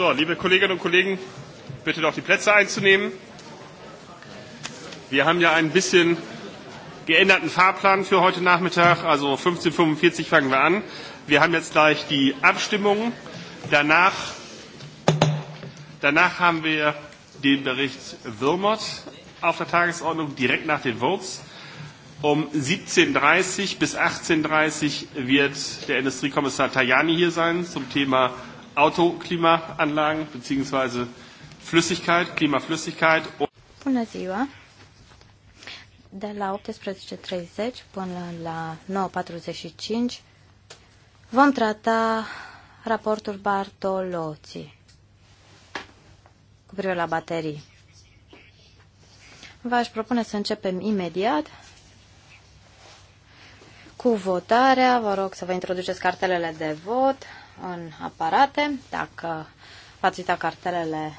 So, liebe Kolleginnen und Kollegen, bitte doch die Plätze einzunehmen. Wir haben ja ein bisschen geänderten Fahrplan für heute Nachmittag, also 15.45 Uhr fangen wir an. Wir haben jetzt gleich die Abstimmung. Danach, danach haben wir den Bericht Wilmot auf der Tagesordnung direkt nach den Votes. Um 17.30 Uhr bis 18.30 Uhr wird der Industriekommissar Tajani hier sein zum Thema Autoklimaanlagen bzw. Flüssigkeit, Klimaflüssigkeit. Bună ziua! De la 18.30 până la 9.45 vom trata raportul Bartolozzi cu privire la baterii. V-aș propune să începem imediat cu votarea. Vă rog să vă introduceți cartelele de vot în aparate, dacă v-ați uitat cartelele,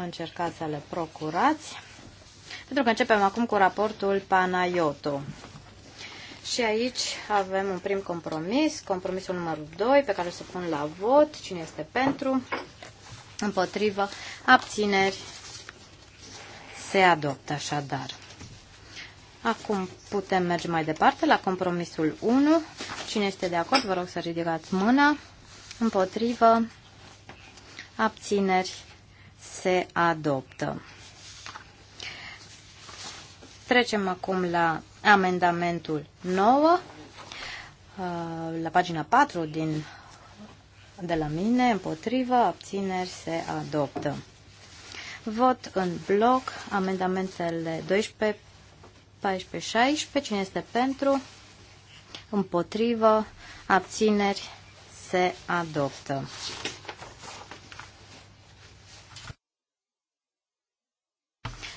încercați să le procurați. Pentru că începem acum cu raportul Panayoto. Și aici avem un prim compromis, compromisul numărul 2, pe care o să pun la vot. Cine este pentru? Împotrivă? Abțineri? Se adoptă așadar. Acum putem merge mai departe la compromisul 1. Cine este de acord, vă rog să ridicați mâna. Împotrivă, abțineri, se adoptă. Trecem acum la amendamentul 9, uh, la pagina 4 din, de la mine, împotrivă, abțineri, se adoptă. Vot în bloc amendamentele 12, 14-16. Cine este pentru? Împotrivă. Abțineri. Se adoptă.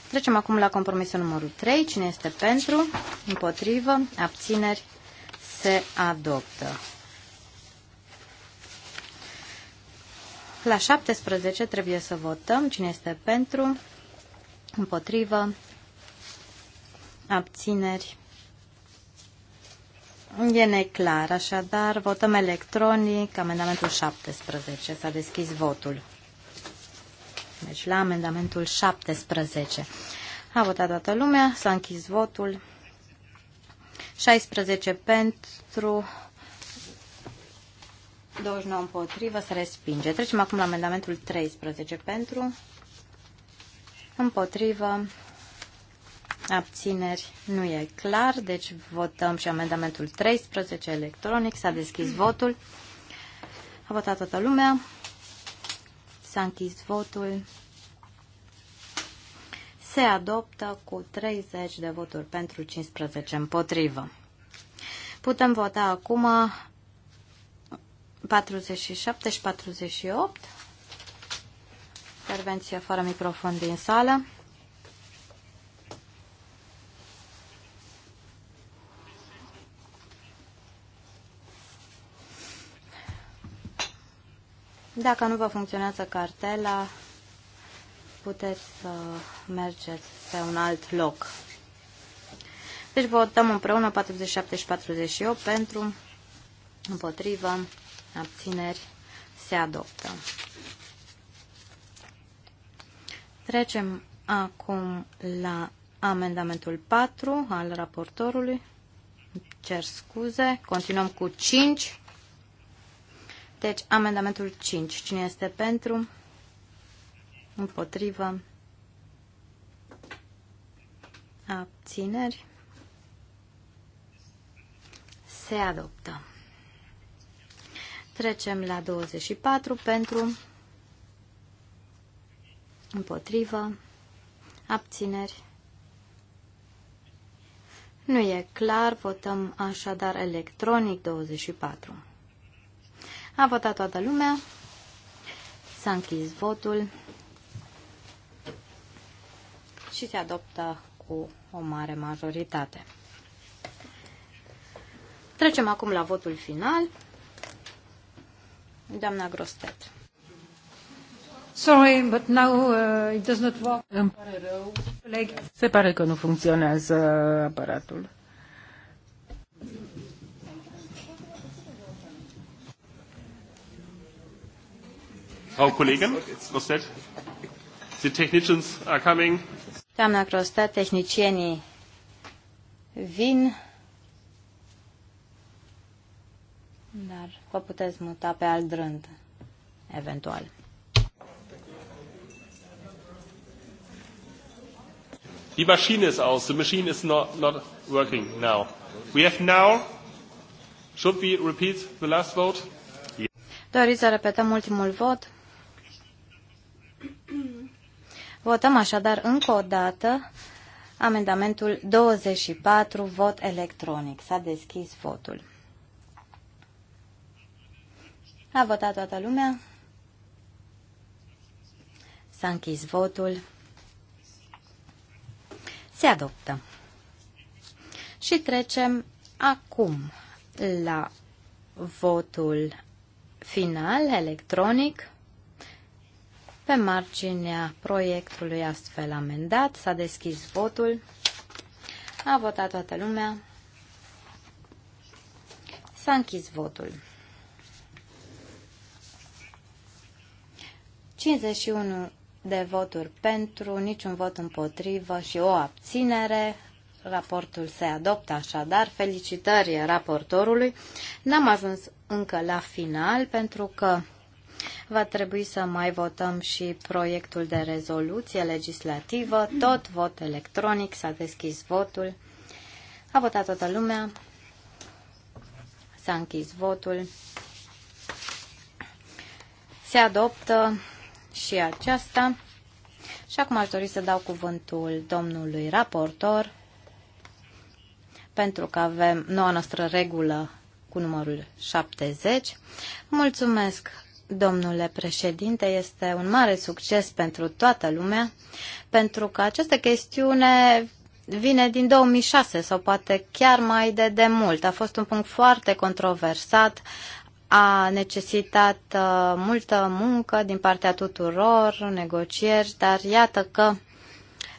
Trecem acum la compromisul numărul 3. Cine este pentru? Împotrivă. Abțineri. Se adoptă. La 17 trebuie să votăm cine este pentru, împotrivă, abțineri. E neclar, așadar votăm electronic amendamentul 17. S-a deschis votul. Deci la amendamentul 17. A votat toată lumea, s-a închis votul. 16 pentru, 29 împotrivă, se respinge. Trecem acum la amendamentul 13 pentru, împotrivă, Abțineri nu e clar, deci votăm și amendamentul 13 electronic. S-a deschis votul. A votat toată lumea. S-a închis votul. Se adoptă cu 30 de voturi pentru 15 împotrivă. Putem vota acum 47 și 48. Intervenție fără microfon din sală. Dacă nu vă funcționează cartela, puteți să mergeți pe un alt loc. Deci votăm împreună 47 și 48 pentru, împotrivă, abțineri, se adoptă. Trecem acum la amendamentul 4 al raportorului. Cer scuze. Continuăm cu 5. Deci, amendamentul 5. Cine este pentru? Împotrivă? Abțineri? Se adoptă. Trecem la 24 pentru împotrivă, abțineri. Nu e clar, votăm așadar electronic 24. A votat toată lumea. S-a închis votul și se adoptă cu o mare majoritate. Trecem acum la votul final. Doamna Grostet. Sorry, but now uh, it does not work. Îmi pare rău. Se pare că nu funcționează aparatul. Frau Kollegin the technicians are coming. Doamna Grostet, tehnicienii vin, dar vă puteți muta pe alt rând, eventual. The machine is out. The machine is not, not working now. We have now. Should we repeat the last vote? Doriți să repetăm ultimul vot? Votăm așadar încă o dată amendamentul 24, vot electronic. S-a deschis votul. A votat toată lumea. S-a închis votul. Se adoptă. Și trecem acum la votul final electronic. Pe marginea proiectului astfel amendat s-a deschis votul. A votat toată lumea. S-a închis votul. 51 de voturi pentru, niciun vot împotrivă și o abținere. Raportul se adoptă așadar. Felicitări raportorului. N-am ajuns încă la final pentru că Va trebui să mai votăm și proiectul de rezoluție legislativă, tot vot electronic, s-a deschis votul. A votat toată lumea, s-a închis votul. Se adoptă și aceasta. Și acum aș dori să dau cuvântul domnului raportor, pentru că avem noua noastră regulă cu numărul 70. Mulțumesc, domnule președinte, este un mare succes pentru toată lumea, pentru că această chestiune vine din 2006 sau poate chiar mai de demult. A fost un punct foarte controversat, a necesitat uh, multă muncă din partea tuturor, negocieri, dar iată că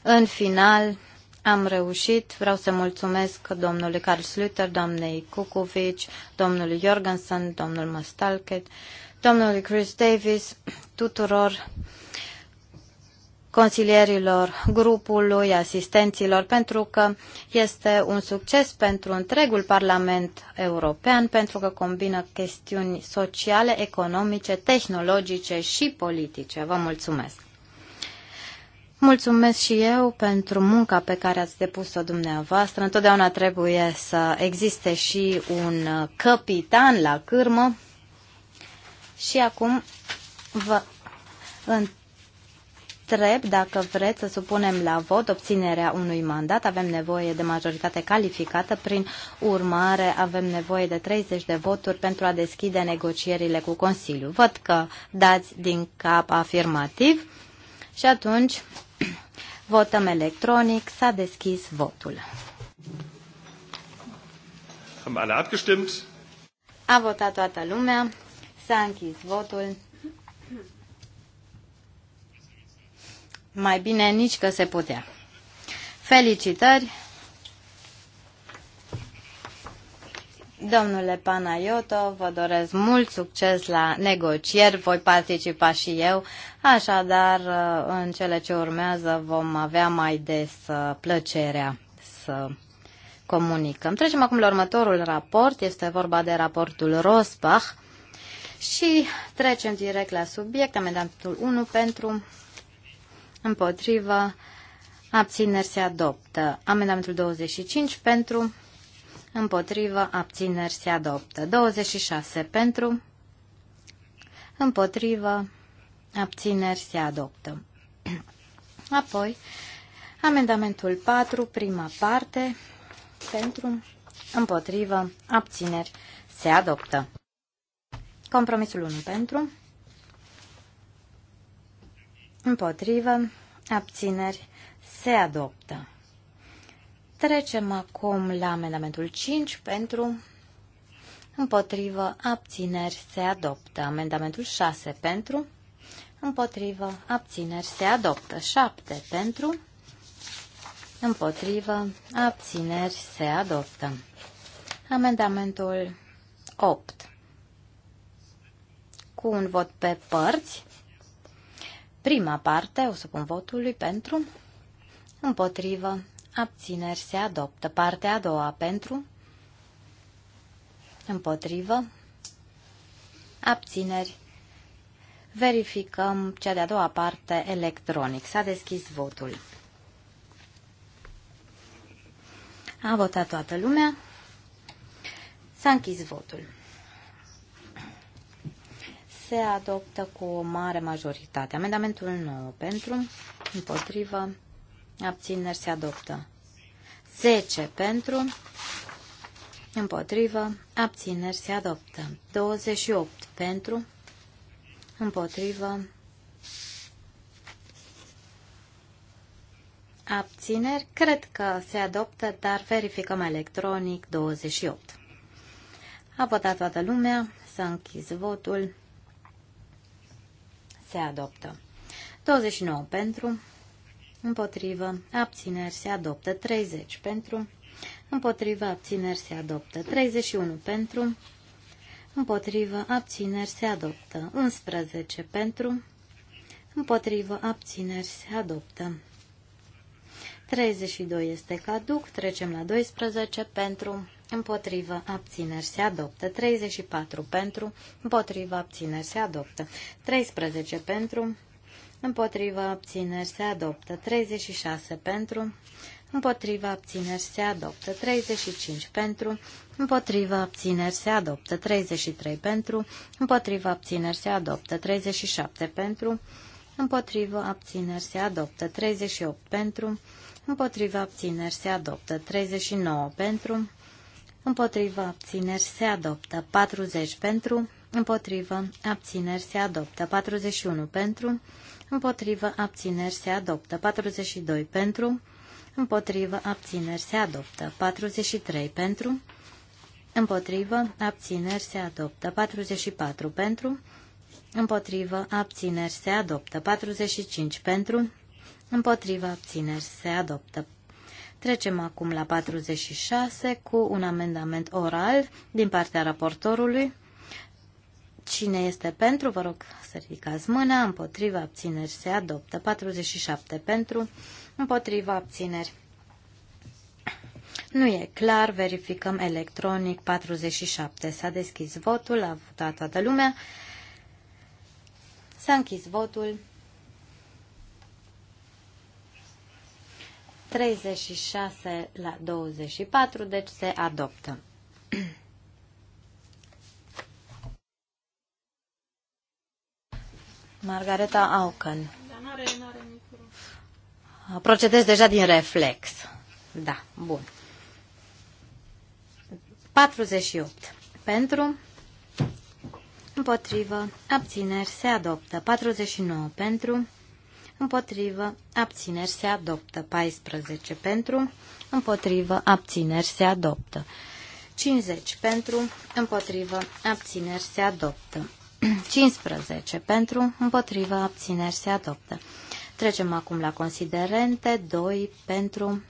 în final am reușit. Vreau să mulțumesc domnului Carl Slüter, doamnei Cucuvici, domnului Jorgensen, domnul Mastalchet domnului Chris Davis, tuturor consilierilor grupului, asistenților, pentru că este un succes pentru întregul Parlament European, pentru că combină chestiuni sociale, economice, tehnologice și politice. Vă mulțumesc! Mulțumesc și eu pentru munca pe care ați depus-o dumneavoastră. Întotdeauna trebuie să existe și un capitan la cârmă. Și acum vă întreb dacă vreți să supunem la vot obținerea unui mandat. Avem nevoie de majoritate calificată, prin urmare avem nevoie de 30 de voturi pentru a deschide negocierile cu Consiliul. Văd că dați din cap afirmativ și atunci votăm electronic. S-a deschis votul. Am alle abgestimt. A votat toată lumea. S-a închis votul. Mai bine nici că se putea. Felicitări! Domnule Panaioto, vă doresc mult succes la negocieri, voi participa și eu, așadar în cele ce urmează vom avea mai des uh, plăcerea să comunicăm. Trecem acum la următorul raport, este vorba de raportul Rosbach, și trecem direct la subiect. Amendamentul 1 pentru, împotrivă, abțineri se adoptă. Amendamentul 25 pentru, împotrivă, abțineri se adoptă. 26 pentru, împotrivă, abțineri se adoptă. Apoi, amendamentul 4, prima parte, pentru, împotrivă, abțineri se adoptă. Compromisul 1 pentru. Împotrivă. Abțineri. Se adoptă. Trecem acum la amendamentul 5 pentru. Împotrivă. Abțineri. Se adoptă. Amendamentul 6 pentru. Împotrivă. Abțineri. Se adoptă. 7 pentru. Împotrivă. Abțineri. Se adoptă. Amendamentul 8 cu un vot pe părți. Prima parte o pun votului pentru, împotrivă, abțineri se adoptă. Partea a doua pentru, împotrivă, abțineri. Verificăm cea de-a doua parte electronic. S-a deschis votul. A votat toată lumea. S-a închis votul se adoptă cu o mare majoritate. Amendamentul 9 pentru, împotrivă, abțineri se adoptă. 10 pentru, împotrivă, abțineri se adoptă. 28 pentru, împotrivă, abțineri, cred că se adoptă, dar verificăm electronic 28. A votat toată lumea, s-a închis votul se adoptă. 29 pentru, împotrivă, abțineri, se adoptă. 30 pentru, împotrivă, abțineri, se adoptă. 31 pentru, împotrivă, abțineri, se adoptă. 11 pentru, împotrivă, abțineri, se adoptă. 32 este caduc, trecem la 12 pentru împotrivă, abțineri, se adoptă. 34 pentru, împotrivă, abțineri, se adoptă. 13 pentru, împotrivă, abțineri, se adoptă. 36 pentru, Împotrivă abțineri se adoptă 35 pentru, Împotrivă abțineri se adoptă 33 pentru, Împotrivă abțineri se adoptă 37 pentru, Împotrivă abțineri se adoptă 38 pentru, Împotrivă abțineri se adoptă 39 pentru, împotrivă, abțineri, se adoptă. 40 pentru, împotrivă, abțineri, se adoptă. 41 pentru, împotrivă, abțineri, se adoptă. 42 pentru, împotrivă, abțineri, se adoptă. 43 pentru, împotrivă, abțineri, se adoptă. 44 pentru, împotrivă, abțineri, se adoptă. 45 pentru, împotrivă, abțineri, se adoptă. Trecem acum la 46 cu un amendament oral din partea raportorului. Cine este pentru, vă rog să ridicați mâna, împotriva abțineri se adoptă. 47 pentru, împotriva abțineri. Nu e clar, verificăm electronic 47. S-a deschis votul, a votat toată lumea. S-a închis votul. 36 la 24, deci se adoptă. Margareta Auken. Procedez deja din reflex. Da, bun. 48. Pentru, împotrivă, abțineri, se adoptă. 49. Pentru, împotrivă, abțineri se adoptă. 14 pentru, împotrivă, abțineri se adoptă. 50 pentru, împotrivă, abțineri se adoptă. 15 pentru, împotrivă, abțineri se adoptă. Trecem acum la considerente. 2 pentru,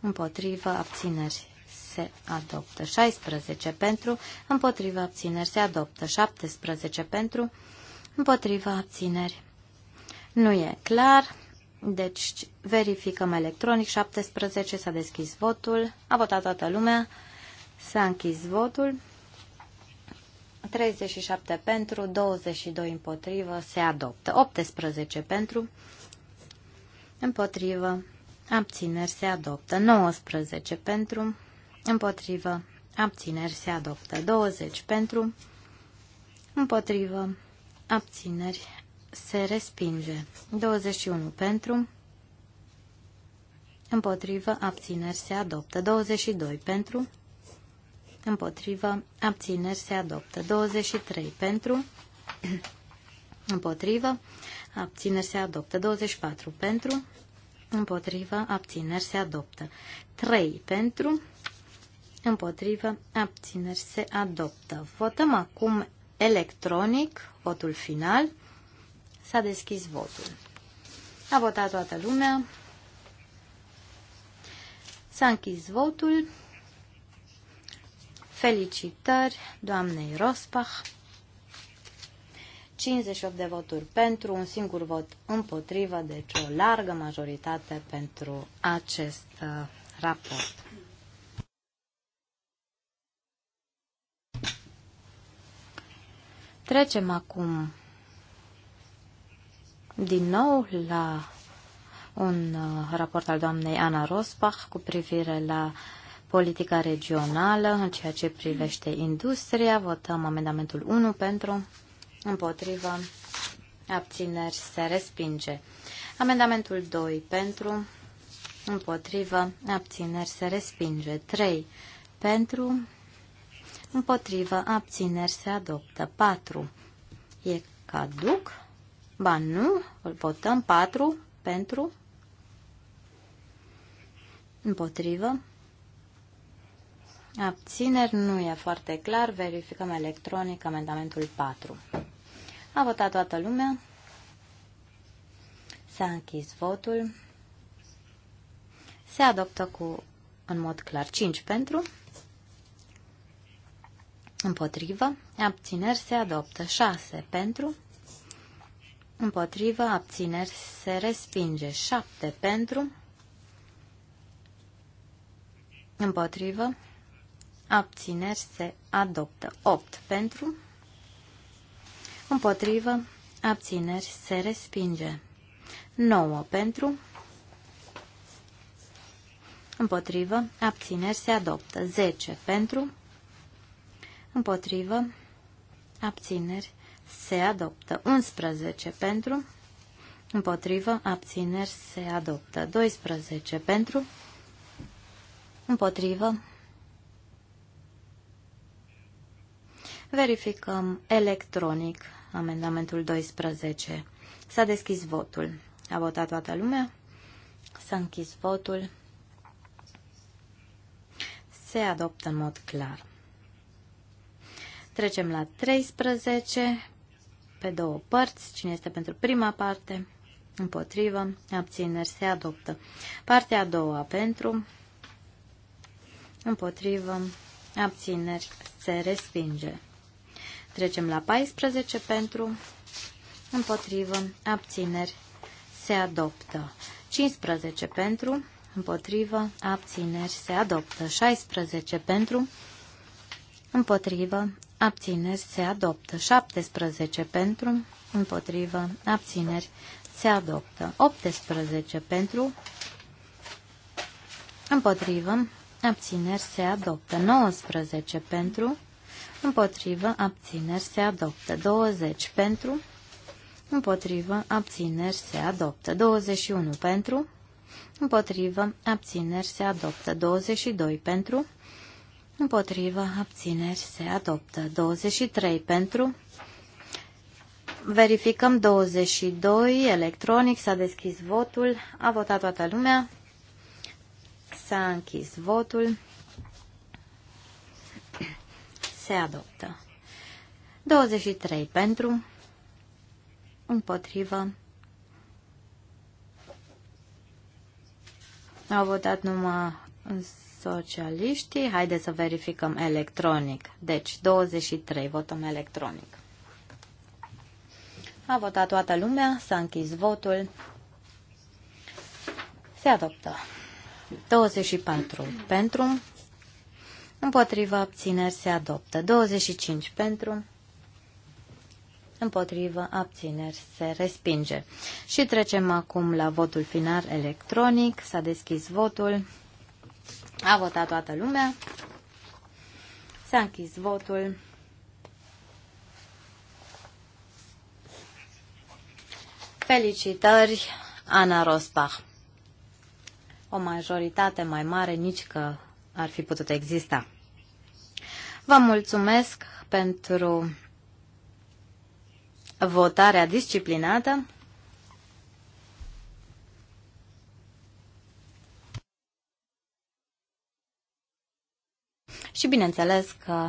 împotrivă, abțineri se adoptă. 16 pentru, împotrivă, abțineri se adoptă. 17 pentru, împotrivă, abțineri nu e clar. Deci verificăm electronic. 17 s-a deschis votul. A votat toată lumea. S-a închis votul. 37 pentru, 22 împotrivă, se adoptă. 18 pentru, împotrivă, abțineri, se adoptă. 19 pentru, împotrivă, abțineri, se adoptă. 20 pentru, împotrivă, abțineri, se respinge. 21 pentru, împotrivă, abțineri se adoptă. 22 pentru, împotrivă, abțineri se adoptă. 23 pentru, împotrivă, abțineri se adoptă. 24 pentru, împotrivă, abțineri se adoptă. 3 pentru, împotrivă, abțineri se adoptă. Votăm acum electronic votul final. S-a deschis votul. A votat toată lumea. S-a închis votul. Felicitări doamnei Rosbach. 58 de voturi pentru, un singur vot împotrivă, deci o largă majoritate pentru acest uh, raport. Trecem acum din nou la un uh, raport al doamnei Ana Rosbach cu privire la politica regională în ceea ce privește industria. Votăm amendamentul 1 pentru, împotriva abțineri, se respinge. Amendamentul 2 pentru, împotriva abțineri, se respinge. 3 pentru, împotriva abțineri, se adoptă. 4 e caduc. Ba nu, îl votăm 4 pentru, împotrivă. Abțineri nu e foarte clar, verificăm electronic amendamentul 4. A votat toată lumea. S-a închis votul. Se adoptă cu, în mod clar, 5 pentru. Împotrivă. Abțineri se adoptă 6 pentru. Împotrivă, abțineri, se respinge. 7 pentru. Împotrivă, abțineri, se adoptă. 8 pentru. Împotrivă, abțineri, se respinge. 9 pentru. Împotrivă, abțineri, se adoptă. 10 pentru. Împotrivă, abțineri, se se adoptă. 11 pentru, împotrivă, abțineri, se adoptă. 12 pentru, împotrivă. Verificăm electronic amendamentul 12. S-a deschis votul. A votat toată lumea? S-a închis votul. Se adoptă în mod clar. Trecem la 13 pe două părți. Cine este pentru prima parte? Împotrivă. Abțineri se adoptă. Partea a doua pentru. Împotrivă. Abțineri se respinge. Trecem la 14 pentru. Împotrivă. Abțineri se adoptă. 15 pentru. Împotrivă. Abțineri se adoptă. 16 pentru. Împotrivă abțineri se adoptă. 17 pentru, împotrivă, abțineri se adoptă. 18 pentru, împotrivă, abțineri se adoptă. 19 pentru, împotrivă, abțineri se adoptă. 20 pentru, împotrivă, abțineri se adoptă. 21 pentru, împotrivă, abțineri se adoptă. 22 pentru, Împotrivă, abțineri, se adoptă. 23 pentru. Verificăm 22, electronic, s-a deschis votul, a votat toată lumea, s-a închis votul, se adoptă. 23 pentru, împotrivă, au votat numai socialiștii. Haideți să verificăm electronic. Deci, 23, votăm electronic. A votat toată lumea, s-a închis votul. Se adoptă. 24 pentru, împotriva abțineri se adoptă. 25 pentru, împotrivă abțineri se respinge. Și trecem acum la votul final electronic. S-a deschis votul. A votat toată lumea. S-a închis votul. Felicitări, Ana Rosbach. O majoritate mai mare nici că ar fi putut exista. Vă mulțumesc pentru votarea disciplinată. și bineînțeles că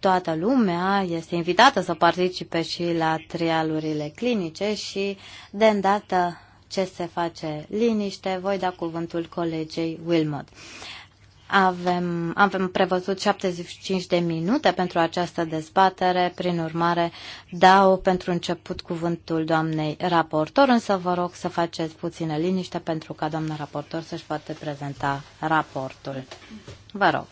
toată lumea este invitată să participe și la trialurile clinice și de îndată ce se face liniște, voi da cuvântul colegei Wilmot. Avem, avem prevăzut 75 de minute pentru această dezbatere, prin urmare dau pentru început cuvântul doamnei raportor, însă vă rog să faceți puțină liniște pentru ca doamna raportor să-și poată prezenta raportul. Vă rog.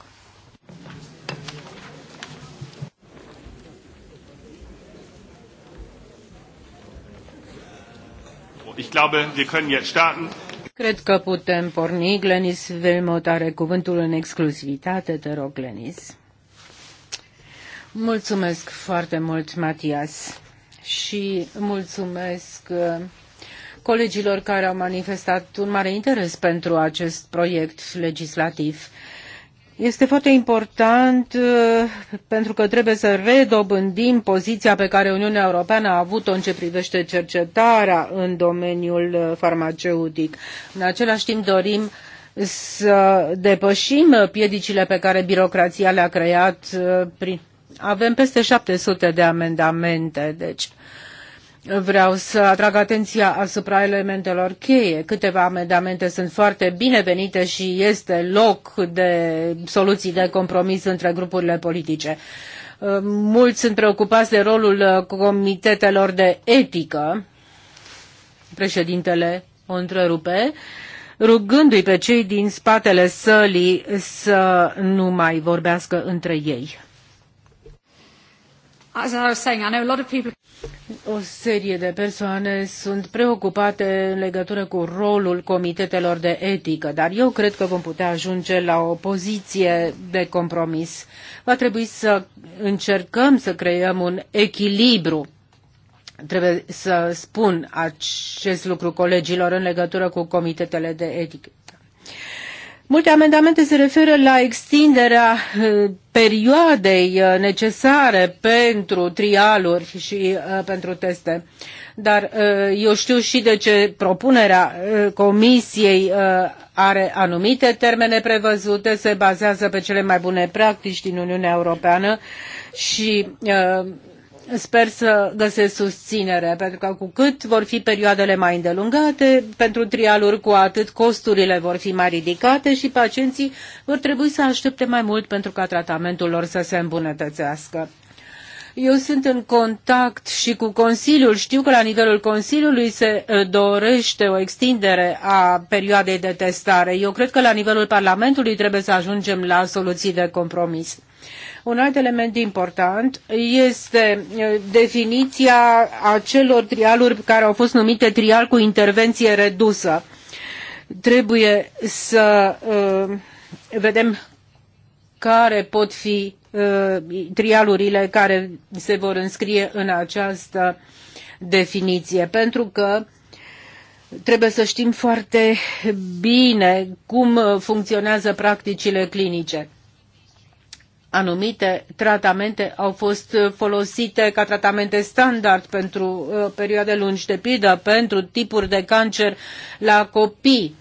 Ich glaube, wir können jetzt starten. Cred că putem porni. Glenis Vilmot are cuvântul în exclusivitate. Te rog, Glenis. Mulțumesc foarte mult, Matias, și mulțumesc uh, colegilor care au manifestat un mare interes pentru acest proiect legislativ. Este foarte important uh, pentru că trebuie să redobândim poziția pe care Uniunea Europeană a avut-o în ce privește cercetarea în domeniul uh, farmaceutic. În același timp dorim să depășim uh, piedicile pe care birocrația le-a creat. Avem peste 700 de amendamente, deci Vreau să atrag atenția asupra elementelor cheie. Câteva amendamente sunt foarte binevenite și este loc de soluții de compromis între grupurile politice. Uh, mulți sunt preocupați de rolul uh, comitetelor de etică. Președintele o întrerupe, rugându-i pe cei din spatele sălii să nu mai vorbească între ei. As I was saying, I know a lot of people o serie de persoane sunt preocupate în legătură cu rolul comitetelor de etică, dar eu cred că vom putea ajunge la o poziție de compromis. Va trebui să încercăm să creăm un echilibru trebuie să spun acest lucru colegilor în legătură cu comitetele de etică. Multe amendamente se referă la extinderea uh, perioadei uh, necesare pentru trialuri și uh, pentru teste. Dar eu știu și de ce propunerea Comisiei are anumite termene prevăzute, se bazează pe cele mai bune practici din Uniunea Europeană și sper să găsesc susținere, pentru că cu cât vor fi perioadele mai îndelungate, pentru trialuri cu atât costurile vor fi mai ridicate și pacienții vor trebui să aștepte mai mult pentru ca tratamentul lor să se îmbunătățească. Eu sunt în contact și cu Consiliul. Știu că la nivelul Consiliului se dorește o extindere a perioadei de testare. Eu cred că la nivelul Parlamentului trebuie să ajungem la soluții de compromis. Un alt element important este definiția acelor trialuri care au fost numite trial cu intervenție redusă. Trebuie să vedem care pot fi trialurile care se vor înscrie în această definiție, pentru că trebuie să știm foarte bine cum funcționează practicile clinice anumite tratamente au fost uh, folosite ca tratamente standard pentru uh, perioade lungi de pildă, pentru tipuri de cancer la copii.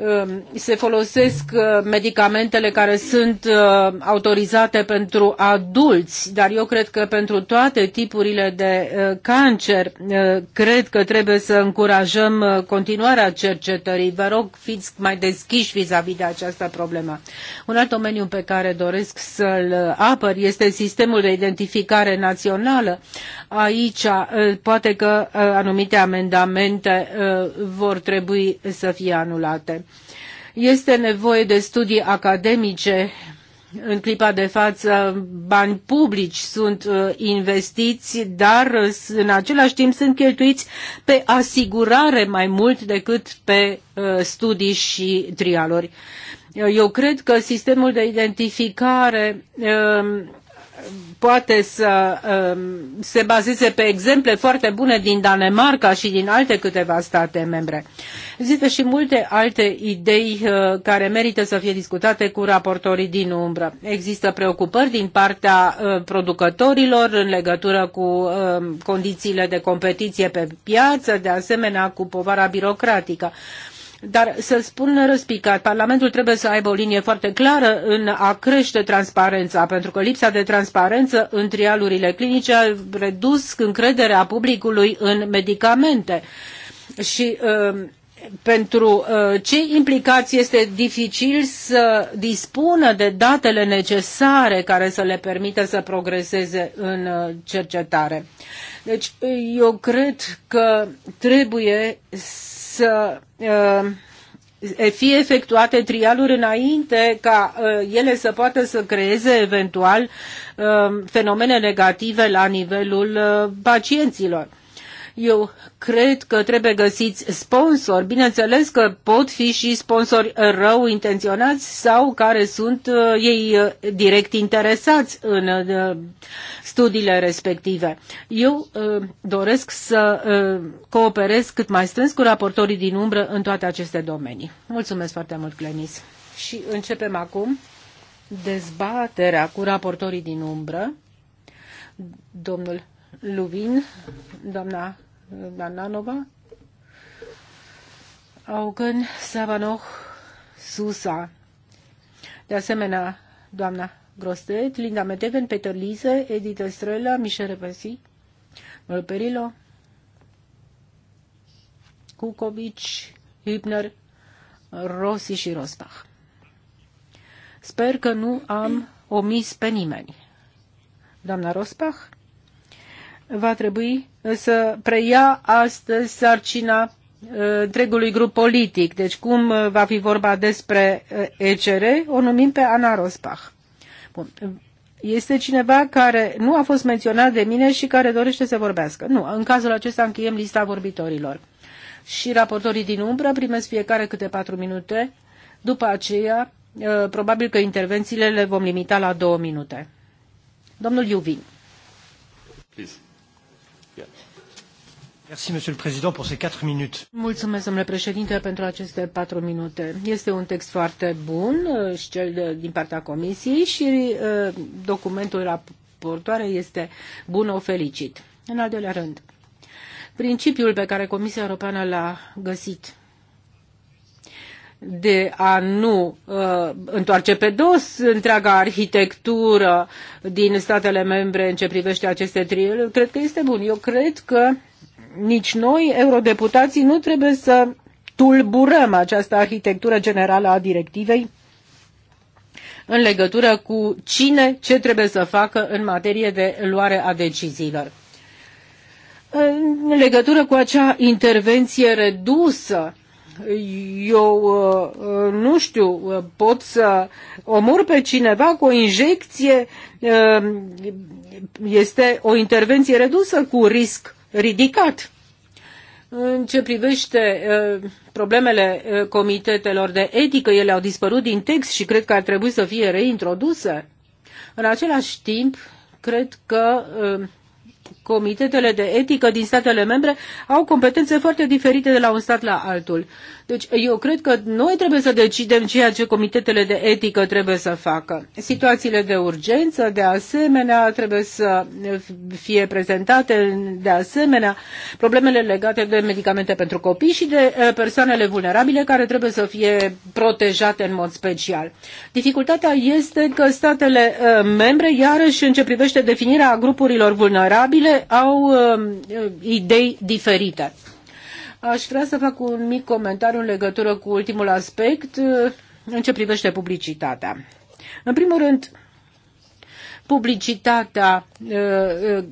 Um, se folosesc uh, medicamentele care sunt uh, autorizate pentru adulți, dar eu cred că pentru toate tipurile de uh, cancer, cred că trebuie să încurajăm continuarea cercetării. Vă rog, fiți mai deschiși vis-a-vis de această problemă. Un alt domeniu pe care doresc să-l apăr este sistemul de identificare națională. Aici poate că anumite amendamente vor trebui să fie anulate. Este nevoie de studii academice. În clipa de față, bani publici sunt uh, investiți, dar uh, în același timp sunt cheltuiți pe asigurare mai mult decât pe uh, studii și trialuri. Eu cred că sistemul de identificare poate să um, se bazeze pe exemple foarte bune din Danemarca și din alte câteva state membre. Există și multe alte idei uh, care merită să fie discutate cu raportorii din umbră. Există preocupări din partea uh, producătorilor în legătură cu um, condițiile de competiție pe piață, de asemenea cu povara birocratică. Dar să spun răspicat, Parlamentul trebuie să aibă o linie foarte clară în a crește transparența, pentru că lipsa de transparență în trialurile clinice a redus încrederea publicului în medicamente. Și uh, pentru uh, cei implicați este dificil să dispună de datele necesare care să le permită să progreseze în uh, cercetare. Deci eu cred că trebuie să să uh, fie efectuate trialuri înainte ca uh, ele să poată să creeze eventual uh, fenomene negative la nivelul pacienților. Eu cred că trebuie găsiți sponsori. Bineînțeles că pot fi și sponsori rău intenționați sau care sunt uh, ei uh, direct interesați în uh, studiile respective. Eu doresc să cooperez cât mai strâns cu raportorii din umbră în toate aceste domenii. Mulțumesc foarte mult, Glenis. Și începem acum dezbaterea cu raportorii din umbră, domnul Luvin, doamna Nananova, Augen, Savanoch, Susa. De asemenea, doamna Grostet, Linda Meteven, Peter Lise, Edith Estrella, Michel Repesi, Mol Perilo, Kukovic, Hübner, Rossi și Rosbach. Sper că nu am omis pe nimeni. Doamna Rosbach? va trebui uh, să preia astăzi sarcina uh, întregului grup politic. Deci cum uh, va fi vorba despre ECR, o numim pe Ana Rosbach. Bun. Este cineva care nu a fost menționat de mine și care dorește să vorbească. Nu, în cazul acesta încheiem lista vorbitorilor. Și raportorii din umbră primesc fiecare câte patru minute. După aceea, probabil că intervențiile le vom limita la două minute. Domnul Iuvin. Please. Mulțumesc, domnule președinte, pentru aceste patru minute. Este un text foarte bun uh, și cel din partea Comisiei și uh, documentul raportoare este bun, o felicit. În al doilea rând, principiul pe care Comisia Europeană l-a găsit de a nu uh, întoarce pe dos întreaga arhitectură din statele membre în ce privește aceste trei, cred că este bun. Eu cred că uh, nici noi, eurodeputații, nu trebuie să tulburăm această arhitectură generală a directivei în legătură cu cine ce trebuie să facă în materie de luare a deciziilor. În legătură cu acea intervenție redusă, eu uh, nu știu, pot să omor pe cineva cu o injecție, uh, este o intervenție redusă cu risc ridicat. În ce privește problemele comitetelor de etică, ele au dispărut din text și cred că ar trebui să fie reintroduse. În același timp, cred că comitetele de etică din statele membre au competențe foarte diferite de la un stat la altul. Deci eu cred că noi trebuie să decidem ceea ce comitetele de etică trebuie să facă. Situațiile de urgență, de asemenea, trebuie să fie prezentate, de asemenea, problemele legate de medicamente pentru copii și de eh, persoanele vulnerabile care trebuie să fie protejate în mod special. Dificultatea este că statele eh, membre, iarăși în ce privește definirea grupurilor vulnerabile, probabile au um, uh, idei diferite. Aș vrea să fac un mic comentariu în legătură cu ultimul aspect uh, în ce privește publicitatea. În primul rând, publicitatea uh,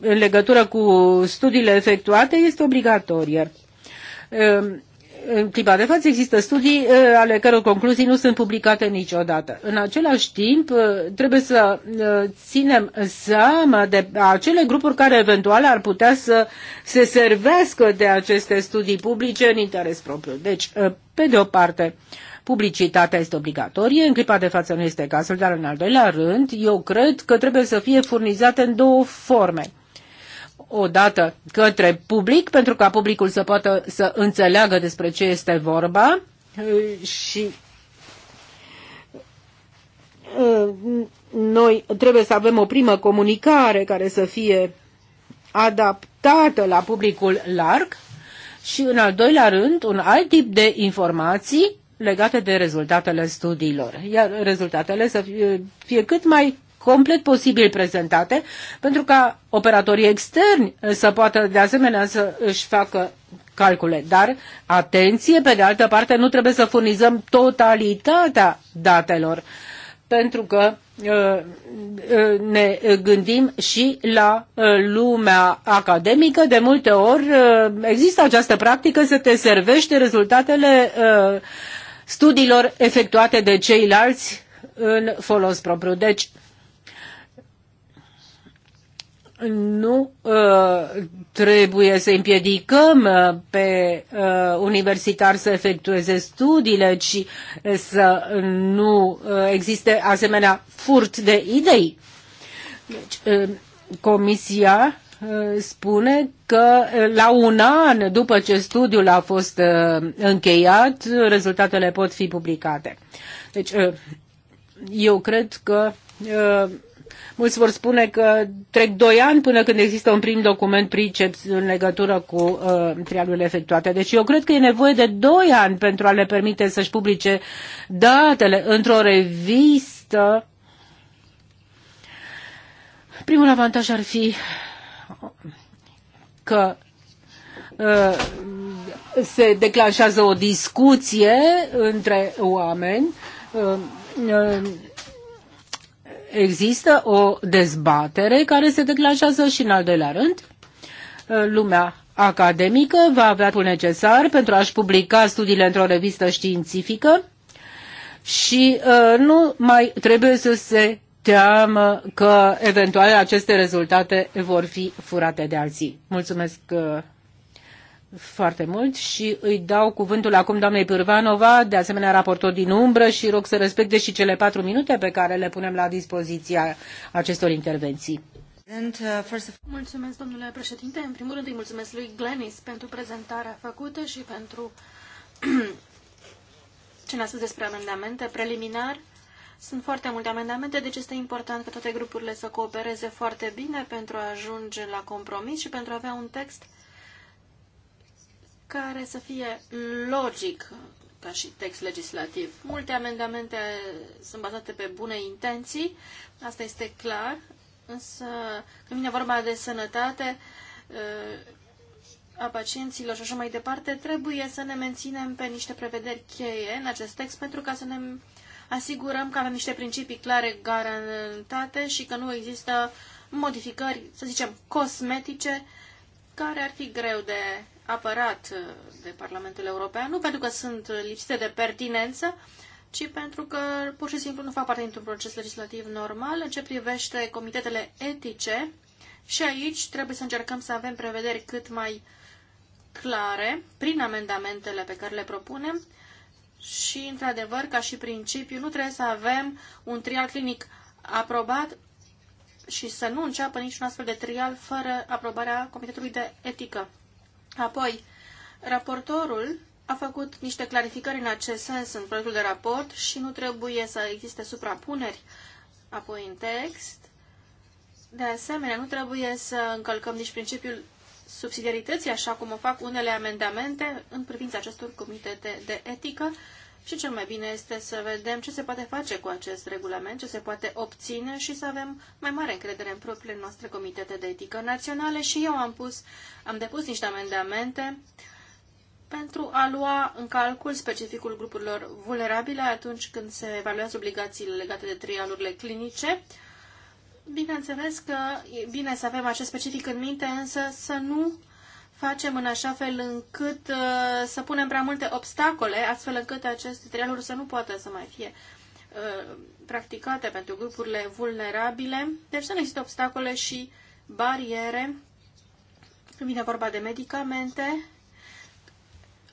în legătură cu studiile efectuate este obligatorie. Um, în clipa de față există studii uh, ale căror concluzii nu sunt publicate niciodată. În același timp, uh, trebuie să uh, ținem seama de acele grupuri care eventual ar putea să se servească de aceste studii publice în interes propriu. Deci, pe de o parte, publicitatea este obligatorie, în clipa de față nu este cazul, dar în al doilea rând, eu cred că trebuie să fie furnizate în două forme – o dată către public pentru ca publicul să poată să înțeleagă despre ce este vorba uh, și uh, noi trebuie să avem o primă comunicare care să fie adaptată la publicul larg și în al doilea rând un alt tip de informații legate de rezultatele studiilor, iar rezultatele să fie, fie cât mai complet posibil prezentate, pentru ca operatorii externi eh, să poată de asemenea să își facă calcule. Dar, atenție, pe de altă parte, nu trebuie să furnizăm totalitatea datelor, pentru că eh, eh, ne gândim și la lumea academică. De multe ori există această practică să te servește rezultatele studiilor efectuate de ceilalți în folos propriu. Deci nu uh, trebuie să împiedicăm uh, pe uh, universitari să efectueze studiile, ci să nu existe asemenea furt de idei. Deci, comisia spune că la un an după ce studiul a fost încheiat, rezultatele pot fi publicate. Deci, eu cred că Mulți vor spune că trec doi ani până când există un prim document PRICEPS în legătură cu uh, trialurile efectuate. Deci eu cred că e nevoie de doi ani pentru a le permite să-și publice datele într-o revistă. Primul avantaj ar fi că uh, se declanșează o discuție între oameni uh, uh, există o dezbatere care se declanșează și în al doilea rând. Uh, lumea academică va avea tot necesar pentru a-și publica studiile într-o revistă științifică și uh, nu mai trebuie să se teamă că eventual aceste rezultate vor fi furate de alții. Mulțumesc uh, foarte mult și îi dau cuvântul acum doamnei Pârvanova, de asemenea raportor din umbră și rog să respecte și cele patru minute pe care le punem la dispoziția acestor intervenții. Uh, mulțumesc, domnule președinte. În primul rând îi mulțumesc lui Glenis pentru prezentarea făcută și pentru ce ne-a spus despre amendamente preliminar. Sunt foarte multe amendamente, deci este important ca toate grupurile să coopereze foarte bine pentru a ajunge la compromis și pentru a avea un text care să fie logic ca și text legislativ. Multe amendamente sunt bazate pe bune intenții, asta este clar, însă când vine vorba de sănătate eh, a pacienților și așa mai departe, trebuie să ne menținem pe niște prevederi cheie în acest text pentru ca să ne asigurăm că avem niște principii clare garantate și că nu există modificări, să zicem, cosmetice care ar fi greu de apărat uh, de Parlamentul European, nu pentru că sunt lipsite de pertinență, ci pentru că pur și simplu nu fac parte dintr-un proces legislativ normal în ce privește comitetele etice și aici trebuie să încercăm să avem prevederi cât mai clare prin amendamentele pe care le propunem și, într-adevăr, ca și principiu, nu trebuie să avem un trial clinic aprobat și să nu înceapă niciun astfel de trial fără aprobarea Comitetului de Etică. Apoi, raportorul a făcut niște clarificări în acest sens în proiectul de raport și nu trebuie să existe suprapuneri apoi în text. De asemenea, nu trebuie să încălcăm nici principiul subsidiarității, așa cum o fac unele amendamente în privința acestor comitete de etică și cel mai bine este să vedem ce se poate face cu acest regulament, ce se poate obține și să avem mai mare încredere în propriile noastre comitete de etică naționale și eu am, pus, am depus niște amendamente pentru a lua în calcul specificul grupurilor vulnerabile atunci când se evaluează obligațiile legate de trialurile clinice. Bineînțeles că e bine să avem acest specific în minte, însă să nu uh, facem în așa fel încât uh, să punem prea multe obstacole, astfel încât aceste trialuri să nu poată să mai fie uh, practicate pentru grupurile vulnerabile. Deci să nu există obstacole și bariere. Când vine vorba de medicamente,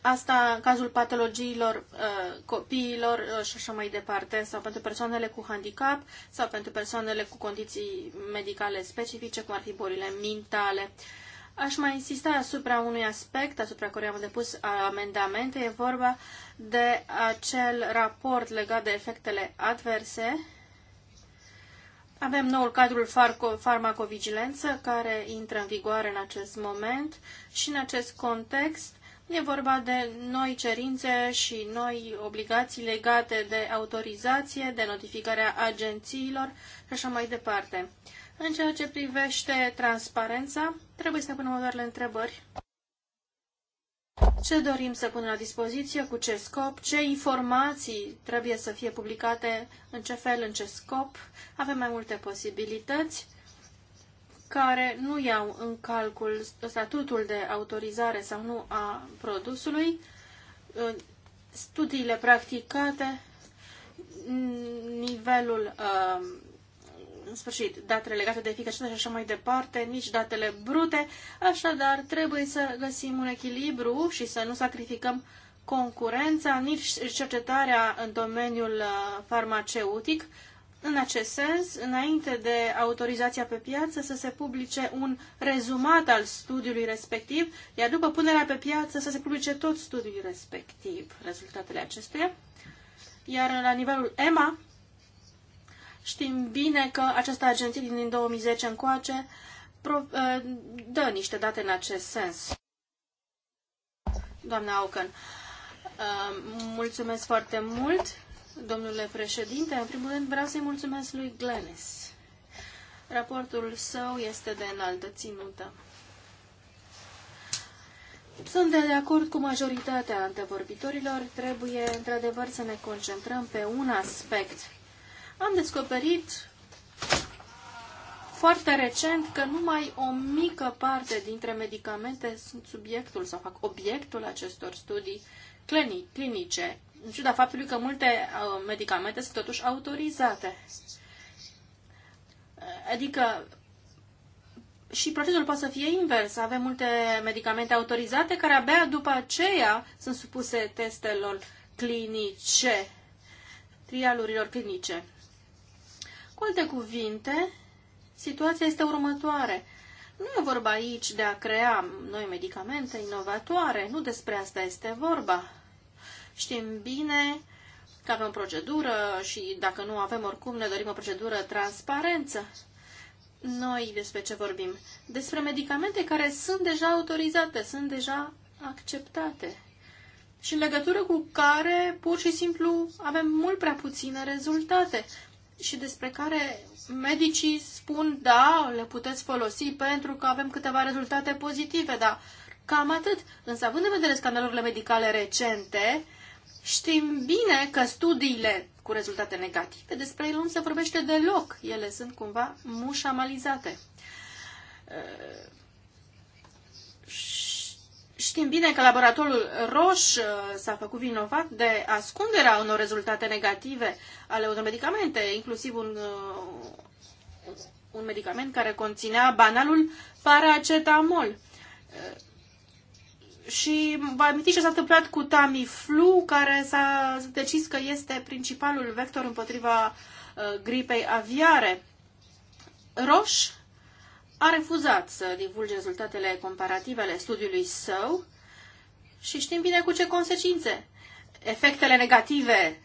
asta în cazul patologiilor uh, copiilor uh, și așa mai departe, sau pentru persoanele cu handicap, sau pentru persoanele cu condiții medicale specifice, cum ar fi bolile mentale. Uh, Aș mai insista asupra unui aspect asupra căruia am depus amendamente. E vorba de acel raport legat de efectele adverse. Avem noul cadrul farmacovigilență care intră în vigoare în acest moment și în acest context e vorba de noi cerințe și noi obligații legate de autorizație, de notificarea agențiilor și așa mai departe. În ceea ce privește transparența, trebuie să punem următoarele întrebări. Ce dorim să punem la dispoziție, cu ce scop, ce informații trebuie să fie publicate, în ce fel, în ce scop. Avem mai multe posibilități care nu iau în calcul statutul de autorizare sau nu a produsului, studiile practicate, nivelul uh, în sfârșit, datele legate de eficacitate și așa mai departe, nici datele brute, așadar trebuie să găsim un echilibru și să nu sacrificăm concurența, nici cercetarea în domeniul uh, farmaceutic. În acest sens, înainte de autorizația pe piață, să se publice un rezumat al studiului respectiv, iar după punerea pe piață să se publice tot studiul respectiv, rezultatele acestuia. Iar la nivelul EMA, Știm bine că această agenție din 2010 încoace uh, dă niște date în acest sens. Doamna Aucan, uh, mulțumesc foarte mult, domnule președinte. În primul rând vreau să-i mulțumesc lui Glenis. Raportul său este de înaltă ținută. Sunt de acord cu majoritatea antevorbitorilor. Trebuie, într-adevăr, să ne concentrăm pe un aspect am descoperit foarte recent că numai o mică parte dintre medicamente sunt subiectul sau fac obiectul acestor studii clinice, în ciuda faptului că multe uh, medicamente sunt totuși autorizate. Adică și procesul poate să fie invers. Avem multe medicamente autorizate care abia după aceea sunt supuse testelor clinice, trialurilor clinice. Cu alte cuvinte, situația este următoare. Nu e vorba aici de a crea noi medicamente inovatoare, nu despre asta este vorba. Știm bine că avem procedură și dacă nu avem oricum ne dorim o procedură transparență. Noi despre ce vorbim? Despre medicamente care sunt deja autorizate, sunt deja acceptate și în legătură cu care pur și simplu avem mult prea puține rezultate și despre care medicii spun da, le puteți folosi pentru că avem câteva rezultate pozitive, dar cam atât. Însă, având în vedere scandalurile medicale recente, știm bine că studiile cu rezultate negative despre ele nu se vorbește deloc. Ele sunt cumva mușamalizate. Știm bine că laboratorul Roș uh, s-a făcut vinovat de ascunderea unor rezultate negative ale unor medicamente, inclusiv un, uh, un medicament care conținea banalul paracetamol. Uh, și vă amintiți ce s-a întâmplat cu Tamiflu, care s-a decis că este principalul vector împotriva gripei aviare. Roș a refuzat să divulge rezultatele comparative ale studiului său și știm bine cu ce consecințe. Efectele negative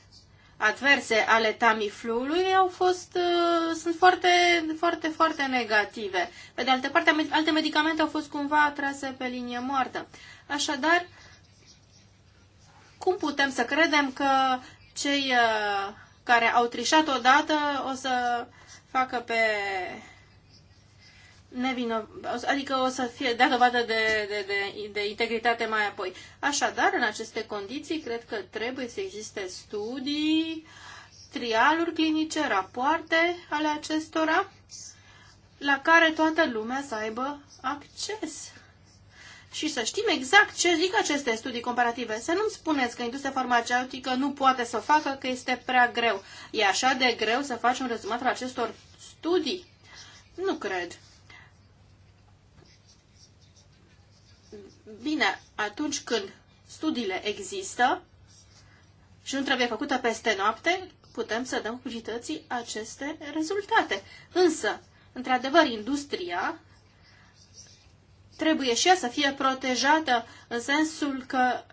adverse ale Tamiflu-ului au fost, uh, sunt foarte, foarte, foarte negative. Pe de altă parte, alte medicamente au fost cumva atrase pe linie moartă. Așadar, cum putem să credem că cei uh, care au trișat odată o să facă pe nevinov, adică o să fie dea dovadă de, de, de, de integritate mai apoi. Așadar, în aceste condiții, cred că trebuie să existe studii, trialuri clinice, rapoarte ale acestora, la care toată lumea să aibă acces. Și să știm exact ce zic aceste studii comparative. Să nu-mi spuneți că industria farmaceutică nu poate să o facă, că este prea greu. E așa de greu să faci un rezumat al acestor studii? Nu cred. Bine, atunci când studiile există și nu trebuie făcută peste noapte, putem să dăm publicității aceste rezultate. Însă, într-adevăr, industria trebuie și ea să fie protejată în sensul că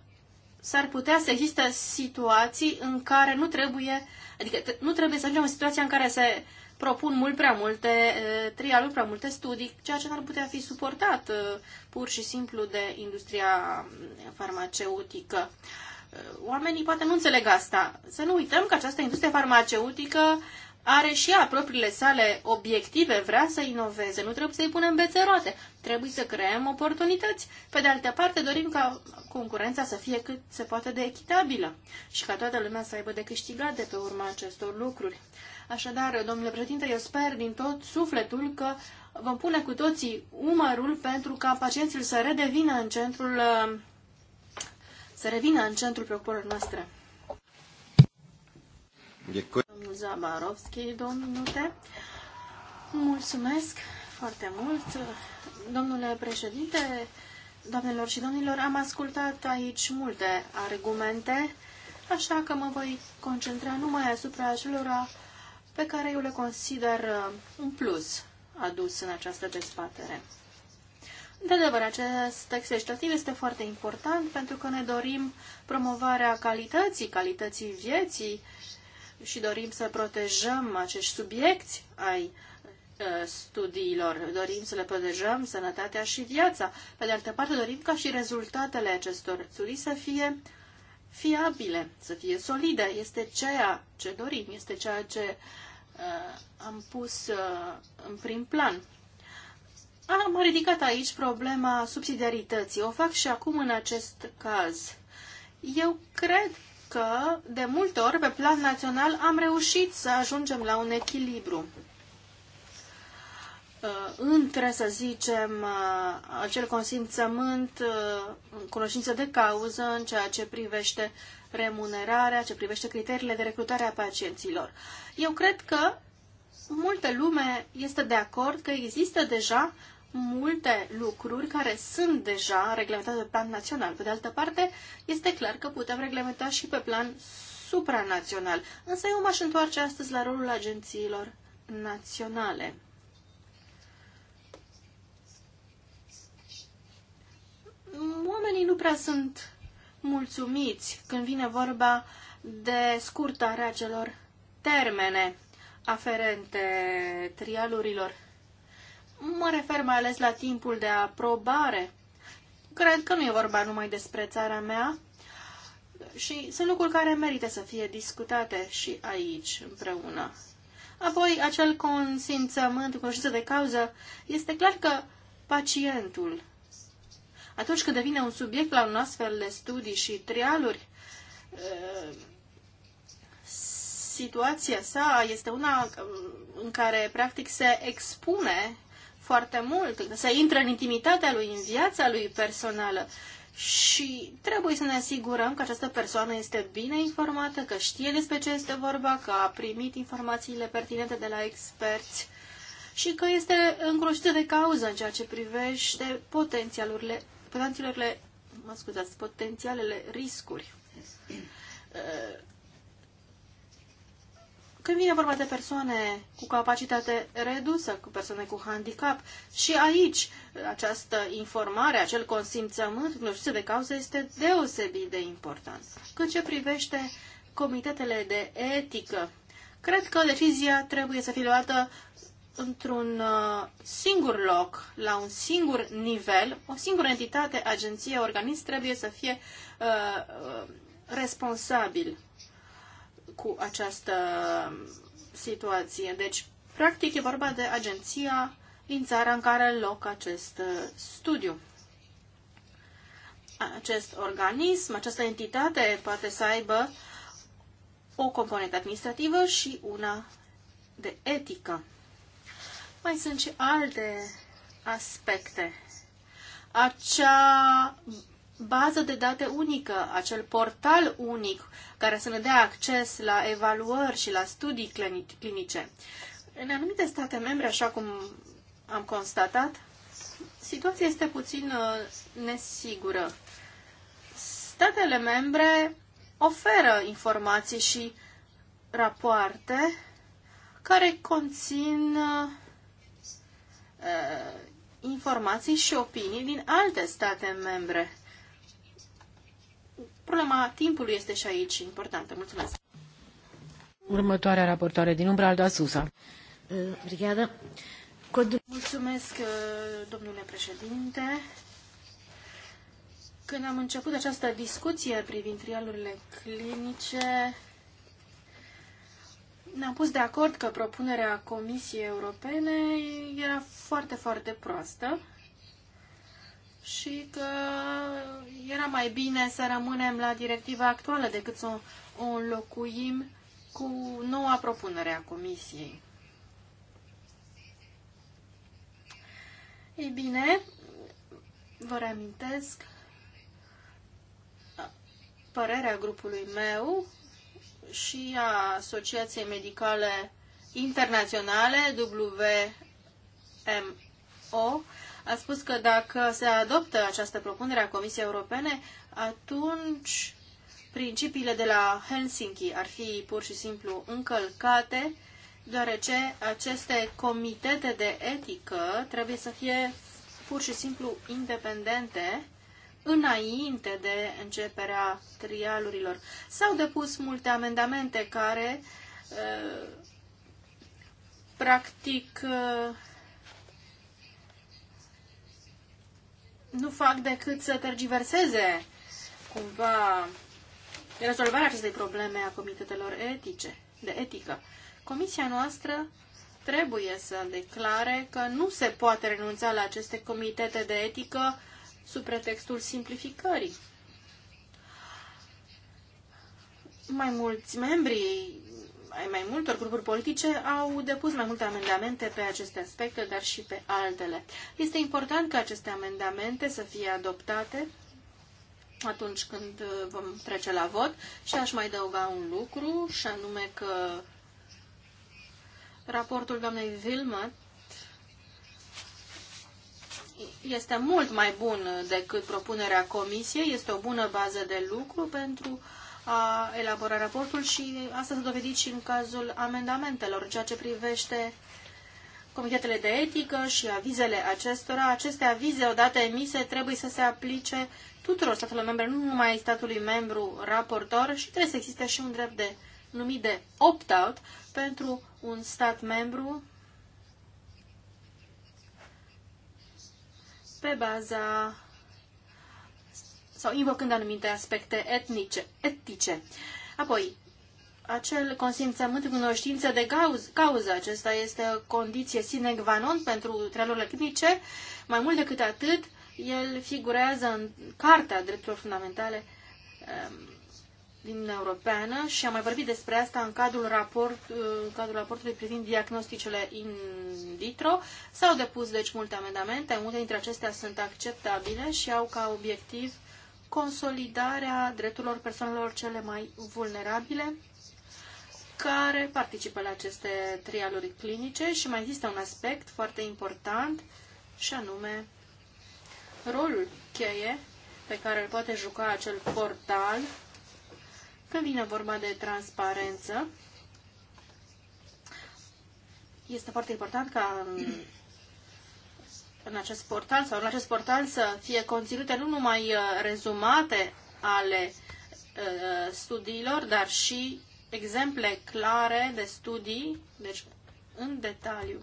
s-ar putea să existe situații în care nu trebuie, adică nu trebuie să ajungem în situația în care se propun mult prea multe eh, trialuri, prea multe studii, ceea ce n-ar putea fi suportat eh, pur și simplu de industria mm, farmaceutică. Eh, oamenii poate nu înțeleg asta. Să nu uităm că această industrie farmaceutică are și ea propriile sale obiective, vrea să inoveze, nu trebuie să-i punem bețe roate, trebuie să creăm oportunități. Pe de altă parte, dorim ca concurența să fie cât se poate de echitabilă și ca toată lumea să aibă de câștigat de pe urma acestor lucruri. Așadar, domnule președinte, eu sper din tot sufletul că vom pune cu toții umărul pentru ca pacienții să redevină în centrul uh, să revină în centrul preocupărilor noastre. Domnul Zabarovski, două minute. Mulțumesc foarte mult. Domnule președinte, doamnelor și domnilor, am ascultat aici multe argumente, așa că mă voi concentra numai asupra acelora pe care eu le consider uh, un plus adus în această dezbatere. De adevăr, acest text legislativ este foarte important pentru că ne dorim promovarea calității, calității vieții și dorim să protejăm acești subiecti ai uh, studiilor. Dorim să le protejăm sănătatea și viața. Pe de altă parte, dorim ca și rezultatele acestor studii să fie fiabile, să fie solide. Este ceea ce dorim, este ceea ce uh, Uh, am pus uh, în prim plan. Am ridicat aici problema subsidiarității. O fac și acum în acest caz. Eu cred că, de multe ori, pe plan național, am reușit să ajungem la un echilibru uh, între, să zicem, acel consimțământ în cunoștință de cauză în ceea ce privește remunerarea, ce privește criteriile de recrutare a pacienților. Eu cred că multă lume este de acord că există deja multe lucruri care sunt deja reglementate pe plan național. Pe de altă parte, este clar că putem reglementa și pe plan supranațional. Însă eu m-aș întoarce astăzi la rolul agențiilor naționale. Oamenii nu prea sunt mulțumiți când vine vorba de scurtarea celor termene aferente trialurilor. Mă refer mai ales la timpul de aprobare. Cred că nu e vorba numai despre țara mea și sunt lucruri care merită să fie discutate și aici împreună. Apoi, acel consimțământ, conștiință de cauză, este clar că pacientul atunci când devine un subiect la un astfel de studii și trialuri, situația sa este una um, în care practic se expune foarte mult, se intră în intimitatea lui, în viața lui personală și trebuie să ne asigurăm că această persoană este bine informată, că știe despre ce este vorba, că a primit informațiile pertinente de la experți și că este încroșită de cauză în ceea ce privește potențialurile potențialele, mă scuzați, potențialele riscuri. Eh, când vine vorba de persoane cu capacitate redusă, cu persoane cu handicap, și aici eh, această informare, acel consimțământ, cunoștință de cauză, este deosebit de important. Cât ce privește comitetele de etică, cred că decizia trebuie să fie luată într-un uh, singur loc, la un singur nivel, o singură entitate, agenție, organism trebuie să fie uh, uh, responsabil cu această situație. Deci, practic, e vorba de agenția din țara în care are loc acest uh, studiu. Acest organism, această entitate poate să aibă o componentă administrativă și una de etică. Mai sunt și alte aspecte. Acea bază de date unică, acel portal unic care să ne dea acces la evaluări și la studii clinice. În anumite state membre, așa cum am constatat, situația este puțin uh, nesigură. Statele membre oferă informații și rapoarte care conțin uh, uh, informații și opinii din alte state membre. Problema timpului este și aici importantă. Mulțumesc. Următoarea raportoare din umbra, Alda Susa. Brigada. Mulțumesc, uh, domnule președinte. Când am început această discuție privind trialurile clinice, ne-am pus de acord că propunerea Comisiei Europene era foarte, foarte proastă și că era mai bine să rămânem la directiva actuală decât să o înlocuim cu noua propunere a Comisiei. Ei bine, vă reamintesc părerea grupului meu și a Asociației Medicale Internaționale, WMO, a spus că dacă se adoptă această propunere a Comisiei Europene, atunci principiile de la Helsinki ar fi pur și simplu încălcate, deoarece aceste comitete de etică trebuie să fie pur și simplu independente înainte de începerea trialurilor. S-au depus multe amendamente care, uh, practic, uh, nu fac decât să tergiverseze cumva rezolvarea acestei probleme a comitetelor etice, de etică. Comisia noastră trebuie să declare că nu se poate renunța la aceste comitete de etică uh, sub pretextul simplificării. Mai mulți membri ai mai multor grupuri politice au depus mai multe amendamente pe aceste aspecte, dar și pe altele. Este important ca aceste amendamente să fie adoptate atunci când uh, vom trece la vot și aș mai adăuga un lucru, și anume că raportul doamnei Vilmot este mult mai bun decât propunerea comisiei, este o bună bază de lucru pentru a elabora raportul și asta s-a dovedit și în cazul amendamentelor în ceea ce privește comitetele de etică și avizele acestora. Aceste avize, odată emise, trebuie să se aplice tuturor statelor membre, nu numai statului membru raportor și trebuie să existe și un drept de numit de opt-out pentru un stat membru pe baza sau invocând anumite aspecte etnice, etice. Apoi, acel consimțământ în cunoștință de gauz, cauză. Acesta este o condiție sine qua non pentru trealurile clinice. Mai mult decât atât, el figurează în Carta Drepturilor Fundamentale um, din Uniunea Europeană și am mai vorbit despre asta în cadrul, raport, în cadrul raportului privind diagnosticele in vitro. S-au depus deci multe amendamente, multe dintre acestea sunt acceptabile și au ca obiectiv consolidarea drepturilor persoanelor cele mai vulnerabile care participă la aceste trialuri clinice și mai există un aspect foarte important și anume rolul cheie pe care îl poate juca acel portal că vine vorba de transparență, este foarte important ca în acest portal sau în acest portal să fie conținute nu numai uh, rezumate ale uh, studiilor, dar și exemple clare de studii, deci în detaliu.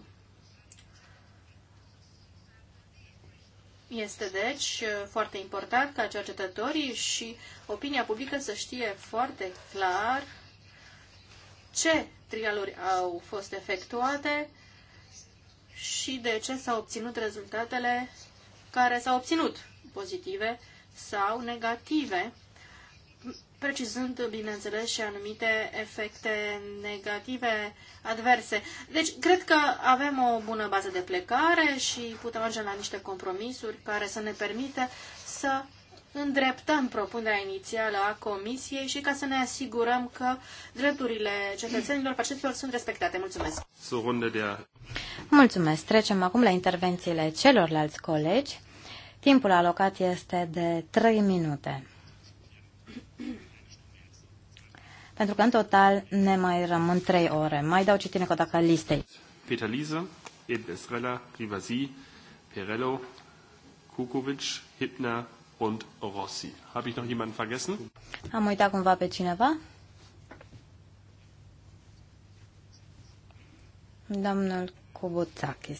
Este deci foarte important ca cercetătorii și opinia publică să știe foarte clar ce trialuri au fost efectuate și de ce s-au obținut rezultatele care s-au obținut, pozitive sau negative precizând, bineînțeles, și anumite efecte negative adverse. Deci, cred că avem o bună bază de plecare și putem ajunge la niște compromisuri care să ne permită să îndreptăm propunerea inițială a Comisiei și ca să ne asigurăm că drepturile cetățenilor pacienților sunt respectate. Mulțumesc! Mulțumesc! Trecem acum la intervențiile celorlalți colegi. Timpul alocat este de 3 minute. pentru că în total ne mai rămân trei ore. Mai dau citine cu dacă listei. Peter Lise, Ed Estrella, Rivasi, Perello, Kukovic, Hipner und Rossi. Habe ich noch jemanden vergessen? Am uitat cumva pe cineva? Domnul Kubotakis.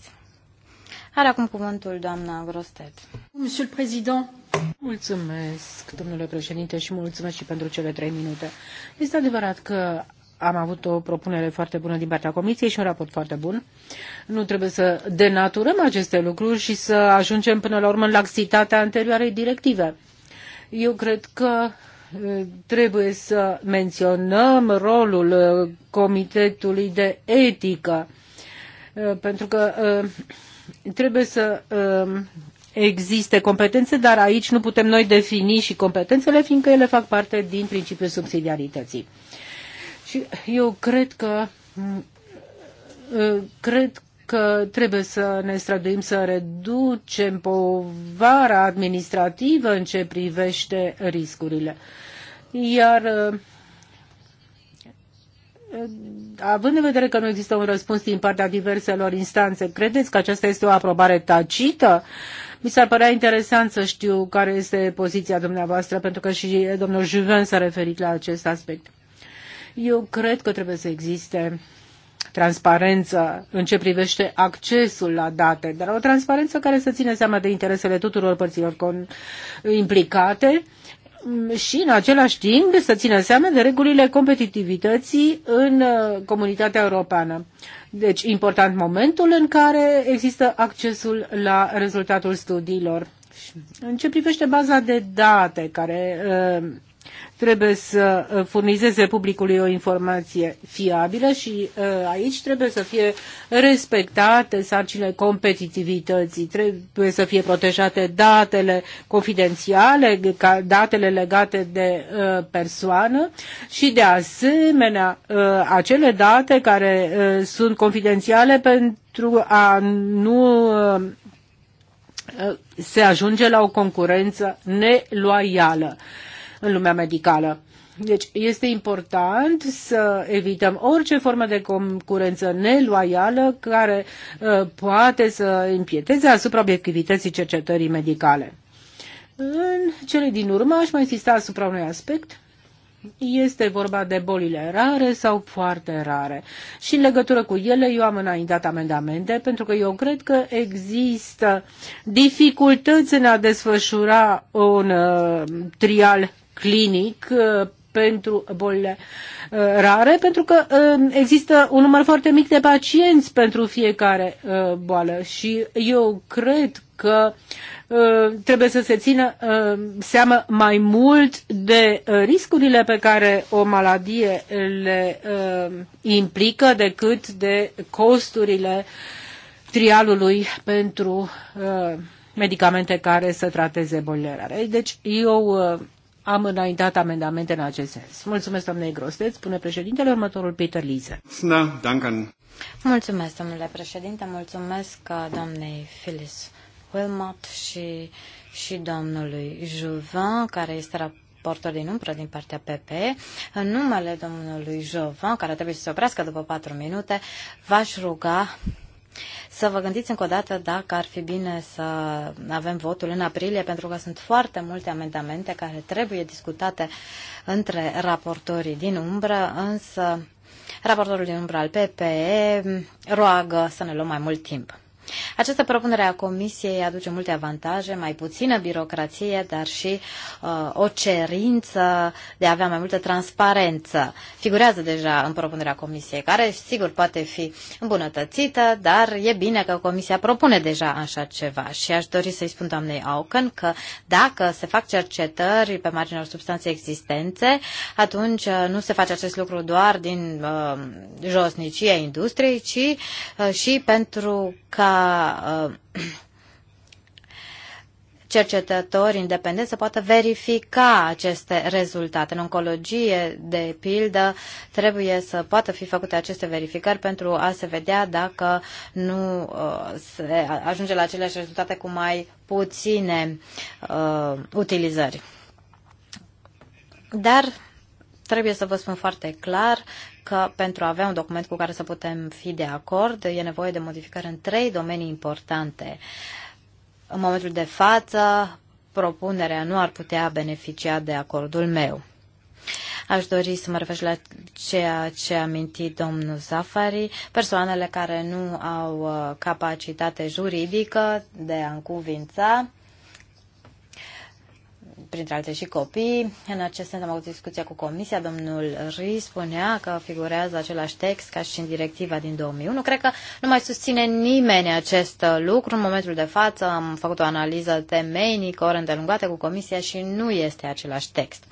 Are acum cuvântul doamna Grostet. Monsieur le Président, Mulțumesc, domnule președinte, și mulțumesc și pentru cele trei minute. Este adevărat că am avut o propunere foarte bună din partea Comisiei și un raport foarte bun. Nu trebuie să denaturăm aceste lucruri și să ajungem până la urmă în laxitatea anterioarei directive. Eu cred că trebuie să menționăm rolul Comitetului de Etică, pentru că trebuie să existe competențe, dar aici nu putem noi defini și competențele, fiindcă ele fac parte din principiul subsidiarității. Și eu cred că cred că trebuie să ne străduim să reducem povara administrativă în ce privește riscurile. Iar având în vedere că nu există un răspuns din partea diverselor instanțe, credeți că aceasta este o aprobare tacită? Uh, mi s-ar părea interesant să știu care este poziția dumneavoastră, pentru că și domnul Juven s-a referit la acest aspect. Eu cred că trebuie să existe transparență în ce privește accesul la date, dar o transparență care să ține seama de interesele tuturor părților implicate și în același timp să țină seama de regulile competitivității în uh, comunitatea europeană. Uh, deci, important momentul în care există accesul la rezultatul studiilor. În ce privește baza de date care uh, trebuie să uh, furnizeze publicului o informație fiabilă și uh, aici trebuie să fie respectate sarcinile competitivității, trebuie să fie protejate datele confidențiale, datele legate de uh, persoană și de asemenea acele date care sunt confidențiale pentru a nu se ajunge la o concurență neloială în lumea medicală. Deci este important să evităm orice formă de concurență neloială care uh, poate să impieteze asupra obiectivității cercetării medicale. În cele din urmă aș mai insista asupra unui aspect. Este vorba de bolile rare sau foarte rare. Și în legătură cu ele eu am înaintat amendamente pentru că eu cred că există dificultăți în a desfășura un uh, trial clinic uh, pentru bolile uh, rare, pentru că uh, există un număr foarte mic de pacienți pentru fiecare boală și eu cred că trebuie să se țină seama mai mult de riscurile pe care o maladie le implică decât de costurile trialului pentru medicamente care să trateze bolile rare. Deci eu am înaintat amendamente în acest sens. Mulțumesc, domnule Grosteț. spune președintele următorul Peter Lise. Da, Duncan. Mulțumesc, domnule președinte, mulțumesc uh, doamnei Phyllis Wilmot și, și domnului Juvin, care este raportor portor din umbră din partea PP, în numele domnului Jovan, care trebuie să se oprească după patru minute, v-aș ruga să vă gândiți încă o dată dacă ar fi bine să avem votul în aprilie, pentru că sunt foarte multe amendamente care trebuie discutate între raportorii din umbră, însă raportorul din umbră al PPE roagă să ne luăm mai mult timp. Această propunere a Comisiei aduce multe avantaje, mai puțină birocrație, dar și uh, o cerință de a avea mai multă transparență. Figurează deja în propunerea Comisiei, care sigur poate fi îmbunătățită, dar e bine că Comisia propune deja așa ceva. Și aș dori să-i spun doamnei Auken că dacă se fac cercetări pe marginea substanței existențe, atunci uh, nu se face acest lucru doar din uh, josnicia industriei, ci uh, și pentru ca Uh, uh, cercetători independenți să poată verifica aceste rezultate. În oncologie, de pildă, trebuie să poată fi făcute aceste verificări pentru a se vedea dacă nu uh, se ajunge la aceleași rezultate cu mai puține uh, utilizări. Dar trebuie să vă spun foarte clar că pentru a avea un document cu care să putem fi de acord, e nevoie de modificare în trei domenii importante. În momentul de față, propunerea nu ar putea beneficia de acordul meu. Aș dori să mă refer la ceea ce a mintit domnul Zafari, persoanele care nu au uh, capacitate juridică de a încuvința printre alte și copii. În acest sens am avut discuția cu comisia. Domnul Ri spunea că figurează același text ca și în directiva din 2001. Cred că nu mai susține nimeni acest lucru. În momentul de față am făcut o analiză temeinică, ori îndelungată cu comisia și nu este același text.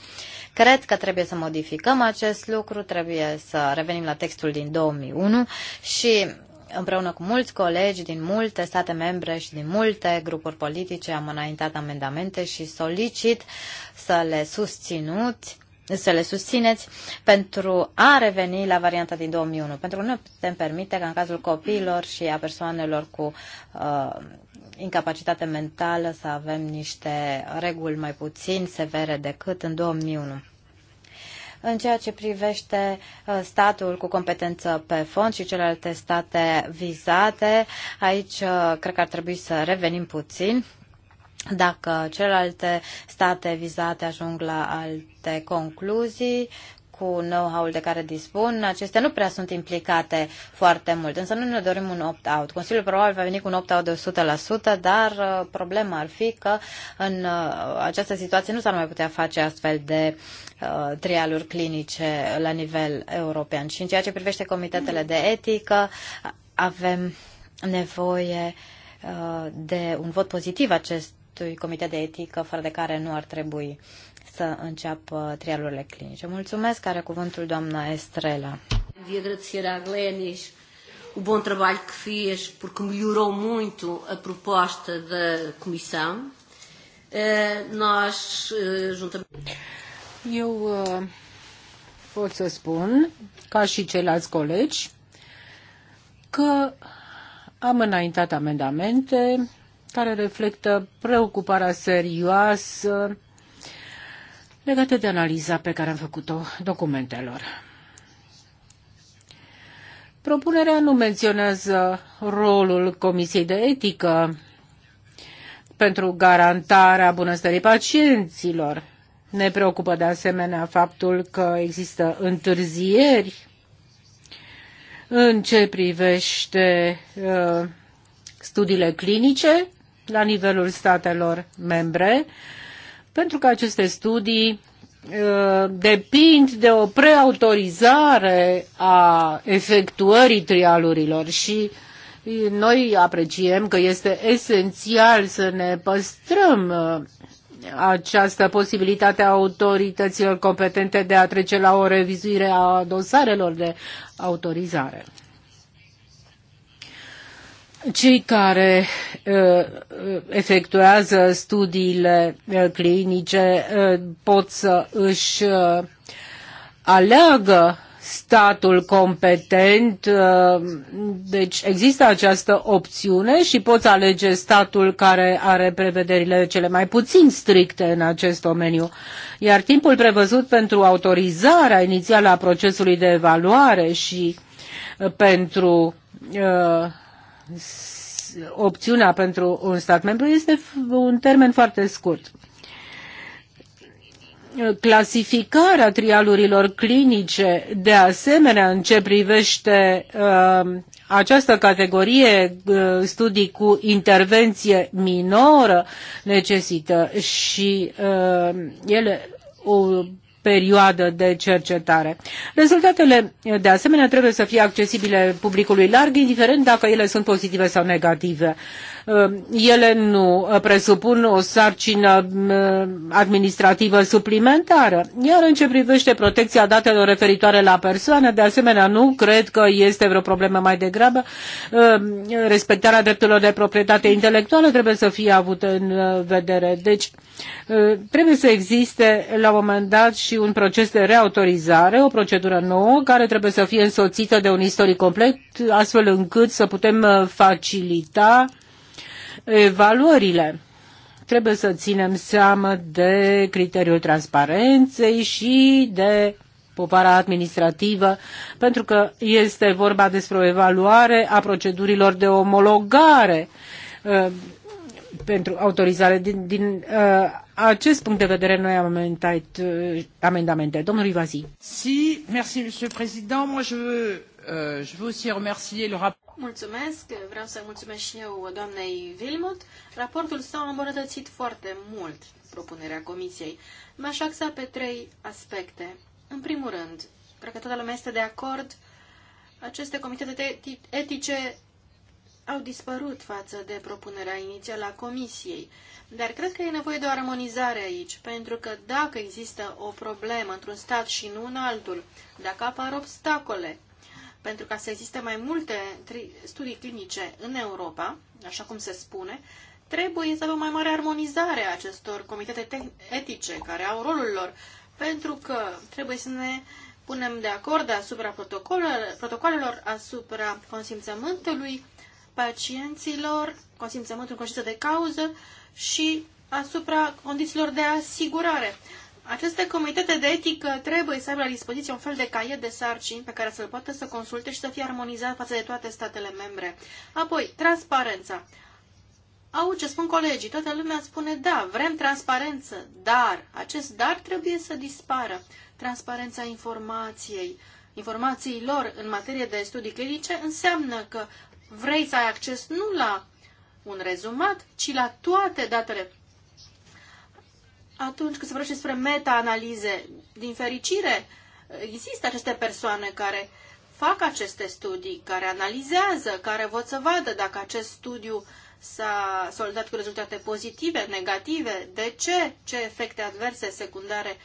Cred că trebuie să modificăm acest lucru, trebuie să revenim la textul din 2001 și împreună cu mulți colegi din multe state membre și din multe grupuri politice am înaintat amendamente și solicit să le susținuți să le susțineți pentru a reveni la varianta din 2001. Pentru că nu putem permite ca în cazul copiilor și a persoanelor cu uh, incapacitate mentală să avem niște reguli mai puțin severe decât în 2001. În ceea ce privește uh, statul cu competență pe fond și celelalte state vizate, aici uh, cred că ar trebui să revenim puțin. Dacă celelalte state vizate ajung la alte concluzii, cu know-how-ul de care dispun, acestea nu prea sunt implicate foarte mult. Însă nu ne dorim un opt-out. Consiliul probabil va veni cu un opt-out de 100%, dar uh, problema ar fi că în uh, această situație nu s-ar mai putea face astfel de uh, trialuri clinice la nivel european. Și în ceea ce privește comitetele de etică, avem nevoie de un vot pozitiv acest acestui comitet de etică, fără de care nu ar trebui să înceapă trialurile clinice. Mulțumesc, are cuvântul doamna Estrela. De agradecer à Glenis o bom trabalho que fez, porque melhorou muito a proposta da Comissão. Eh, nós, eh, juntamente... Eu eh, pot să spun, ca și ceilalți colegi, că am înaintat amendamente care reflectă preocuparea serioasă legate de analiza pe care am făcut-o documentelor. Propunerea nu menționează rolul Comisiei de Etică pentru garantarea bunăstării pacienților. Ne preocupă de asemenea faptul că există întârzieri în ce privește uh, studiile clinice la nivelul statelor membre. Uh, pentru că aceste studii uh, depind de o preautorizare a efectuării trialurilor și uh, noi apreciem că este esențial să ne păstrăm uh, această posibilitate a autorităților competente de a trece la o revizuire a dosarelor de autorizare cei care uh, uh, efectuează studiile uh, clinice pot să își aleagă statul competent, deci există această opțiune și poți alege statul care are prevederile cele mai puțin stricte în acest domeniu. Iar timpul prevăzut pentru autorizarea inițială a procesului de evaluare și pentru uh, opțiunea pentru un stat membru este un termen foarte scurt. Clasificarea trialurilor clinice, de asemenea, în ce privește uh, această categorie, uh, studii cu intervenție minoră, necesită și uh, ele o perioadă de cercetare. Rezultatele, de asemenea, trebuie să fie accesibile publicului larg, indiferent dacă ele sunt pozitive sau negative. Eh, ele nu eh, presupun o sarcină eh, administrativă suplimentară. Iar în ce privește protecția datelor referitoare la persoane, de asemenea, nu cred că este vreo problemă mai degrabă. Respectarea drepturilor de proprietate intelectuală trebuie să fie avută în vedere. Deci, trebuie să existe la un moment dat și un proces de reautorizare, o procedură nouă care trebuie să fie însoțită de un istoric complet, astfel încât să putem facilita evaluările. Trebuie să ținem seama de criteriul transparenței și de povara administrativă, pentru că este vorba despre o evaluare a procedurilor de omologare uh, pentru autorizare. Din, din uh, acest punct de vedere, noi am amendat uh, amendamente. Domnul Ivazi. Si, merci, monsieur le président. Moi, je veux Euh, je veux aussi remercier le rapport. Mulțumesc, vreau să mulțumesc și eu doamnei Vilmut. Raportul s-a îmbunătățit foarte mult, propunerea comisiei. M-aș axa pe trei aspecte. În primul rând, cred că toată lumea este de acord, aceste comitete etice au dispărut față de propunerea inițială a comisiei. Dar cred că e nevoie de o armonizare aici, pentru că dacă există o problemă într-un stat și nu în altul, dacă apar obstacole pentru ca să existe mai multe studii clinice în Europa, așa cum se spune, trebuie să avem mai mare armonizare a acestor comitete etice care au rolul lor, pentru că trebuie să ne punem de acord asupra protocolelor, asupra consimțământului pacienților, consimțământul în conștiință de cauză și asupra condițiilor de asigurare. Aceste comitete de etică trebuie să aibă la dispoziție un fel de caiet de sarcini pe care să-l poată să consulte și să fie armonizat față de toate statele membre. Apoi, transparența. Au ce spun colegii, toată lumea spune da, vrem transparență, dar acest dar trebuie să dispară. Transparența informației, informațiilor în materie de studii clinice înseamnă că vrei să ai acces nu la un rezumat, ci la toate datele atunci când se vorbește despre meta-analize. Din fericire, există aceste persoane care fac aceste studii, care analizează, care vor să vadă dacă acest studiu s-a soldat cu rezultate pozitive, negative, de ce, ce efecte adverse secundare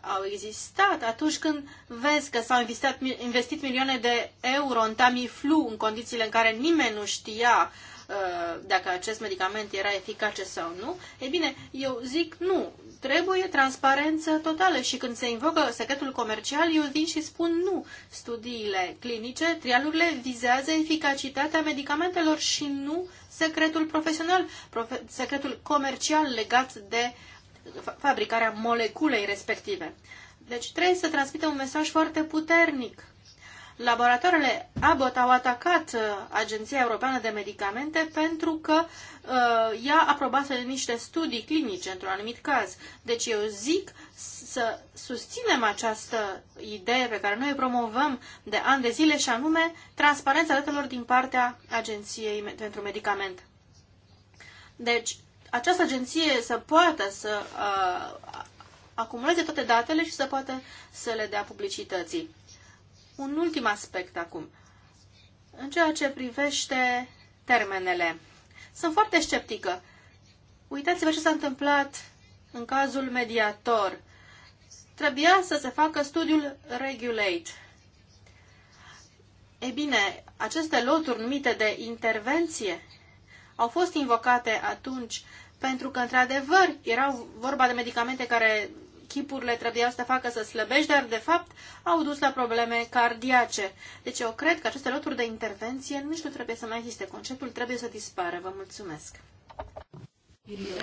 au existat. Atunci când vezi că s-au investit, investit milioane de euro în Tamiflu, în condițiile în care nimeni nu știa uh, Uh, dacă acest medicament era eficace sau nu, e bine, eu zic nu. Trebuie transparență totală și când se invocă secretul comercial, eu vin și spun nu. Studiile clinice, trialurile vizează eficacitatea medicamentelor și nu secretul profesional, profe- secretul comercial legat de fabricarea moleculei respective. Deci trebuie să transmită un mesaj foarte puternic laboratoarele Abbott au atacat uh, Agenția Europeană de Medicamente pentru că uh, ea aprobase niște studii clinice într-un anumit caz. Deci eu zic să susținem această idee pe care noi o promovăm de ani de zile și anume transparența datelor din partea Agenției pentru Medicament. Deci, această agenție să poată să uh, acumuleze toate datele și să poată să le dea publicității. Un ultim aspect acum. În ceea ce privește termenele. Sunt foarte sceptică. Uitați-vă ce s-a întâmplat în cazul mediator. Trebuia să se facă studiul Regulate. Ei bine, aceste loturi numite de intervenție au fost invocate atunci pentru că, într-adevăr, erau vorba de medicamente care chipurile trebuiau să te facă să slăbești, dar de fapt au dus la probleme cardiace. Deci eu cred că aceste loturi de intervenție nici nu trebuie să mai existe. Conceptul trebuie să dispară. Vă mulțumesc.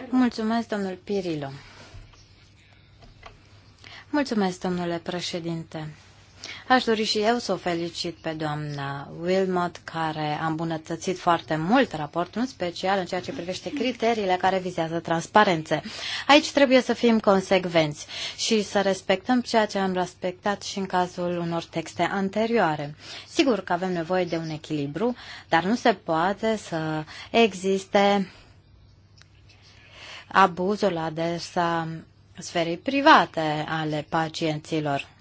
Mulțumesc, domnul Pirilo. Mulțumesc, domnule președinte. Aș dori și eu să o felicit pe doamna Wilmot, care a îmbunătățit foarte mult raportul, în special în ceea ce privește criteriile care vizează transparențe. Aici trebuie să fim consecvenți și să respectăm ceea ce am respectat și în cazul unor texte anterioare. Sigur că avem nevoie de un echilibru, dar nu se poate să existe abuzul adesea sferei private ale pacienților.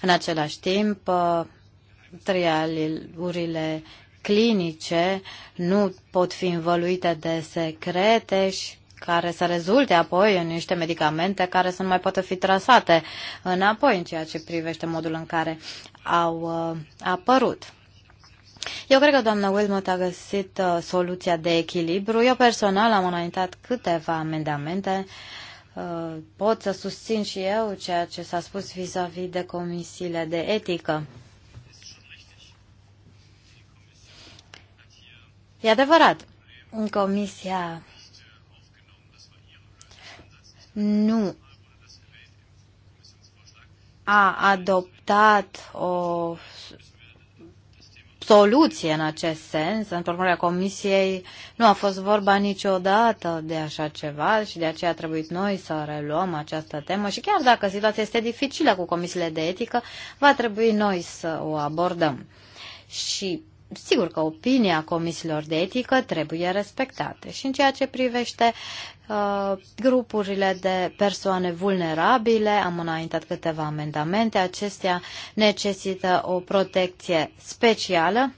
În același timp, trialurile clinice nu pot fi învăluite de secrete și care să rezulte apoi în niște medicamente care să nu mai poată fi trasate înapoi în ceea ce privește modul în care au uh, apărut. Eu cred că doamna Wilmot a găsit uh, soluția de echilibru. Eu personal am înaintat câteva amendamente uh, Uh, pot să susțin și eu ceea ce s-a spus vis-a-vis -vis de comisiile de etică. E adevărat, comisia nu a adoptat o soluție în acest sens. În propunerea comisiei nu a fost vorba niciodată de așa ceva și de aceea a trebuit noi să reluăm această temă și chiar dacă situația este dificilă cu comisiile de etică, va trebui noi să o abordăm. Și sigur că opinia comisiilor de etică trebuie respectată. Și în ceea ce privește Uh, grupurile de persoane vulnerabile. Am înaintat câteva amendamente. Acestea necesită o protecție specială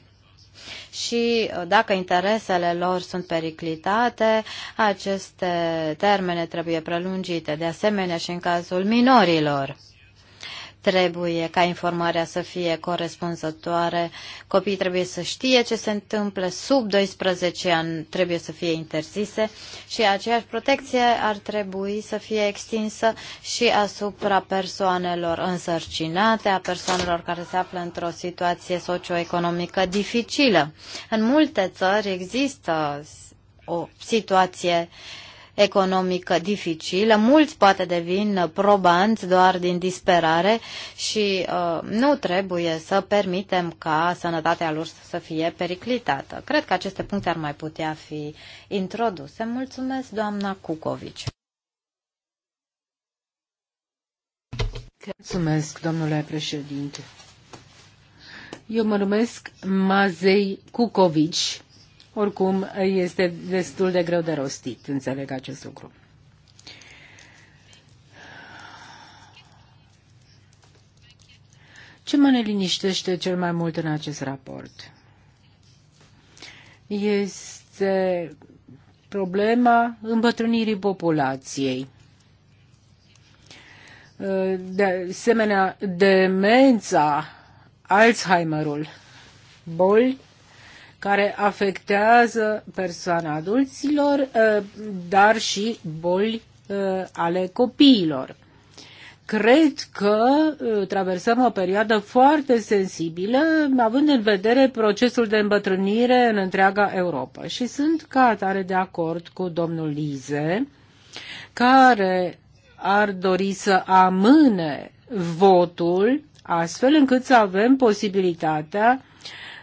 și uh, dacă interesele lor sunt periclitate, aceste termene trebuie prelungite. De asemenea și în cazul minorilor. Trebuie ca informarea să fie corespunzătoare. Copiii trebuie să știe ce se întâmplă. Sub 12 ani trebuie să fie interzise și aceeași protecție ar trebui să fie extinsă și asupra persoanelor însărcinate, a persoanelor care se află într-o situație socioeconomică dificilă. În multe țări există o situație uh, economică dificilă. Mulți poate devin probanți doar din disperare și uh, nu trebuie să permitem ca sănătatea lor să fie periclitată. Cred că aceste puncte ar mai putea fi introduse. Mulțumesc, doamna Cucovici. Mulțumesc, domnule președinte. Eu mă numesc Mazei Cucovici oricum, este destul de greu de rostit, înțeleg acest lucru. Ce mă neliniștește cel mai mult în acest raport? Este problema îmbătrânirii populației. De asemenea, demența, Alzheimerul, boli care afectează persoane adulților, uh, dar și boli uh, ale copiilor. Cred că uh, traversăm o perioadă foarte sensibilă, având în vedere procesul de îmbătrânire în întreaga Europa. Și sunt ca atare de acord cu domnul Lize, care ar dori să amâne votul astfel încât să avem posibilitatea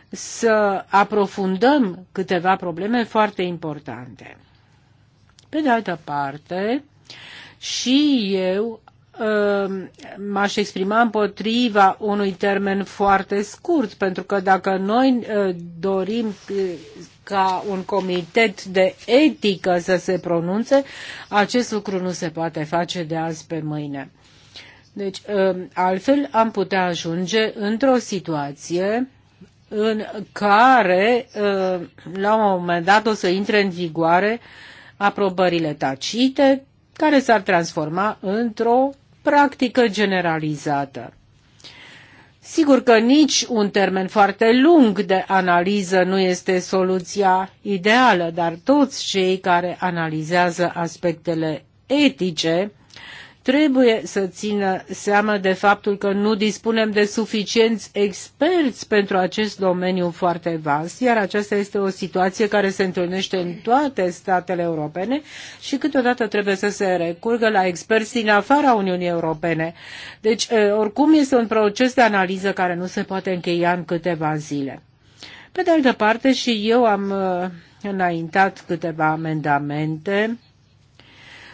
să aprofundăm câteva probleme foarte importante. Pe de altă parte, și eu uh, m-aș exprima împotriva unui termen foarte scurt, pentru că dacă noi uh, dorim uh, ca un comitet de etică să se pronunțe, acest lucru nu se poate face de azi pe mâine. Deci, altfel am putea ajunge într-o situație în care ă, la un moment dat o să intre în vigoare aprobările tacite, care s-ar transforma într-o practică generalizată. Sigur că nici un termen foarte lung de analiză nu este soluția ideală, dar toți cei care analizează aspectele etice trebuie să țină seama de faptul că nu dispunem de suficienți experți pentru acest domeniu foarte vast, iar aceasta este o situație care se întâlnește în toate statele europene și câteodată trebuie să se recurgă la experți din afara Uniunii Europene. Deci, oricum, este un proces de analiză care nu se poate încheia în câteva zile. Pe de altă parte, și eu am înaintat câteva amendamente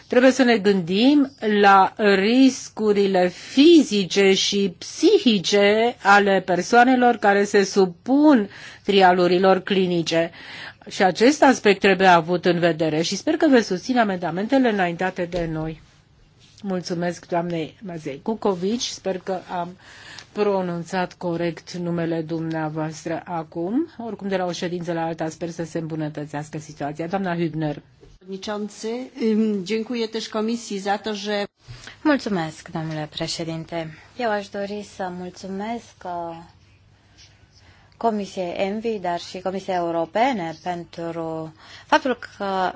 Trebuie să ne gândim la riscurile fizice și psihice ale persoanelor care se supun trialurilor clinice. Și acest aspect trebuie avut în vedere și sper că veți susține amendamentele înaintate de noi. Mulțumesc doamnei Mazei Cucovici, sper că am pronunțat corect numele dumneavoastră acum. Oricum, de la o ședință la alta, sper să se îmbunătățească situația. Doamna Hübner. Mulțumesc, domnule președinte. Eu aș dori să mulțumesc uh, Comisiei Envi, dar și Comisiei Europene pentru faptul că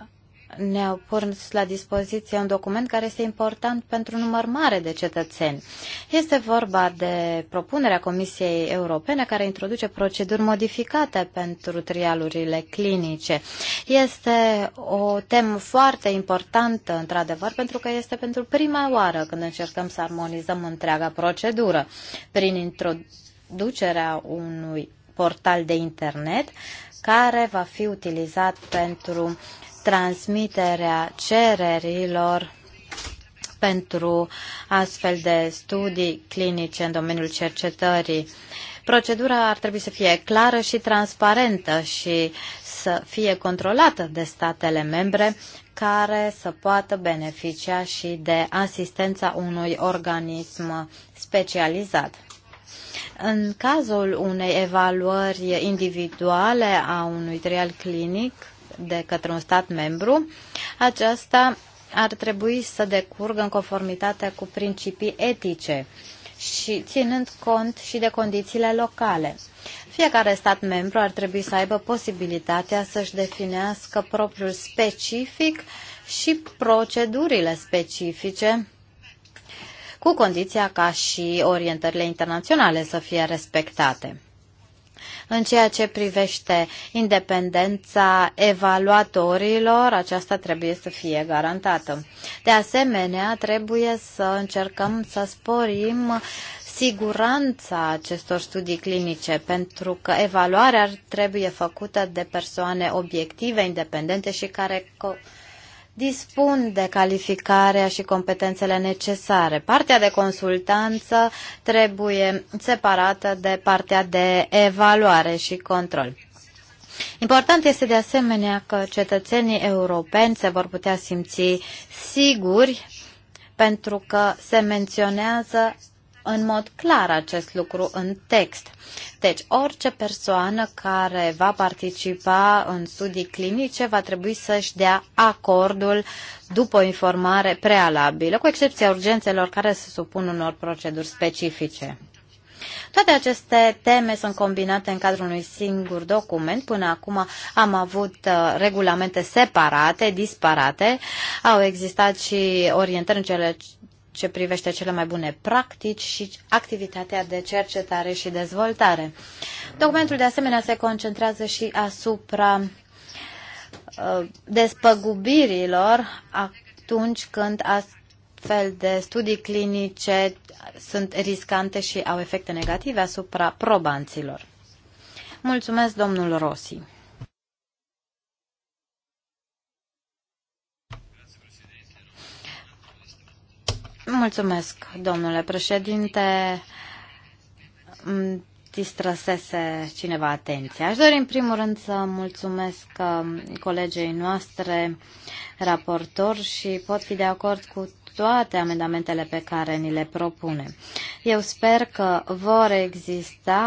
ne-au pus la dispoziție un document care este important pentru un număr mare de cetățeni. Este vorba de propunerea Comisiei Europene care introduce proceduri modificate pentru trialurile clinice. Este o temă foarte importantă, într-adevăr, pentru că este pentru prima oară când încercăm să armonizăm întreaga procedură prin introducerea unui portal de internet care va fi utilizat pentru uh, transmiterea cererilor pentru astfel de studii clinice în domeniul cercetării. Procedura ar trebui să fie clară și transparentă și să fie controlată de statele membre care să poată beneficia și de asistența unui organism specializat. În cazul unei evaluări individuale a unui trial clinic, de către un stat membru, aceasta ar trebui să decurgă în conformitate cu principii etice și ținând cont și de condițiile locale. Fiecare stat membru ar trebui să aibă posibilitatea să-și definească propriul specific și procedurile specifice, cu condiția ca și orientările internaționale să fie respectate. În ceea ce privește independența evaluatorilor, aceasta trebuie să fie garantată. De asemenea, trebuie să încercăm să sporim siguranța acestor studii clinice, pentru că evaluarea trebuie făcută de persoane obiective, independente și care co- dispun de calificarea și competențele necesare. Partea de consultanță trebuie separată de partea de evaluare și control. Important este de asemenea că cetățenii europeni se vor putea simți siguri pentru că se menționează în mod clar acest lucru în text. Deci, orice persoană care va participa în studii clinice va trebui să-și dea acordul după o informare prealabilă, cu excepția urgențelor care se supun unor proceduri specifice. Toate aceste teme sunt combinate în cadrul unui singur document. Până acum am avut uh, regulamente separate, disparate. Au existat și orientări în cele ce privește cele mai bune practici și activitatea de cercetare și dezvoltare. Documentul de asemenea se concentrează și asupra uh, despăgubirilor atunci când astfel de studii clinice sunt riscante și au efecte negative asupra probanților. Mulțumesc, domnul Rossi. mulțumesc, domnule președinte. Îmi distrăsese cineva atenția. Aș dori în primul rând să mulțumesc um, colegei noastre raportor și pot fi de acord cu toate amendamentele pe care ni le propune. Eu sper că vor exista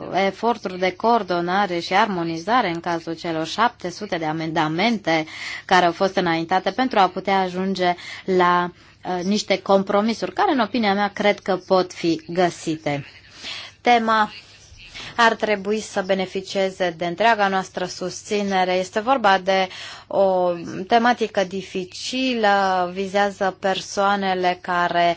uh, eforturi de coordonare și armonizare în cazul celor 700 de amendamente care au fost înaintate pentru a putea ajunge la Uh, niște compromisuri care, în opinia mea, cred că pot fi găsite. Tema ar trebui să beneficieze de întreaga noastră susținere. Este vorba de o tematică dificilă, vizează persoanele care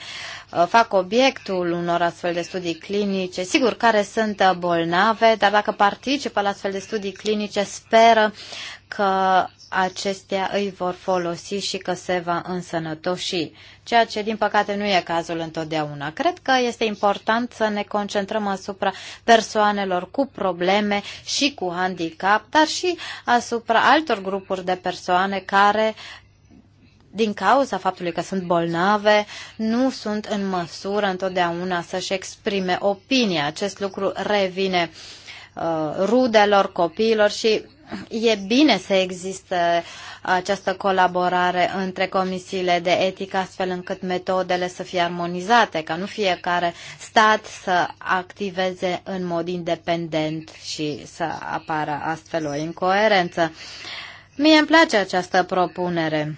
uh, fac obiectul unor astfel de studii clinice, sigur care sunt uh, bolnave, dar dacă participă la astfel de studii clinice, speră că acestea îi vor folosi și că se va însănătoși, ceea ce din păcate nu e cazul întotdeauna. Cred că este important să ne concentrăm asupra persoanelor cu probleme și cu handicap, dar și asupra altor grupuri de persoane care din cauza faptului că sunt bolnave, nu sunt în măsură întotdeauna să-și exprime opinia. Acest lucru revine uh, rudelor, copiilor și E bine să existe această colaborare între comisiile de etică, astfel încât metodele să fie armonizate, ca nu fiecare stat să activeze în mod independent și să apară astfel o incoerență. Mie îmi place această propunere.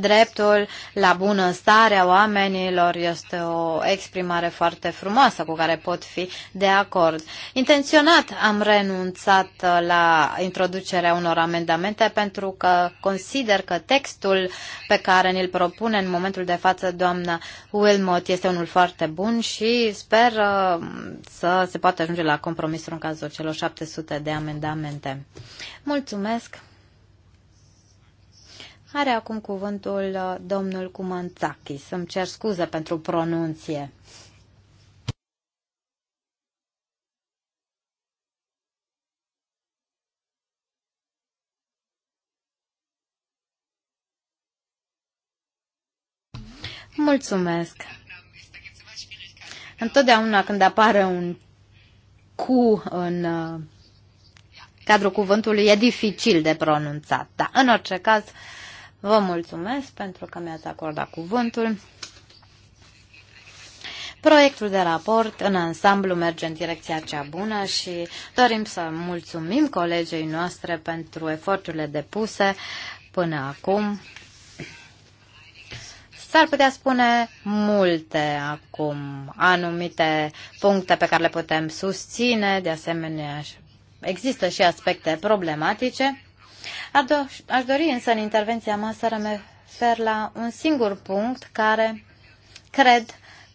Dreptul la a oamenilor este o exprimare foarte frumoasă cu care pot fi de acord. Intenționat am renunțat la introducerea unor amendamente pentru că consider că textul pe care ne l propune în momentul de față doamna Wilmot este unul foarte bun și sper uh, să se poată ajunge la compromisul în cazul celor 700 de amendamente. Mulțumesc! Are acum cuvântul uh, domnul Cumanțachi. Să-mi cer scuze pentru pronunție. Mulțumesc. Întotdeauna când apare un cu în uh, cadrul cuvântului e dificil de pronunțat, dar în orice caz Vă mulțumesc pentru că mi-ați acordat cuvântul. Proiectul de raport în ansamblu merge în direcția cea bună și dorim să mulțumim colegei noastre pentru eforturile depuse până acum. S-ar putea spune multe acum, anumite puncte pe care le putem susține, de asemenea există și aspecte problematice. Aș dori însă în intervenția mea să refer la un singur punct care cred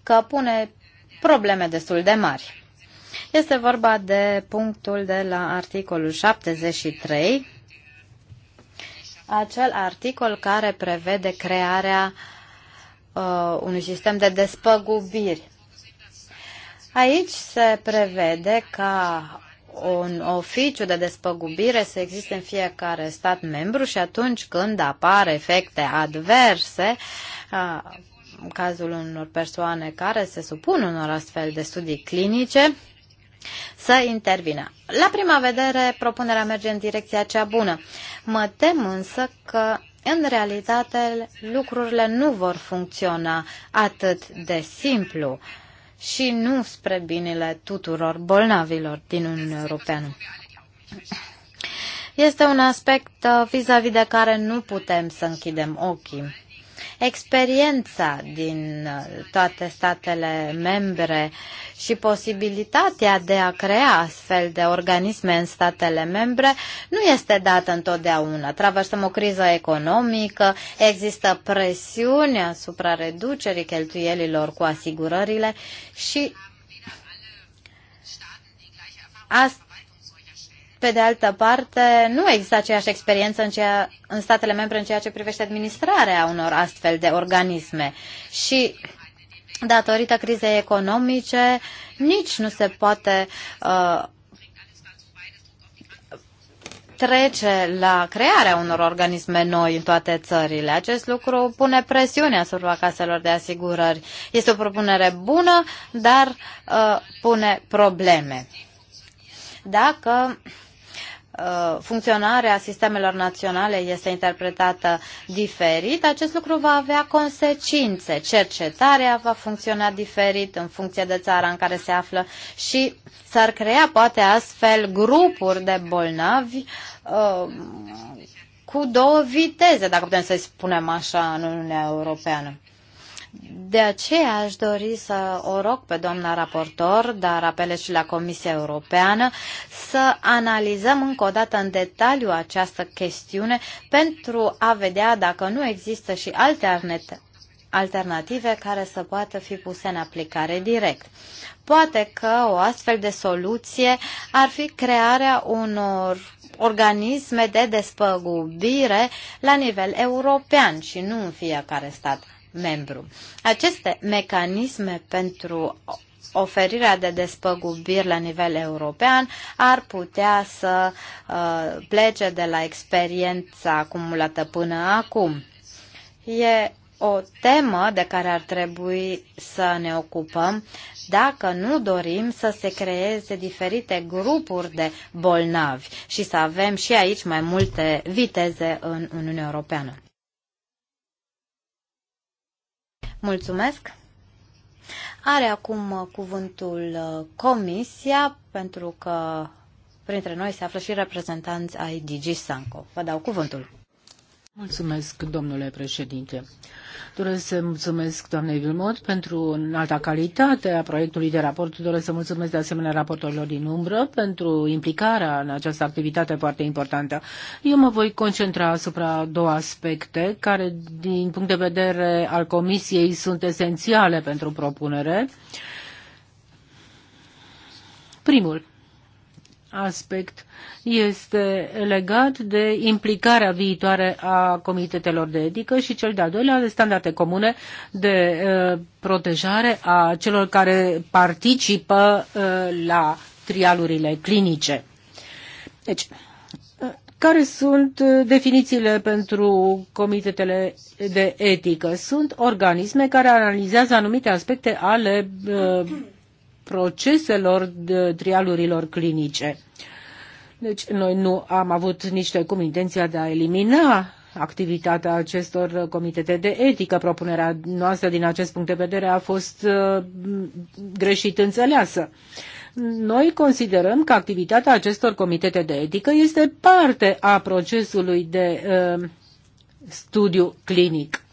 că pune probleme destul de mari. Este vorba de punctul de la articolul 73, acel articol care prevede crearea uh, unui sistem de despăgubiri. Aici se prevede ca un oficiu de despăgubire să existe în fiecare stat membru și atunci când apar efecte adverse, în cazul unor persoane care se supun unor astfel de studii clinice, să intervină. La prima vedere, propunerea merge în direcția cea bună. Mă tem însă că, în realitate, lucrurile nu vor funcționa atât de simplu. Uh, și nu spre binele tuturor bolnavilor din Uniunea Europeană. Este un aspect uh, vis-a-vis -vis de care nu putem să închidem ochii experiența din uh, toate statele membre și posibilitatea de a crea astfel de organisme în statele membre nu este dată întotdeauna. Traversăm o criză economică, există presiune asupra reducerii cheltuielilor cu asigurările și asta pe de altă parte, nu există aceeași experiență în, ceea, în statele membre în ceea ce privește administrarea unor astfel de organisme. Și datorită crizei economice, nici nu se poate uh, trece la crearea unor organisme noi în toate țările. Acest lucru pune presiune asupra caselor de asigurări. Este o propunere bună, dar uh, pune probleme. Dacă Uh, funcționarea sistemelor naționale este interpretată diferit, acest lucru va avea consecințe. Cercetarea va funcționa diferit în funcție de țara în care se află și s-ar crea poate astfel grupuri de bolnavi uh, cu două viteze, dacă putem să-i spunem așa, în Uniunea Europeană. De aceea aș dori să o rog pe doamna raportor, dar apelez și la Comisia Europeană, să analizăm încă o dată în detaliu această chestiune pentru a vedea dacă nu există și alte alternative care să poată fi puse în aplicare direct. Poate că o astfel de soluție ar fi crearea unor organisme de despăgubire la nivel european și nu în fiecare stat membru. Aceste mecanisme pentru oferirea de despăgubiri la nivel european ar putea să uh, plece de la experiența acumulată până acum. E o temă de care ar trebui să ne ocupăm dacă nu dorim să se creeze diferite grupuri de bolnavi și să avem și aici mai multe viteze în Uniunea Europeană. Mulțumesc! Are acum uh, cuvântul uh, Comisia, pentru că printre noi se află și reprezentanți ai DG Sanco. Vă dau cuvântul. Mulțumesc, domnule președinte. Doresc să mulțumesc doamnei Vilmot pentru înalta calitate a proiectului de raport. Doresc să mulțumesc de asemenea raportorilor din umbră pentru implicarea în această activitate foarte importantă. Eu mă voi concentra asupra două aspecte care, din punct de vedere al Comisiei, sunt esențiale pentru propunere. Primul, aspect este legat de implicarea viitoare a comitetelor de etică și cel de-al doilea de standarde comune de uh, protejare a celor care participă uh, la trialurile clinice. Deci, uh, care sunt uh, definițiile pentru comitetele de etică? Sunt organisme care analizează anumite aspecte ale uh, proceselor de trialurilor clinice. Deci noi nu am avut nici de cum intenția de a elimina activitatea acestor comitete de etică. Propunerea noastră din acest punct de vedere a fost uh, greșit înțeleasă. Noi considerăm că activitatea acestor comitete de etică este parte a procesului de uh, studiu clinic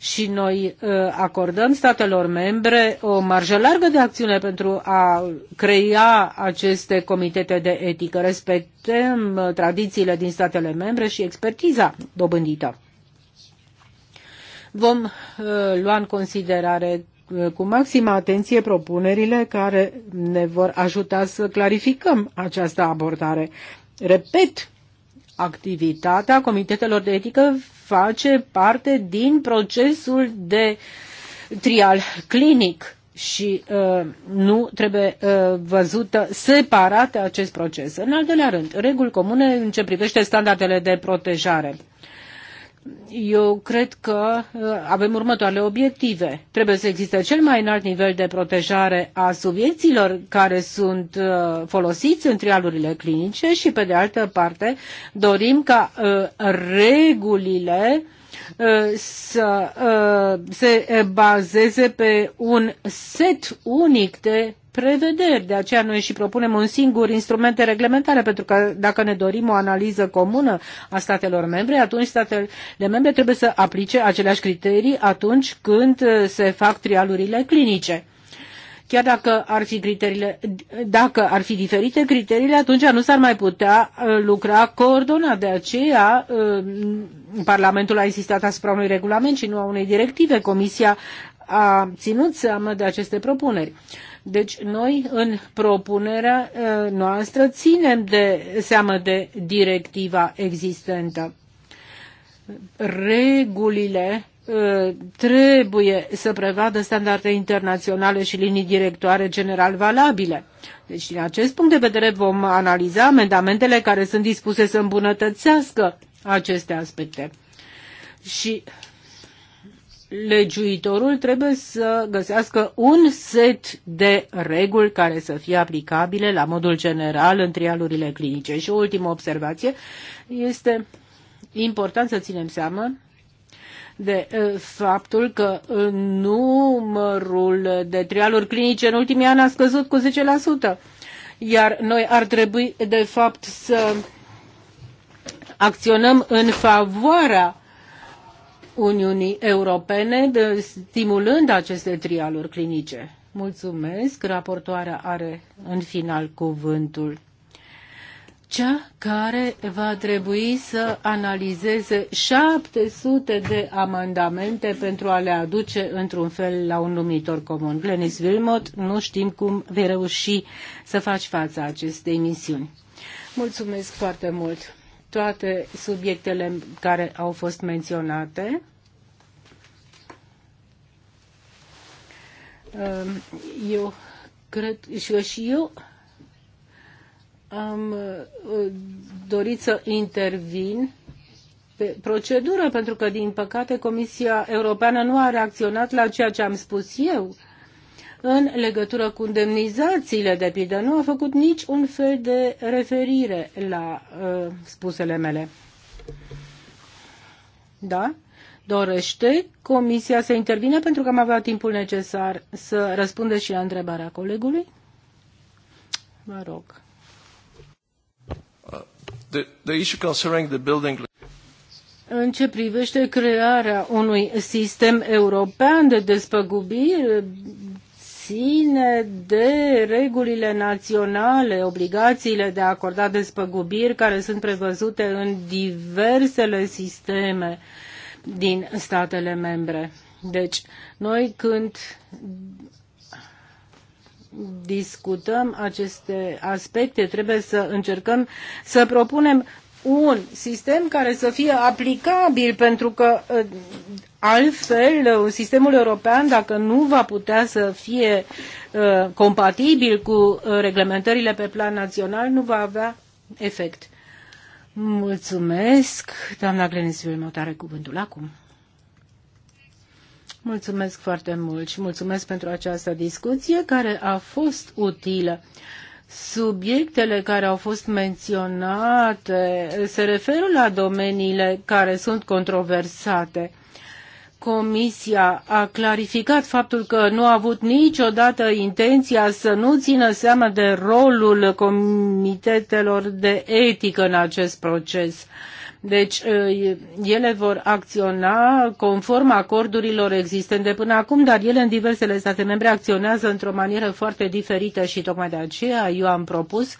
și noi uh, acordăm statelor membre o marjă largă de acțiune pentru a crea aceste comitete de etică. Respectăm uh, tradițiile din statele membre și expertiza dobândită. Vom uh, lua în considerare cu maximă atenție propunerile care ne vor ajuta să clarificăm această abordare. Repet, activitatea comitetelor de etică face parte din procesul de trial clinic și uh, nu trebuie uh, văzută separată acest proces. În al doilea rând, reguli comune în ce privește standardele de protejare eu cred că uh, avem următoarele obiective. Trebuie să existe cel mai înalt nivel de protejare a subiecților care sunt uh, folosiți în trialurile clinice și, pe de altă parte, dorim ca uh, regulile să se bazeze pe un set unic de prevederi. De aceea noi și propunem un singur instrument de reglementare, pentru că dacă ne dorim o analiză comună a statelor membre, atunci statele membre trebuie să aplice aceleași criterii atunci când se fac trialurile clinice. Chiar dacă ar fi criteriile, dacă ar fi diferite criteriile, atunci nu s-ar mai putea uh, lucra coordonat. De aceea, uh, Parlamentul a insistat asupra unui regulament și nu a unei directive. Comisia a ținut seama de aceste propuneri. Deci noi în propunerea uh, noastră ținem de seamă de directiva existentă. Regulile uh, trebuie să prevadă standarde internaționale și linii directoare general valabile. Deci, din acest punct de vedere, vom analiza amendamentele care sunt dispuse să îmbunătățească aceste aspecte. Și legiuitorul trebuie să găsească un set de reguli care să fie aplicabile la modul general în trialurile clinice. Și o ultimă observație este important să ținem seama de faptul că numărul de trialuri clinice în ultimii ani a scăzut cu 10%, iar noi ar trebui de fapt să acționăm în favoarea Uniunii Europene, stimulând aceste trialuri clinice. Mulțumesc. Raportoarea are în final cuvântul. Cea care va trebui să analizeze 700 de amendamente pentru a le aduce într-un fel la un numitor comun. Glenis Wilmot, nu știm cum vei reuși să faci fața acestei misiuni. Mulțumesc foarte mult! toate subiectele care au fost menționate. Um, eu cred și, și eu am uh, dorit să intervin pe procedură, pentru că, din păcate, Comisia Europeană nu a reacționat la ceea ce am spus eu în legătură cu indemnizațiile de pildă. Nu a făcut nici un fel de referire la uh, spusele mele. Da? Dorește Comisia să intervine pentru că am avea timpul necesar să răspundă și la întrebarea colegului? Vă rog. Uh, the, the issue concerning the building în ce privește crearea unui sistem european de despăgubiri, ține de regulile naționale, obligațiile de a acorda despăgubiri care sunt prevăzute în diversele sisteme din statele membre. Deci, noi când discutăm aceste aspecte, trebuie să încercăm să propunem un sistem care să fie aplicabil, pentru că ă, altfel ă, sistemul european, dacă nu va putea să fie ă, compatibil cu reglementările pe plan național, nu va avea efect. Mulțumesc. Doamna Glenis Vilmot cuvântul acum. Mulțumesc foarte mult și mulțumesc pentru această discuție care a fost utilă. Subiectele care au fost menționate se referă la domeniile care sunt controversate. Comisia a clarificat faptul că nu a avut niciodată intenția să nu țină seama de rolul comitetelor de etică în acest proces. Uh, deci ă, ele vor acționa conform acordurilor existente până acum, dar ele în diversele state membre acționează într-o manieră foarte diferită și tocmai de aceea eu am propus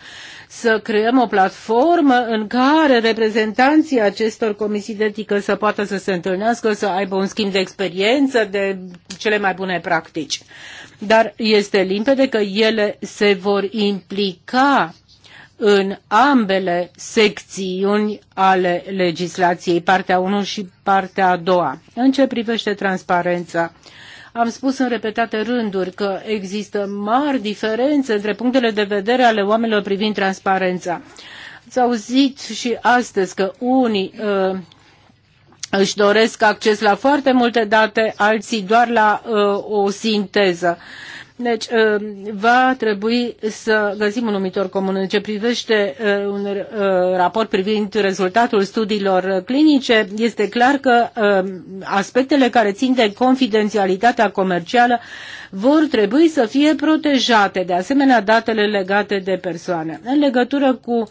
să creăm o platformă în care reprezentanții acestor comisii de etică să poată să se întâlnească, să aibă un schimb de experiență, de cele mai bune practici. Dar este limpede că ele se vor implica în ambele secțiuni ale legislației, partea 1 și partea a doua. În ce privește transparența, am spus în repetate rânduri că există mari diferențe între punctele de vedere ale oamenilor privind transparența. Ați auzit și astăzi că unii uh, își doresc acces la foarte multe date, alții doar la uh, o sinteză. Deci ă, va trebui să găsim un numitor comun în ce privește ă, un ă, raport privind rezultatul studiilor clinice. Este clar că aspectele care țin de confidențialitatea comercială vor trebui să fie protejate, de asemenea datele legate de persoane. În legătură cu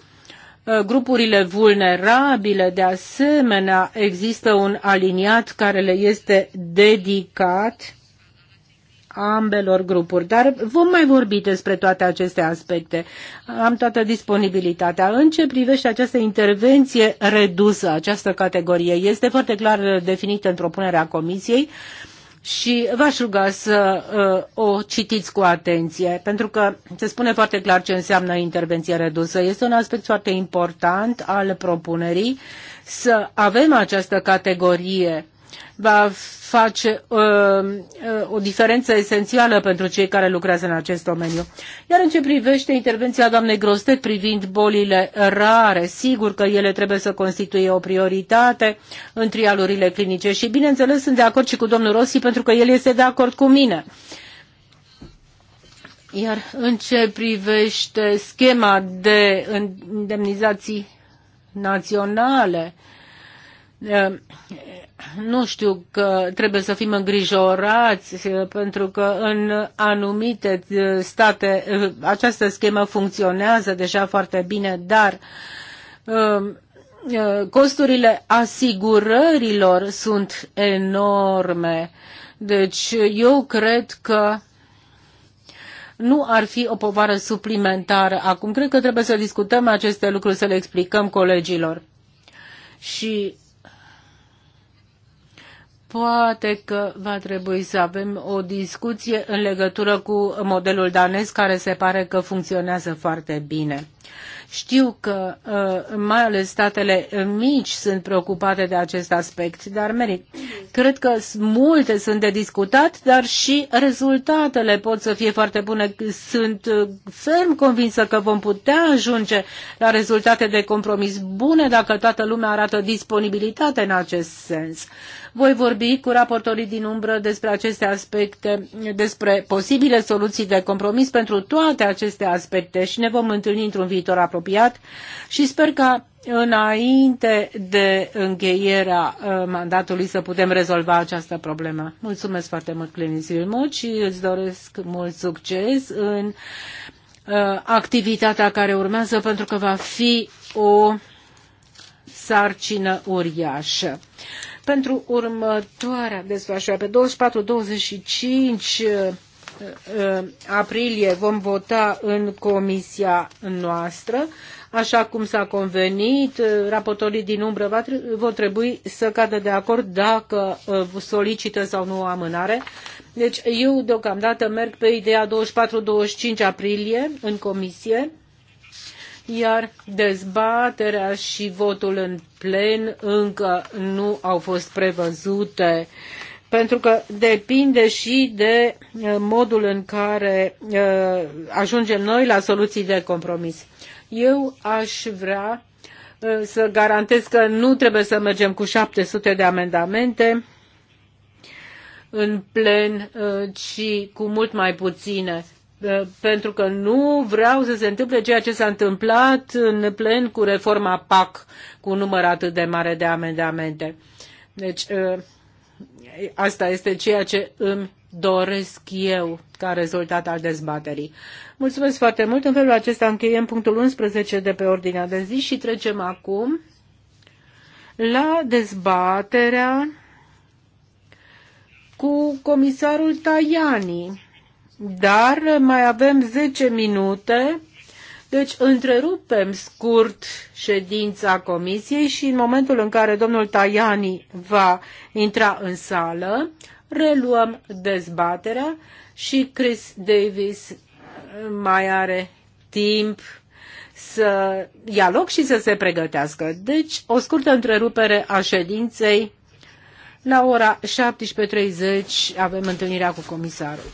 grupurile vulnerabile, de asemenea există un aliniat care le este dedicat ambelor grupuri, dar vom mai vorbi despre toate aceste aspecte. Am toată disponibilitatea. În ce privește această intervenție redusă, această categorie, este foarte clar definită în propunerea Comisiei și v-aș ruga să uh, o citiți cu atenție, pentru că se spune foarte clar ce înseamnă intervenție redusă. Este un aspect foarte important al propunerii să avem această categorie va face uh, uh, o diferență esențială pentru cei care lucrează în acest domeniu. Iar în ce privește intervenția doamnei Grostet privind bolile rare, sigur că ele trebuie să constituie o prioritate în trialurile clinice și, bineînțeles, sunt de acord și cu domnul Rossi pentru că el este de acord cu mine. Iar în ce privește schema de indemnizații naționale, uh, nu știu că trebuie să fim îngrijorați eh, pentru că în anumite eh, state eh, această schemă funcționează deja foarte bine, dar ehm, costurile asigurărilor sunt enorme. Deci eu cred că nu ar fi o povară suplimentară. Acum cred că trebuie să discutăm aceste lucruri, să le explicăm colegilor. Și Poate că va trebui să avem o discuție în legătură cu modelul danez care se pare că funcționează foarte bine. Știu că uh, mai ales statele mici sunt preocupate de acest aspect, dar merit. Cred că multe sunt de discutat, dar și rezultatele pot să fie foarte bune. Sunt uh, ferm convinsă că vom putea ajunge la rezultate de compromis bune dacă toată lumea arată disponibilitate în acest sens. Voi vorbi cu raportorii din umbră despre aceste aspecte, despre posibile soluții de compromis pentru toate aceste aspecte și ne vom întâlni într-un viitor apropiat și sper ca înainte de încheierea uh, mandatului să putem rezolva această problemă. Mulțumesc foarte mult, Clemens Vilmot, și îți doresc mult succes în uh, activitatea care urmează, pentru că va fi o sarcină uriașă. Pentru următoarea desfășurare. pe 24-25 uh, uh, aprilie vom vota în comisia noastră, așa cum s-a convenit. Uh, raportorii din umbră vor trebui să cadă de acord dacă solicită sau nu o amânare. Deci eu deocamdată merg pe ideea 24-25 aprilie în comisie iar dezbaterea și votul în plen încă nu au fost prevăzute pentru că depinde și de uh, modul în care uh, ajungem noi la soluții de compromis. Eu aș vrea uh, să garantez că nu trebuie să mergem cu 700 de amendamente în plen, ci cu mult mai puține pentru că nu vreau să se întâmple ceea ce s-a întâmplat în plen cu reforma PAC, cu număr atât de mare de amendamente. Deci, ă, asta este ceea ce îmi doresc eu ca rezultat al dezbaterii. Mulțumesc foarte mult. În felul acesta încheiem punctul 11 de pe ordinea de zi și trecem acum la dezbaterea cu comisarul Tajani dar mai avem 10 minute, deci întrerupem scurt ședința comisiei și în momentul în care domnul Tajani va intra în sală, reluăm dezbaterea și Chris Davis mai are timp să ia loc și să se pregătească. Deci, o scurtă întrerupere a ședinței. La ora 17.30 avem întâlnirea cu comisarul.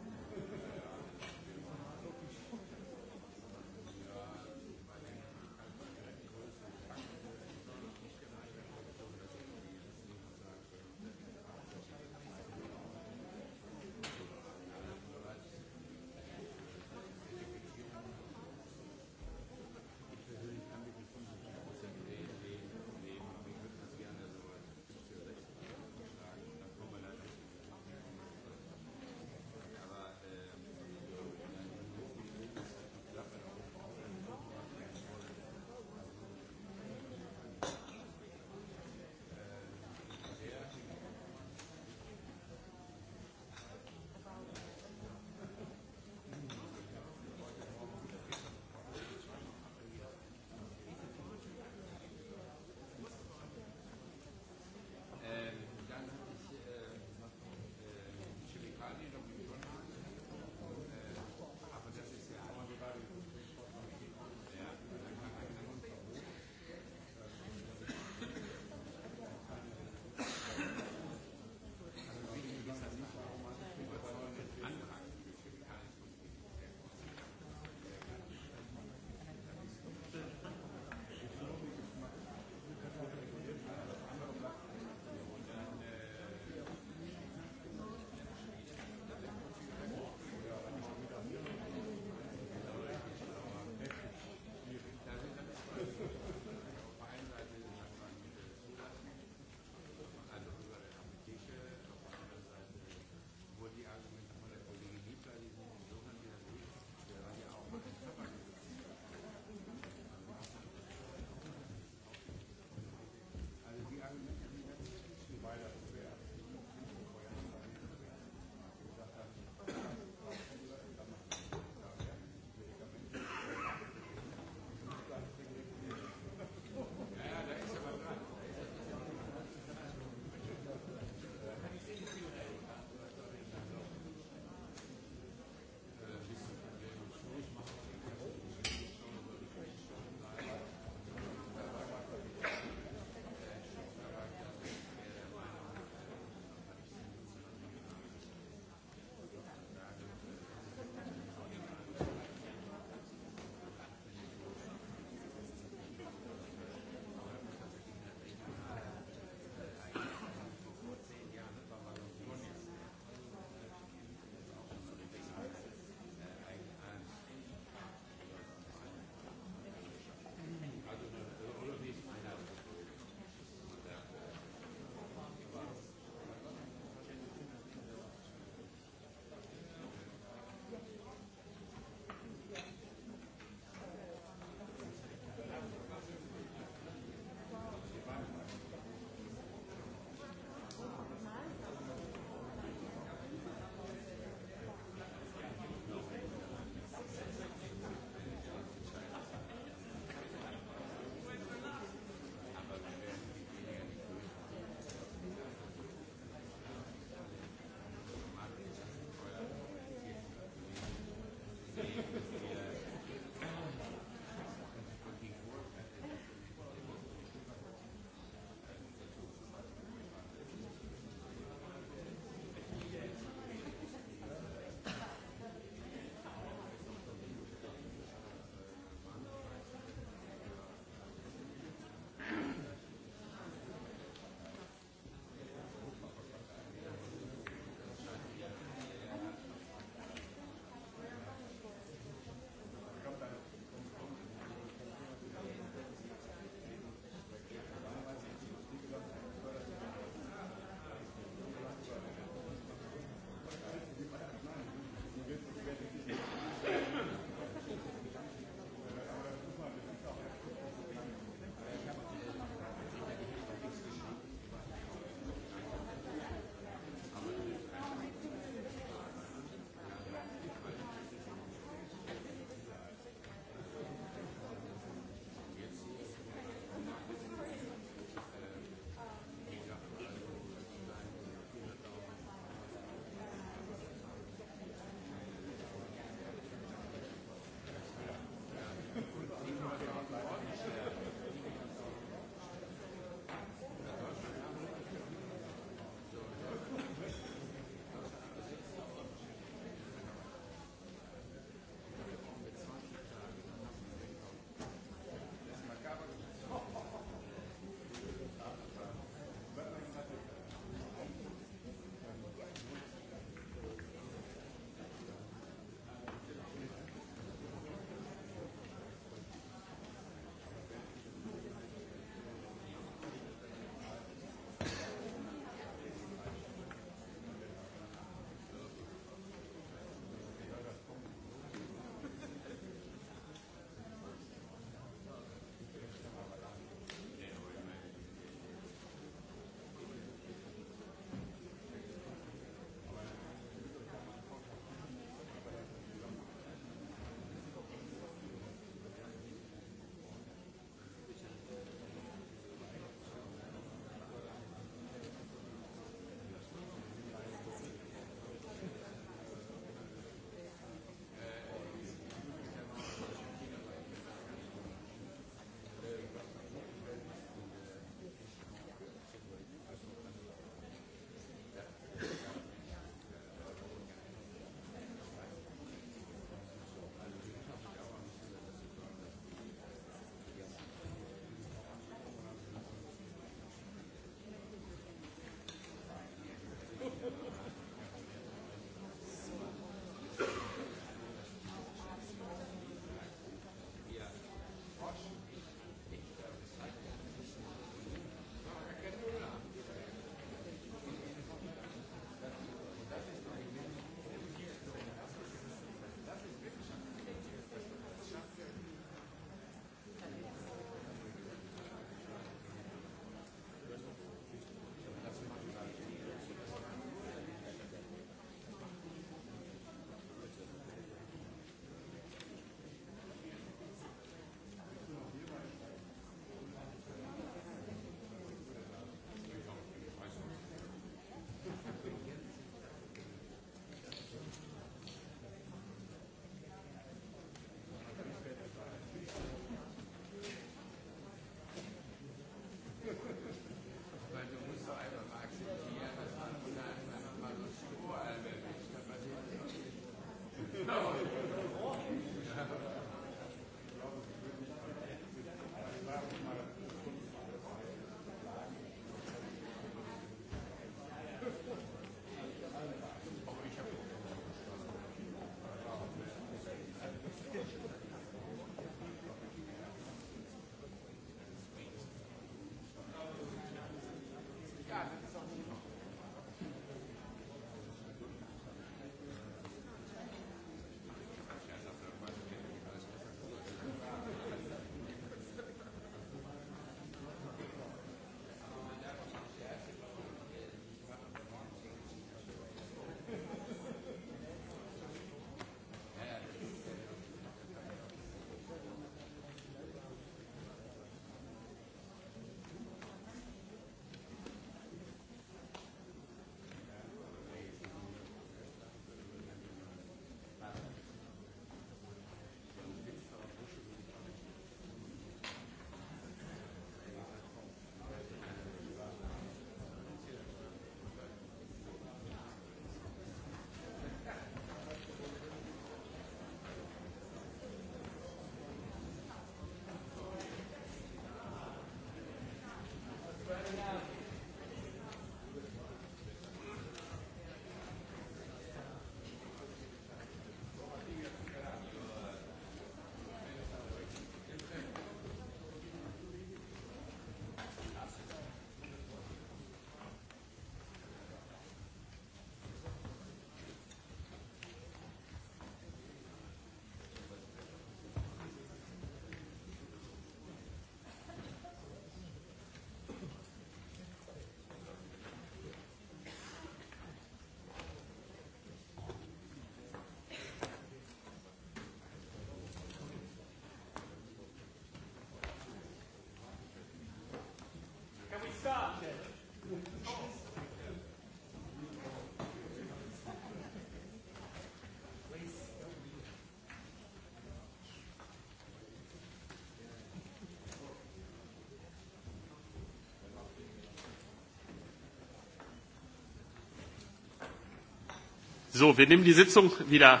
So, wir nehmen die Sitzung wieder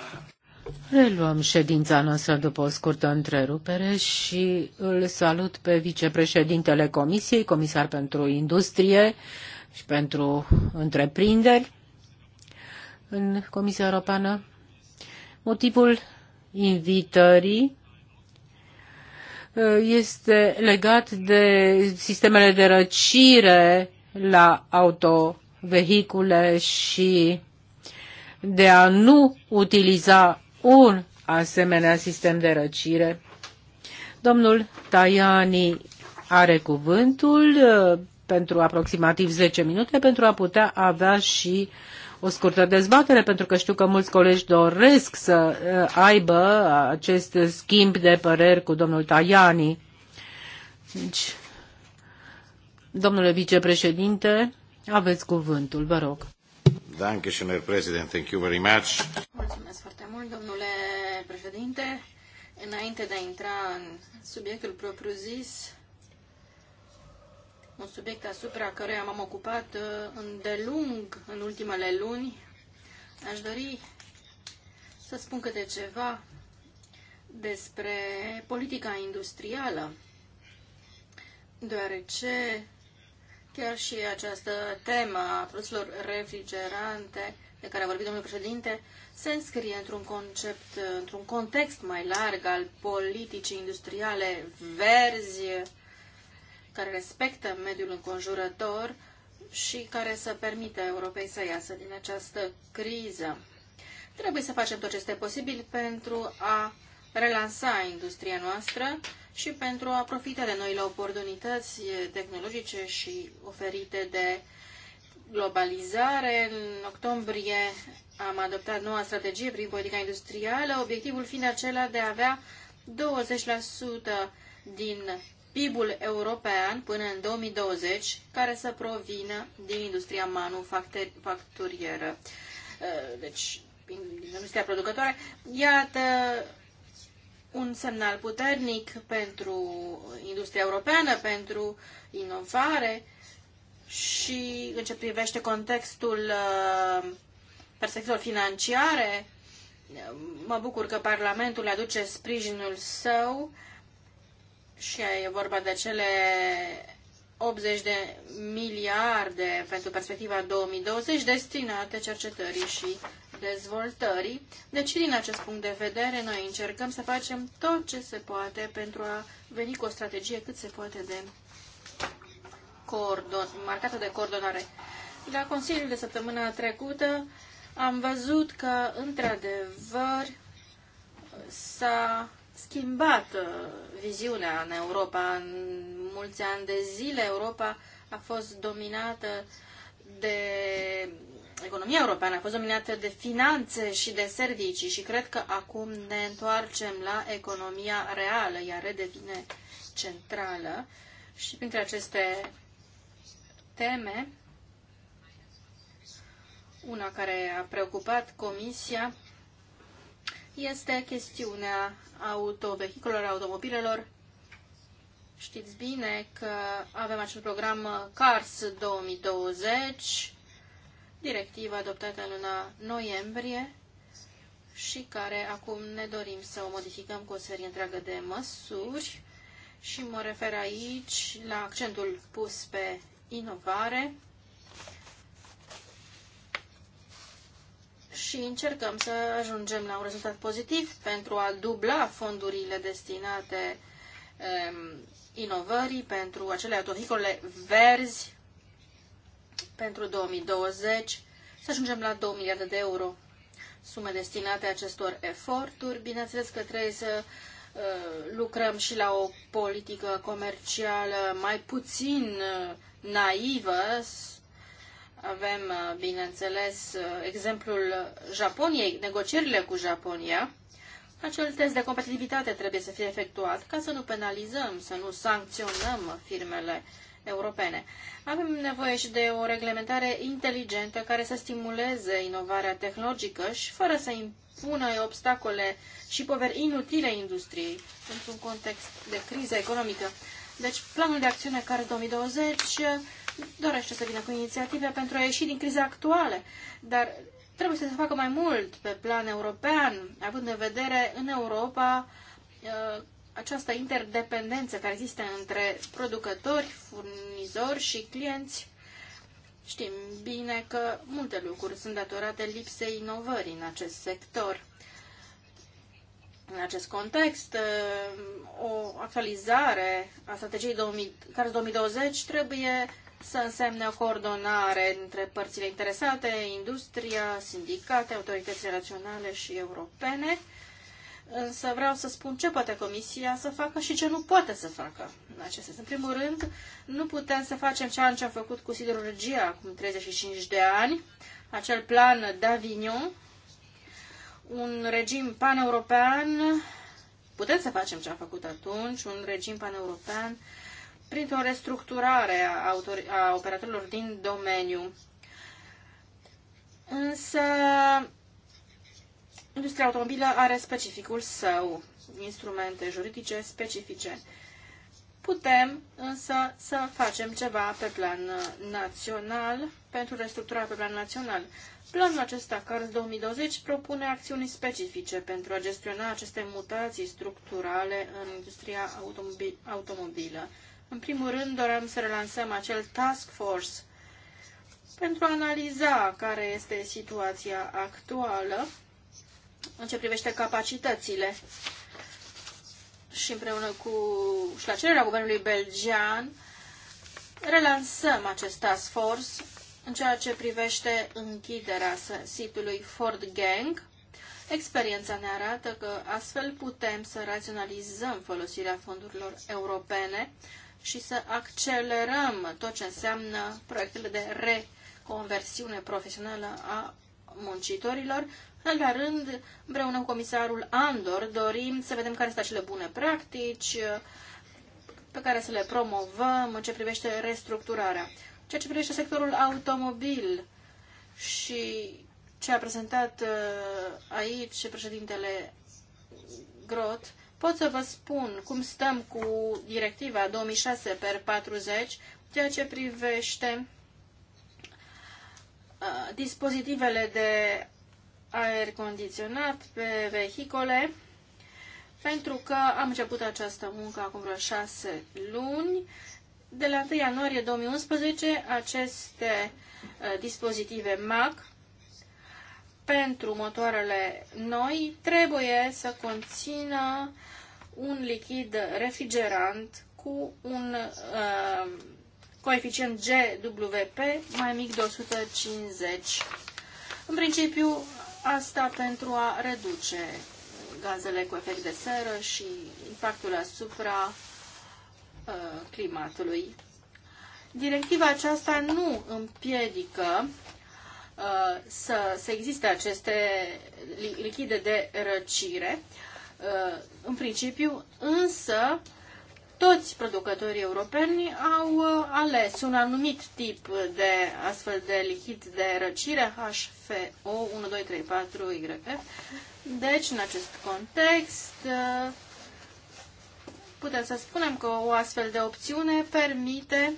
Reluăm ședința noastră după o scurtă întrerupere și îl salut pe vicepreședintele Comisiei, comisar pentru industrie și pentru întreprinderi în Comisia Europeană. Motivul invitării uh, este legat de sistemele de răcire la autovehicule și de a nu utiliza un asemenea sistem de răcire. Domnul Tajani are cuvântul uh, pentru aproximativ 10 minute pentru a putea avea și o scurtă dezbatere, pentru că știu că mulți colegi doresc să uh, aibă acest schimb de păreri cu domnul Tajani. Deci, domnule vicepreședinte, aveți cuvântul, vă rog. Mulțumesc foarte mult, domnule președinte. Înainte de a intra în subiectul propriu-zis, un subiect asupra căruia m-am ocupat uh, îndelung în ultimele luni, aș dori să spun câte ceva despre politica industrială, deoarece Chiar și această temă a produselor refrigerante, de care a vorbit domnul președinte, se înscrie într-un concept, într-un context mai larg al politicii industriale verzi, care respectă mediul înconjurător și care să permită Europei să iasă din această criză. Trebuie să facem tot ce este posibil pentru a relansa industria noastră și pentru a profita de noile oportunități tehnologice și oferite de globalizare. În octombrie am adoptat noua strategie prin politica industrială, obiectivul fiind acela de a avea 20% din PIB-ul european până în 2020, care să provină din industria manufacturieră. Deci, din industria producătoare. Iată, un semnal puternic pentru industria europeană, pentru inovare și în ce privește contextul uh, perspectivelor financiare, uh, mă bucur că Parlamentul aduce sprijinul său și e vorba de cele 80 de miliarde pentru perspectiva 2020 destinate cercetării și dezvoltării. Deci, din acest punct de vedere, noi încercăm să facem tot ce se poate pentru a veni cu o strategie cât se poate de coordon, marcată de coordonare. La Consiliul de săptămâna trecută am văzut că, într-adevăr, s-a schimbat uh, viziunea în Europa. În mulți ani de zile Europa a fost dominată de economia europeană a fost dominată de finanțe și de servicii și cred că acum ne întoarcem la economia reală, iar redevine centrală și printre aceste teme, una care a preocupat Comisia este chestiunea autovehiculelor, automobilelor. Știți bine că avem acest program CARS 2020 directivă adoptată în luna noiembrie și care acum ne dorim să o modificăm cu o serie întreagă de măsuri și mă refer aici la accentul pus pe inovare și încercăm să ajungem la un rezultat pozitiv pentru a dubla fondurile destinate um, inovării pentru acele autovehicule verzi pentru 2020 să ajungem la 2 miliarde de euro. Sume destinate acestor eforturi, bineînțeles că trebuie să uh, lucrăm și la o politică comercială mai puțin uh, naivă. Avem, uh, bineînțeles, exemplul Japoniei, negocierile cu Japonia. Acel test de competitivitate trebuie să fie efectuat ca să nu penalizăm, să nu sancționăm firmele europene. Avem nevoie și de o reglementare inteligentă care să stimuleze inovarea tehnologică și fără să impună obstacole și poveri inutile industriei într-un context de criză economică. Deci, planul de acțiune care 2020 dorește să vină cu inițiative pentru a ieși din criza actuală, dar trebuie să se facă mai mult pe plan european, având în vedere în Europa uh, această interdependență care există între producători, furnizori și clienți. Știm bine că multe lucruri sunt datorate lipsei inovării în acest sector. În acest context, o actualizare a strategiei 2000, care 2020 trebuie să însemne o coordonare între părțile interesate, industria, sindicate, autoritățile naționale și europene Însă vreau să spun ce poate Comisia să facă și ce nu poate să facă în acest sens. În primul rând, nu putem să facem ceea ce am făcut cu siderurgia acum 35 de ani, acel plan d'Avignon, un regim paneuropean, putem să facem ce am făcut atunci, un regim paneuropean printr-o restructurare a, a operatorilor din domeniu. Însă Industria automobilă are specificul său, instrumente juridice specifice. Putem însă să facem ceva pe plan uh, național pentru restructura pe plan național. Planul acesta, CARS 2020, propune acțiuni specifice pentru a gestiona aceste mutații structurale în industria automobil automobilă. În primul rând, doream să relansăm acel task force pentru a analiza care este situația actuală în ce privește capacitățile și împreună cu și la cererea guvernului belgian relansăm acest task force în ceea ce privește închiderea sitului Ford Gang. Experiența ne arată că astfel putem să raționalizăm folosirea fondurilor europene și să accelerăm tot ce înseamnă proiectele de reconversiune profesională a muncitorilor în al doilea rând, împreună cu comisarul Andor, dorim să vedem care sunt acele bune practici uh, pe care să le promovăm în ce privește restructurarea. Ceea ce privește sectorul automobil și ce a prezentat uh, aici președintele Grot, pot să vă spun cum stăm cu directiva 2006 per 40, ceea ce privește uh, dispozitivele de aer condiționat, pe vehicole, pentru că am început această muncă acum vreo șase luni. De la 1 ianuarie 2011, aceste uh, dispozitive MAC pentru motoarele noi trebuie să conțină un lichid refrigerant cu un uh, coeficient GWP mai mic de 150. În principiu, Asta pentru a reduce gazele cu efect de seră și impactul asupra uh, climatului. Directiva aceasta nu împiedică uh, să, să existe aceste lichide de răcire, uh, în principiu, însă toți producătorii europeni au uh, ales un anumit tip de astfel de lichid de răcire HFO1234YF. Deci, în acest context, uh, putem să spunem că o astfel de opțiune permite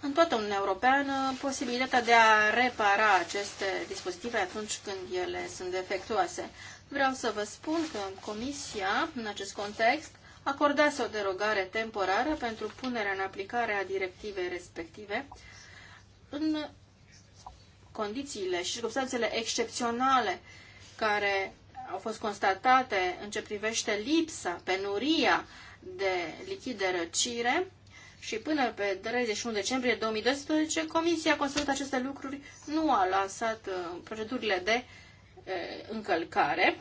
în toată Uniunea Europeană posibilitatea de a repara aceste dispozitive atunci când ele sunt defectuoase. Vreau să vă spun că Comisia, în acest context, acordase o derogare temporară pentru punerea în aplicare a directivei respective în condițiile și circunstanțele excepționale care au fost constatate în ce privește lipsa, penuria de lichid de răcire și până pe 31 decembrie 2012 Comisia a constatat aceste lucruri, nu a lansat uh, procedurile de uh, încălcare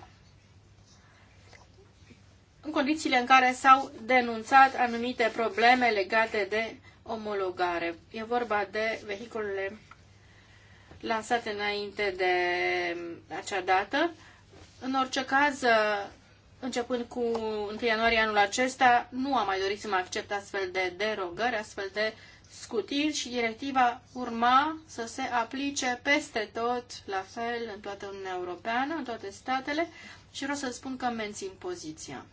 în condițiile în care s-au denunțat anumite probleme legate de omologare. E vorba de vehiculele lansate înainte de acea dată. În orice caz, începând cu 1 ianuarie anul acesta, nu am mai dorit să mai accept astfel de derogări, astfel de scutiri și directiva urma să se aplice peste tot, la fel, în toată Uniunea Europeană, în toate statele și vreau să spun că mențin poziția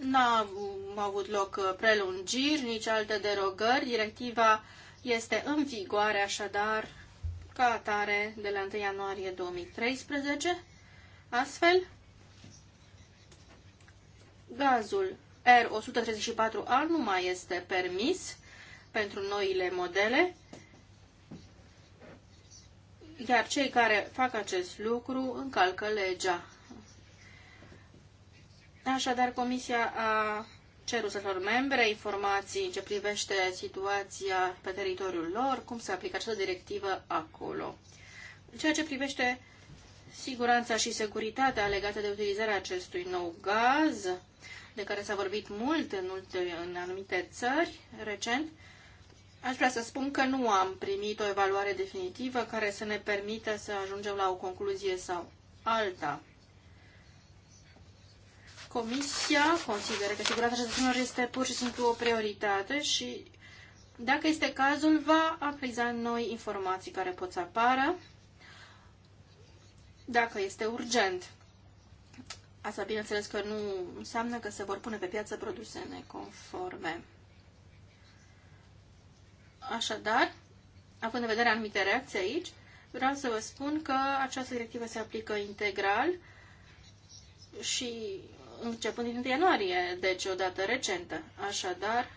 n a mm, avut loc uh, prelungiri, nici alte derogări. Directiva este în vigoare, așadar, ca atare de la 1 ianuarie 2013. Astfel, gazul R134A nu mai este permis pentru noile modele, iar cei care fac acest lucru încalcă legea. Așadar, Comisia a cerut statelor membre informații în ce privește situația pe teritoriul lor, cum se aplică această directivă acolo. În ceea ce privește siguranța și securitatea legată de utilizarea acestui nou gaz, de care s-a vorbit mult în, multe, în anumite țări recent, aș vrea să spun că nu am primit o evaluare definitivă care să ne permită să ajungem la o concluzie sau alta. Comisia consideră că siguranța cetățenilor este pur și simplu o prioritate și, dacă este cazul, va aplica noi informații care pot să apară, dacă este urgent. Asta, bineînțeles, că nu înseamnă că se vor pune pe piață produse neconforme. Așadar, având în vedere anumite reacții aici, vreau să vă spun că această directivă se aplică integral și începând din ianuarie, deci o dată recentă. Așadar,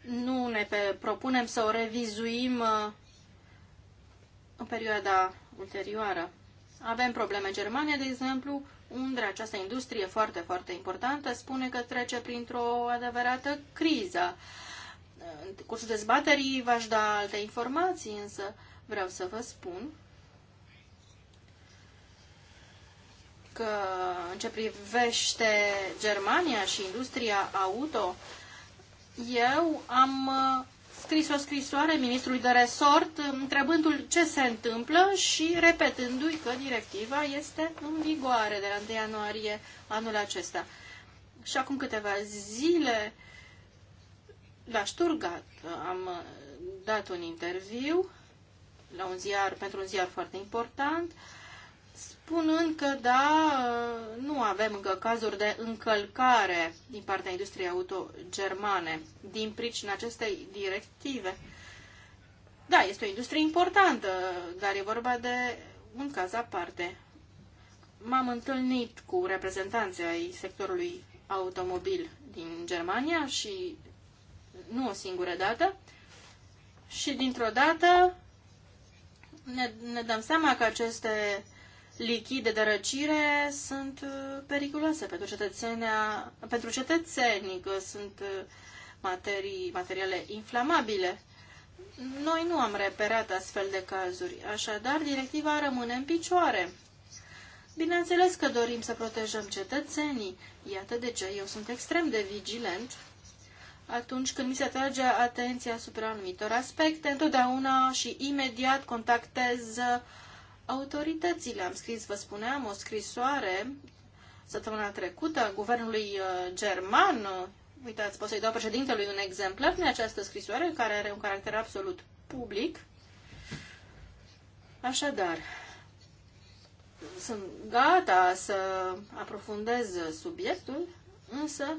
nu ne propunem să o revizuim uh, în perioada ulterioară. Avem probleme în Germania, de exemplu, unde această industrie foarte, foarte importantă spune că trece printr-o adevărată criză. În cursul dezbaterii v-aș da alte informații, însă vreau să vă spun că în ce privește Germania și industria auto, eu am uh, scris o scrisoare ministrului de resort uh, întrebându-l ce se întâmplă și repetându-i că directiva este în vigoare de la 1 ianuarie anul acesta. Și acum câteva zile la Sturgat am uh, dat un interviu la un ziar, pentru un ziar foarte important uh, spunând că da, uh, nu avem încă cazuri de încălcare din partea industriei auto germane din pricina acestei directive. Da, este o industrie importantă, dar e vorba de un caz aparte. M-am întâlnit cu reprezentanții ai sectorului automobil din Germania și nu o singură dată. Și dintr-o dată ne, ne dăm seama că aceste lichide de răcire sunt uh, periculoase pentru, cetățenea, pentru cetățenii, că sunt uh, materii, materiale inflamabile. Noi nu am reperat astfel de cazuri, așadar directiva rămâne în picioare. Bineînțeles că dorim să protejăm cetățenii, iată de ce eu sunt extrem de vigilent atunci când mi se atrage atenția asupra anumitor aspecte, întotdeauna și imediat contactez uh, autoritățile. Am scris, vă spuneam, o scrisoare săptămâna trecută guvernului uh, german. Uh, uitați, pot să-i dau președintelui un exemplar din această scrisoare, care are un caracter absolut public. Așadar, sunt gata să aprofundez subiectul, însă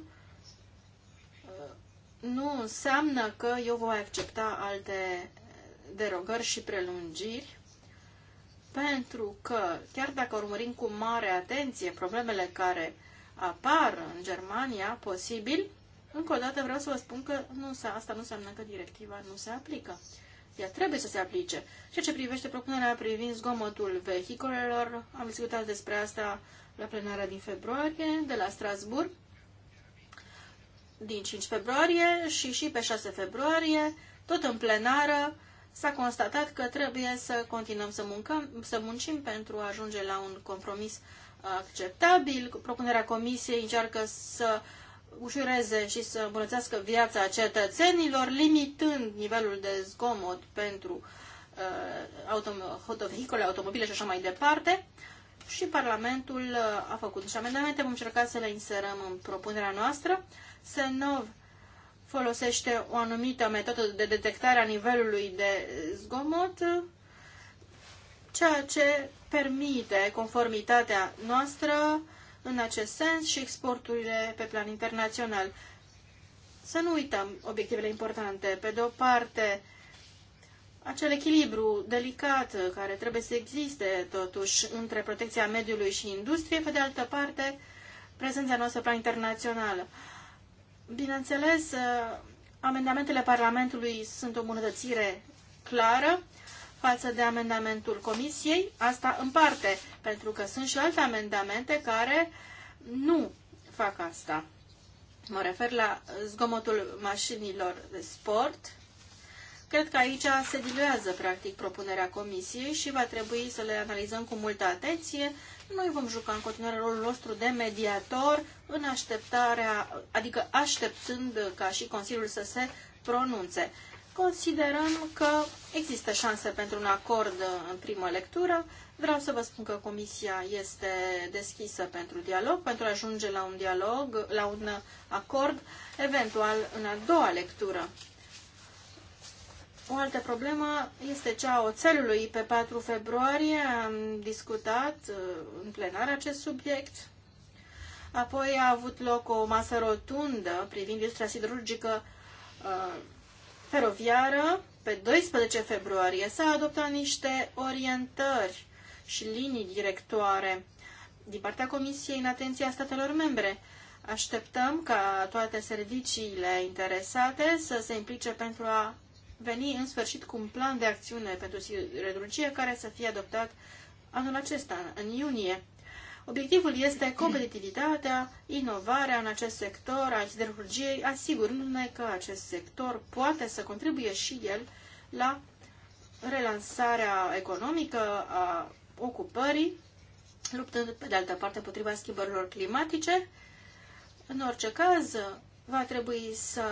uh, nu înseamnă că eu voi accepta alte derogări și prelungiri pentru că, chiar dacă urmărim cu mare atenție problemele care apar în Germania, posibil, încă o dată vreau să vă spun că nu se, asta nu înseamnă că directiva nu se aplică. Ea trebuie să se aplice. Ceea ce privește propunerea privind zgomotul vehiculelor, am discutat despre asta la plenarea din februarie, de la Strasburg, din 5 februarie și și pe 6 februarie, tot în plenară, s-a constatat că trebuie să continuăm să, muncăm, să muncim pentru a ajunge la un compromis acceptabil. Propunerea Comisiei încearcă să ușureze și să îmbunătățească viața cetățenilor, limitând nivelul de zgomot pentru uh, autom- autovehicule, automobile și așa mai departe. Și Parlamentul uh, a făcut niște amendamente, vom încerca să le inserăm în propunerea noastră. SENOV folosește o anumită metodă de detectare a nivelului de zgomot, ceea ce permite conformitatea noastră în acest sens și exporturile pe plan internațional. Să nu uităm obiectivele importante. Pe de o parte, acel echilibru delicat care trebuie să existe totuși între protecția mediului și industrie, pe de altă parte, prezența noastră pe plan internațional. Bineînțeles, uh, amendamentele Parlamentului sunt o îmbunătățire clară față de amendamentul Comisiei, asta în parte, pentru că sunt și alte amendamente care nu fac asta. Mă refer la zgomotul mașinilor de sport. Cred că aici se diluează, practic, propunerea Comisiei și va trebui să le analizăm cu multă atenție noi vom juca în continuare rolul nostru de mediator în așteptarea, adică așteptând ca și Consiliul să se pronunțe. Considerăm că există șanse pentru un acord în primă lectură. Vreau să vă spun că Comisia este deschisă pentru dialog, pentru a ajunge la un dialog, la un acord, eventual în a doua lectură. O altă problemă este cea a oțelului. Pe 4 februarie am discutat uh, în plenar acest subiect. Apoi a avut loc o masă rotundă privind industria siderurgică uh, feroviară. Pe 12 februarie s-a adoptat niște orientări și linii directoare din partea Comisiei în atenția statelor membre. Așteptăm ca toate serviciile interesate să se implice pentru a veni în sfârșit cu un plan de acțiune pentru siderurgie care să fie adoptat anul acesta, în iunie. Obiectivul este competitivitatea, inovarea în acest sector a siderurgiei, asigurându-ne că acest sector poate să contribuie și el la relansarea economică a ocupării, luptând pe de altă parte împotriva schimbărilor climatice. În orice caz, va trebui să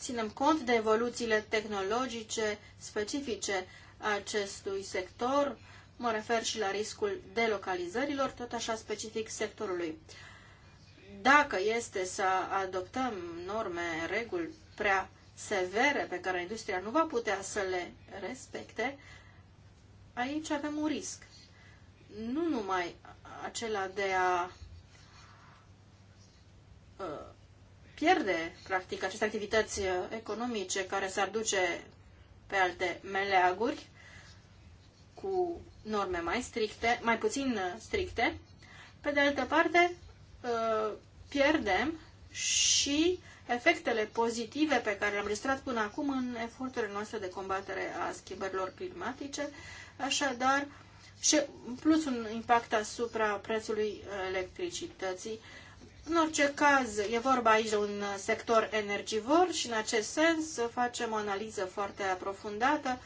ținem cont de evoluțiile tehnologice specifice acestui sector. Mă refer și la riscul delocalizărilor, tot așa specific sectorului. Dacă este să adoptăm norme, reguli prea severe pe care industria nu va putea să le respecte, aici avem un risc. Nu numai acela de a uh, pierde, practic, aceste activități uh, economice care s-ar duce pe alte meleaguri cu norme mai stricte, mai puțin uh, stricte. Pe de altă parte, uh, pierdem și efectele pozitive pe care le-am registrat până acum în eforturile noastre de combatere a schimbărilor climatice, așadar, și plus un impact asupra prețului electricității în orice caz, e vorba aici de un sector energivor și în acest sens facem o analiză foarte aprofundată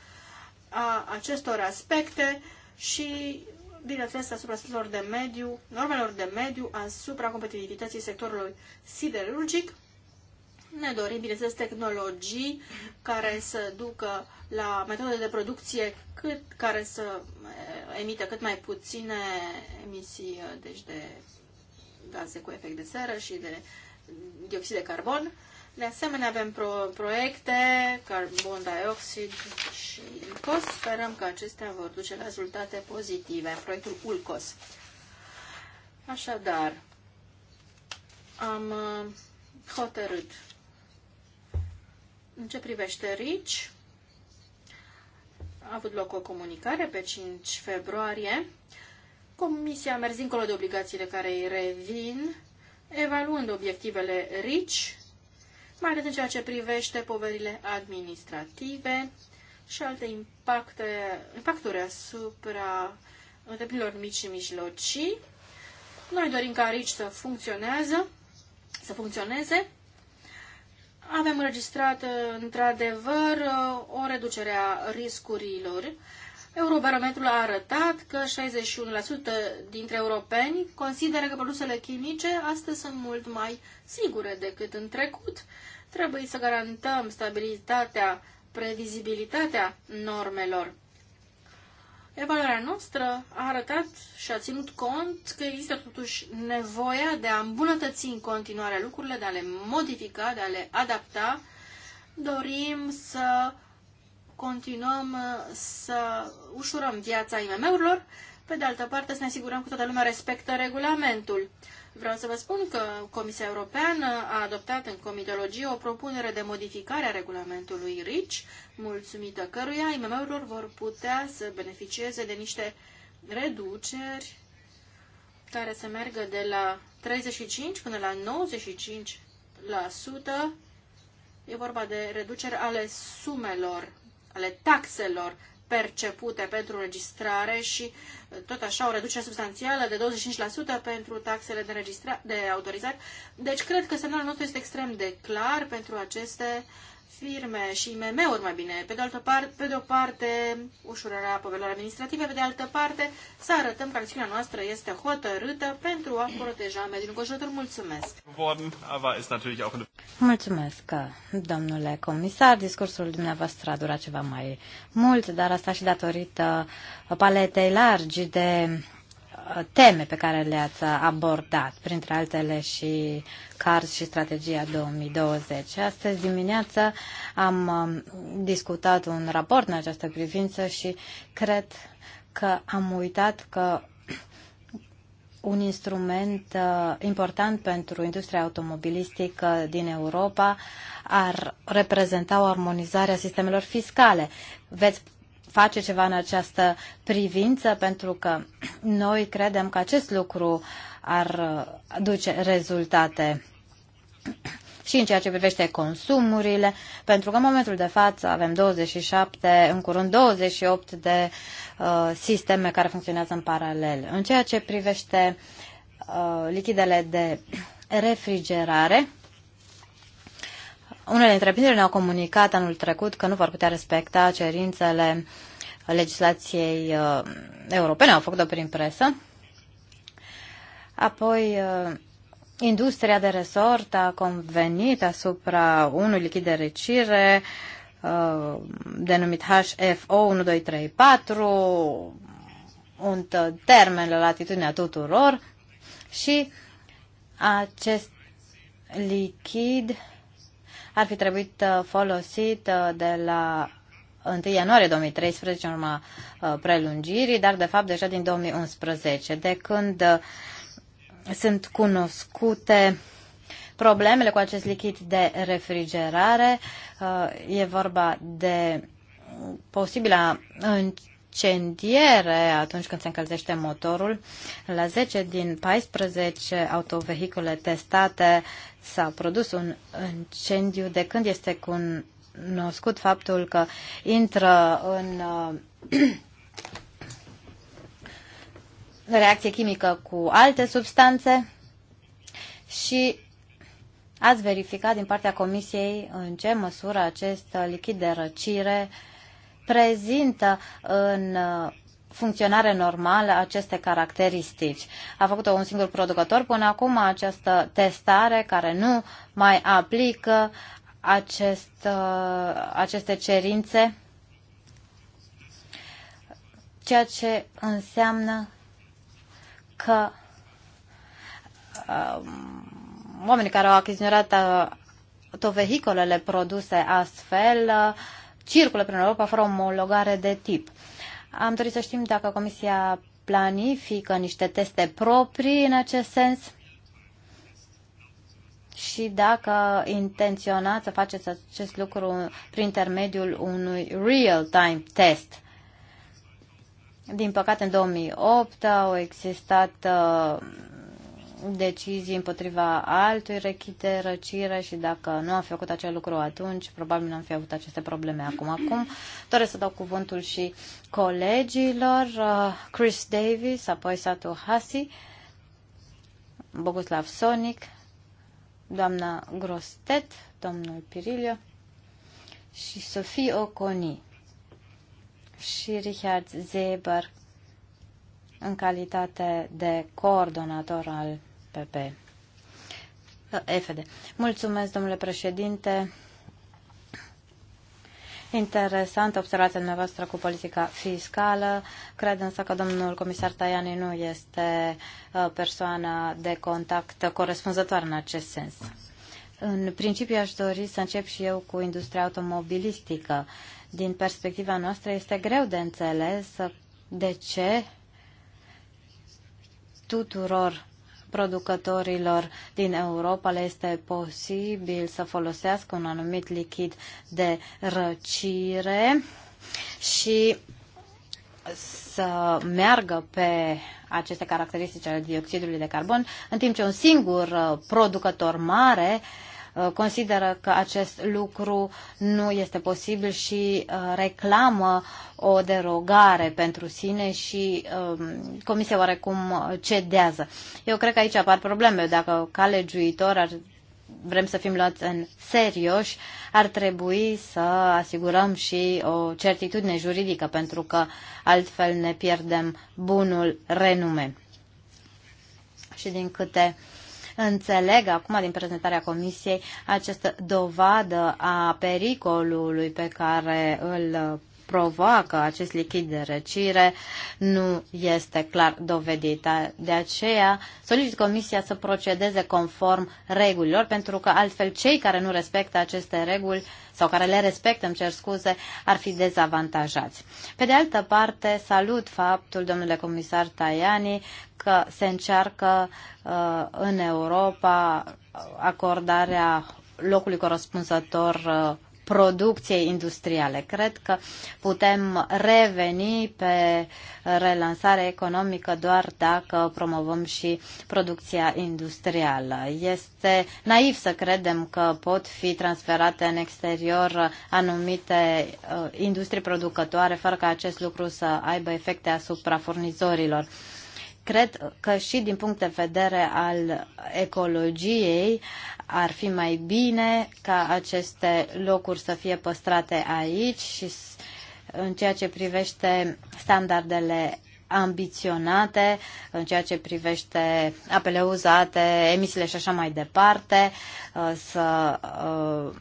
a acestor aspecte și, bineînțeles, asupra aspectelor de mediu, normelor de mediu, asupra competitivității sectorului siderurgic. Ne dorim, bineînțeles, tehnologii care să ducă la metode de producție cât, care să eh, emită cât mai puține emisii eh, deci de gaze cu efect de seră și de dioxid de carbon. De asemenea, avem pro- proiecte, carbon dioxid și ulcos. Sperăm că acestea vor duce la rezultate pozitive. Proiectul ULCOS. Așadar, am uh, hotărât în ce privește RICI, a avut loc o comunicare pe 5 februarie Comisia a mers dincolo de obligațiile care îi revin, evaluând obiectivele RICI, mai ales în ceea ce privește poverile administrative și alte impacte, impacturi asupra întreprinilor mici și mijlocii. Noi dorim ca RICI să funcționeze, să funcționeze. Avem înregistrat, într-adevăr, o reducere a riscurilor Eurobarometrul a arătat că 61% dintre europeni consideră că produsele chimice astăzi sunt mult mai sigure decât în trecut. Trebuie să garantăm stabilitatea, previzibilitatea normelor. Evaluarea noastră a arătat și a ținut cont că există totuși nevoia de a îmbunătăți în continuare lucrurile, de a le modifica, de a le adapta. Dorim să continuăm uh, să ușurăm viața IMM-urilor, pe de altă parte să ne asigurăm că toată lumea respectă regulamentul. Vreau să vă spun că Comisia Europeană a adoptat în comitologie o propunere de modificare a regulamentului RICI, mulțumită căruia IMM-urilor vor putea să beneficieze de niște reduceri care să meargă de la 35 până la 95%. E vorba de reduceri ale sumelor ale taxelor percepute pentru înregistrare și eh, tot așa o reducere substanțială de 25% pentru taxele de, registra- de autorizat. Deci cred că semnalul nostru este extrem de clar pentru aceste firme și IMM-uri mai bine. Pe de, altă parte, pe de o parte, ușurarea poverilor administrative, pe de altă parte, să arătăm că acțiunea noastră este hotărâtă pentru a proteja mediul înconjurător. Mulțumesc! Mulțumesc, domnule comisar. Discursul dumneavoastră a durat ceva mai mult, dar asta și datorită paletei largi de teme pe care le-ați abordat, printre altele și CARS și strategia 2020. Astăzi dimineață am um, discutat un raport în această privință și cred că am uitat că un instrument uh, important pentru industria automobilistică din Europa ar reprezenta o armonizare a sistemelor fiscale. Veți face ceva în această privință, pentru că noi credem că acest lucru ar uh, duce rezultate și în ceea ce privește consumurile, pentru că în momentul de față avem 27, în curând 28 de uh, sisteme care funcționează în paralel. În ceea ce privește uh, lichidele de refrigerare, unele întreprinderi ne-au comunicat anul trecut că nu vor putea respecta cerințele legislației uh, europene, au făcut-o prin presă. Apoi, uh, industria de resort a convenit asupra unui lichid de recire uh, denumit HFO1234, un termen la latitudinea tuturor și acest lichid uh, ar fi trebuit uh, folosit uh, de la 1 ianuarie 2013, în urma uh, prelungirii, dar de fapt deja din 2011, de când sunt cunoscute problemele cu acest lichid de refrigerare. E vorba de posibila incendiere atunci când se încălzește motorul. La 10 din 14 autovehicule testate s-a produs un incendiu, de când este cunoscut faptul că intră în uh, reacție chimică cu alte substanțe și ați verificat din partea Comisiei în ce măsură acest lichid de răcire prezintă în uh, funcționare normală aceste caracteristici. A făcut-o un singur producător până acum această testare care nu mai aplică acest, uh, aceste cerințe, ceea ce înseamnă că um, oamenii care au achiziționat uh, vehiculele produse astfel circulă prin Europa fără omologare de tip. Am dorit să știm dacă Comisia planifică niște teste proprii în acest sens și dacă intenționați să faceți acest lucru prin intermediul unui real-time test. Din păcate, în 2008 au existat uh, decizii împotriva altui rechite, răcire și dacă nu am făcut acel lucru atunci, probabil nu am fi avut aceste probleme acum. Acum doresc să dau cuvântul și colegilor, uh, Chris Davis, apoi Satu Hasi, Boguslav Sonic, doamna Grostet, domnul Pirilio și Sofie Oconi și Richard Zeber în calitate de coordonator al PP. Eh, FD. Mulțumesc, domnule președinte. Interesantă observația dumneavoastră cu politica fiscală. Cred însă că domnul comisar Tajani nu este eh, persoana de contact corespunzătoare în acest sens. În principiu aș dori să încep și eu cu industria automobilistică. Din perspectiva noastră este greu de înțeles de ce tuturor producătorilor din Europa le este posibil să folosească un anumit lichid de răcire și să meargă pe aceste caracteristici ale dioxidului de carbon, în timp ce un singur uh, producător mare uh, Uh, consideră că acest lucru nu este posibil și uh, reclamă o derogare pentru sine și um, Comisia oarecum uh, cedează. Eu cred că aici apar probleme. Dacă ca legiuitor ar vrem să fim luați în serioși, ar trebui să asigurăm și o certitudine juridică, pentru că altfel ne pierdem bunul renume. Și din câte uh, Înțeleg acum din prezentarea Comisiei această dovadă a pericolului pe care îl provoacă acest lichid de răcire nu este clar dovedită. De aceea solicit Comisia să procedeze conform regulilor, pentru că altfel cei care nu respectă aceste reguli sau care le respectă, îmi cer scuze, ar fi dezavantajați. Pe de altă parte, salut faptul, domnule comisar Tajani, că se încearcă uh, în Europa acordarea locului corespunzător uh, producției industriale. Cred că putem reveni pe relansare economică doar dacă promovăm și producția industrială. Este naiv să credem că pot fi transferate în exterior anumite uh, industrii producătoare fără ca acest lucru să aibă efecte asupra furnizorilor. Cred că și din punct de vedere al ecologiei ar fi mai bine ca aceste locuri să fie păstrate aici și în ceea ce privește standardele ambiționate în ceea ce privește apele uzate, emisiile și așa mai departe, uh, să uh,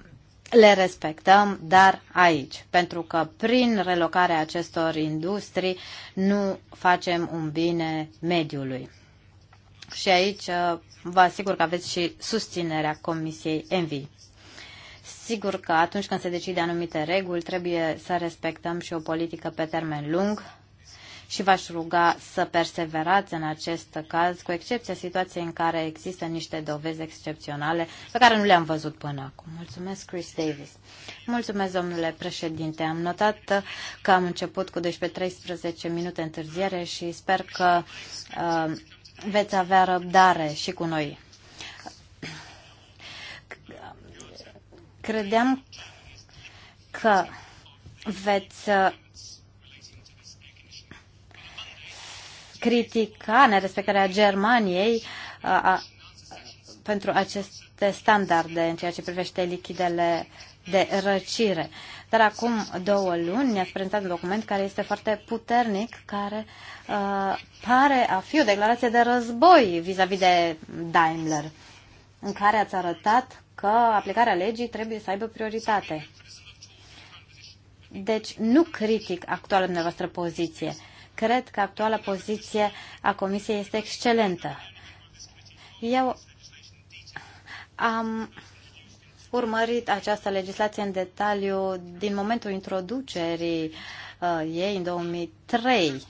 le respectăm, dar aici, pentru că prin relocarea acestor industrii nu facem un bine mediului. Și aici uh, vă asigur că aveți și susținerea Comisiei Envi. Sigur că atunci când se decide anumite reguli, trebuie să respectăm și o politică pe termen lung, și v-aș ruga să perseverați în acest caz, cu excepția situației în care există niște dovezi excepționale pe care nu le-am văzut până acum. Mulțumesc, Chris Davis. Mulțumesc, domnule președinte. Am notat că am început cu 12-13 minute întârziere și sper că uh, veți avea răbdare și cu noi. Credeam că veți uh, critica nerespectarea Germaniei a, a, pentru aceste standarde în ceea ce privește lichidele de răcire. Dar acum două luni ne-ați prezentat un document care este foarte puternic, care uh, pare a fi o declarație de război vis-a-vis -vis de Daimler, în care ați arătat că aplicarea legii trebuie să aibă prioritate. Deci nu critic actuala dumneavoastră poziție, Cred că actuala poziție a Comisiei este excelentă. Eu am urmărit această legislație în detaliu din momentul introducerii uh, ei în 2003.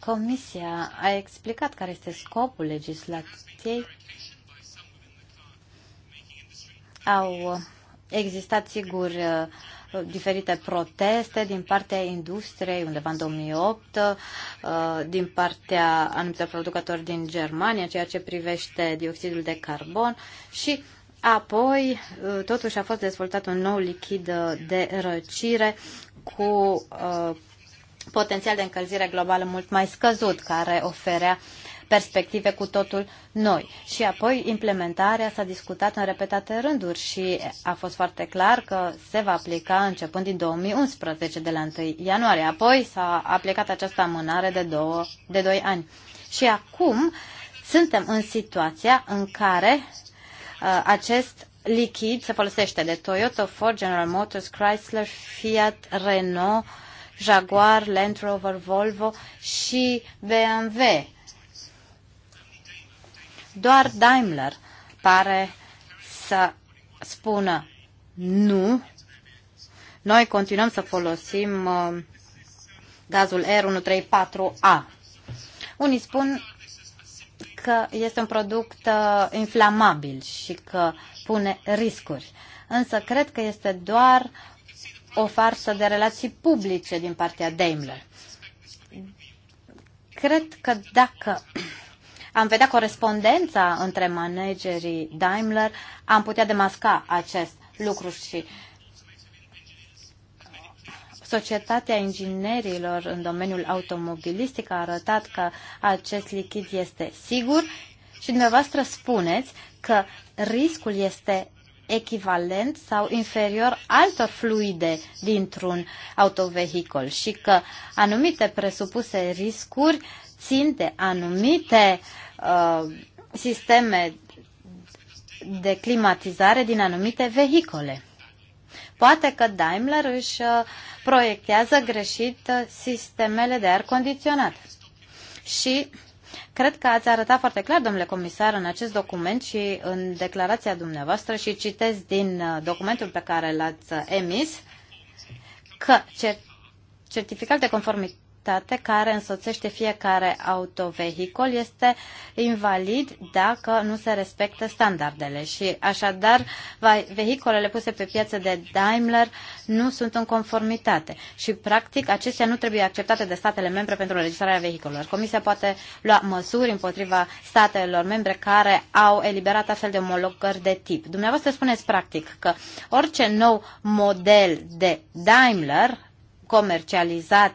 Comisia a explicat care este scopul legislației. Au existat, sigur, uh, diferite proteste din partea industriei, undeva în 2008, uh, din partea anumitor producători din Germania, ceea ce privește dioxidul de carbon și apoi uh, totuși a fost dezvoltat un nou lichid de răcire cu uh, potențial de încălzire globală mult mai scăzut, care oferea uh, perspective cu totul noi. Și apoi implementarea s-a discutat în repetate rânduri și a fost foarte clar că se va aplica începând din 2011, de la 1 ianuarie. Apoi s-a aplicat această amânare de, două, de 2 ani. Și acum suntem în situația în care uh, acest lichid se folosește de Toyota, Ford, General Motors, Chrysler, Fiat, Renault, Jaguar, Land Rover, Volvo și BMW doar Daimler pare să spună nu. Noi continuăm să folosim uh, gazul R134A. Unii spun că este un product uh, inflamabil și că pune riscuri. Însă cred că este doar o farsă de relații publice din partea Daimler. Cred că dacă am vedea corespondența între managerii Daimler, am putea demasca acest lucru și Societatea Inginerilor în domeniul automobilistic a arătat că acest lichid este sigur și dumneavoastră spuneți că riscul este echivalent sau inferior altor fluide dintr-un autovehicol și că anumite presupuse riscuri de anumite uh, sisteme de climatizare din anumite vehicole. Poate că Daimler își uh, proiectează greșit uh, sistemele de aer condiționat. Și cred că ați arătat foarte clar, domnule comisar, în acest document și în declarația dumneavoastră și citez din uh, documentul pe care l-ați emis, că certificat de conformitate activitate care însoțește fiecare autovehicol este invalid dacă nu se respectă standardele și așadar vehicolele puse pe piață de Daimler nu sunt în conformitate și practic acestea nu trebuie acceptate de statele membre pentru înregistrarea vehicolelor. Comisia poate lua măsuri împotriva statelor membre care au eliberat astfel de omologări de tip. Dumneavoastră spuneți practic că orice nou model de Daimler comercializat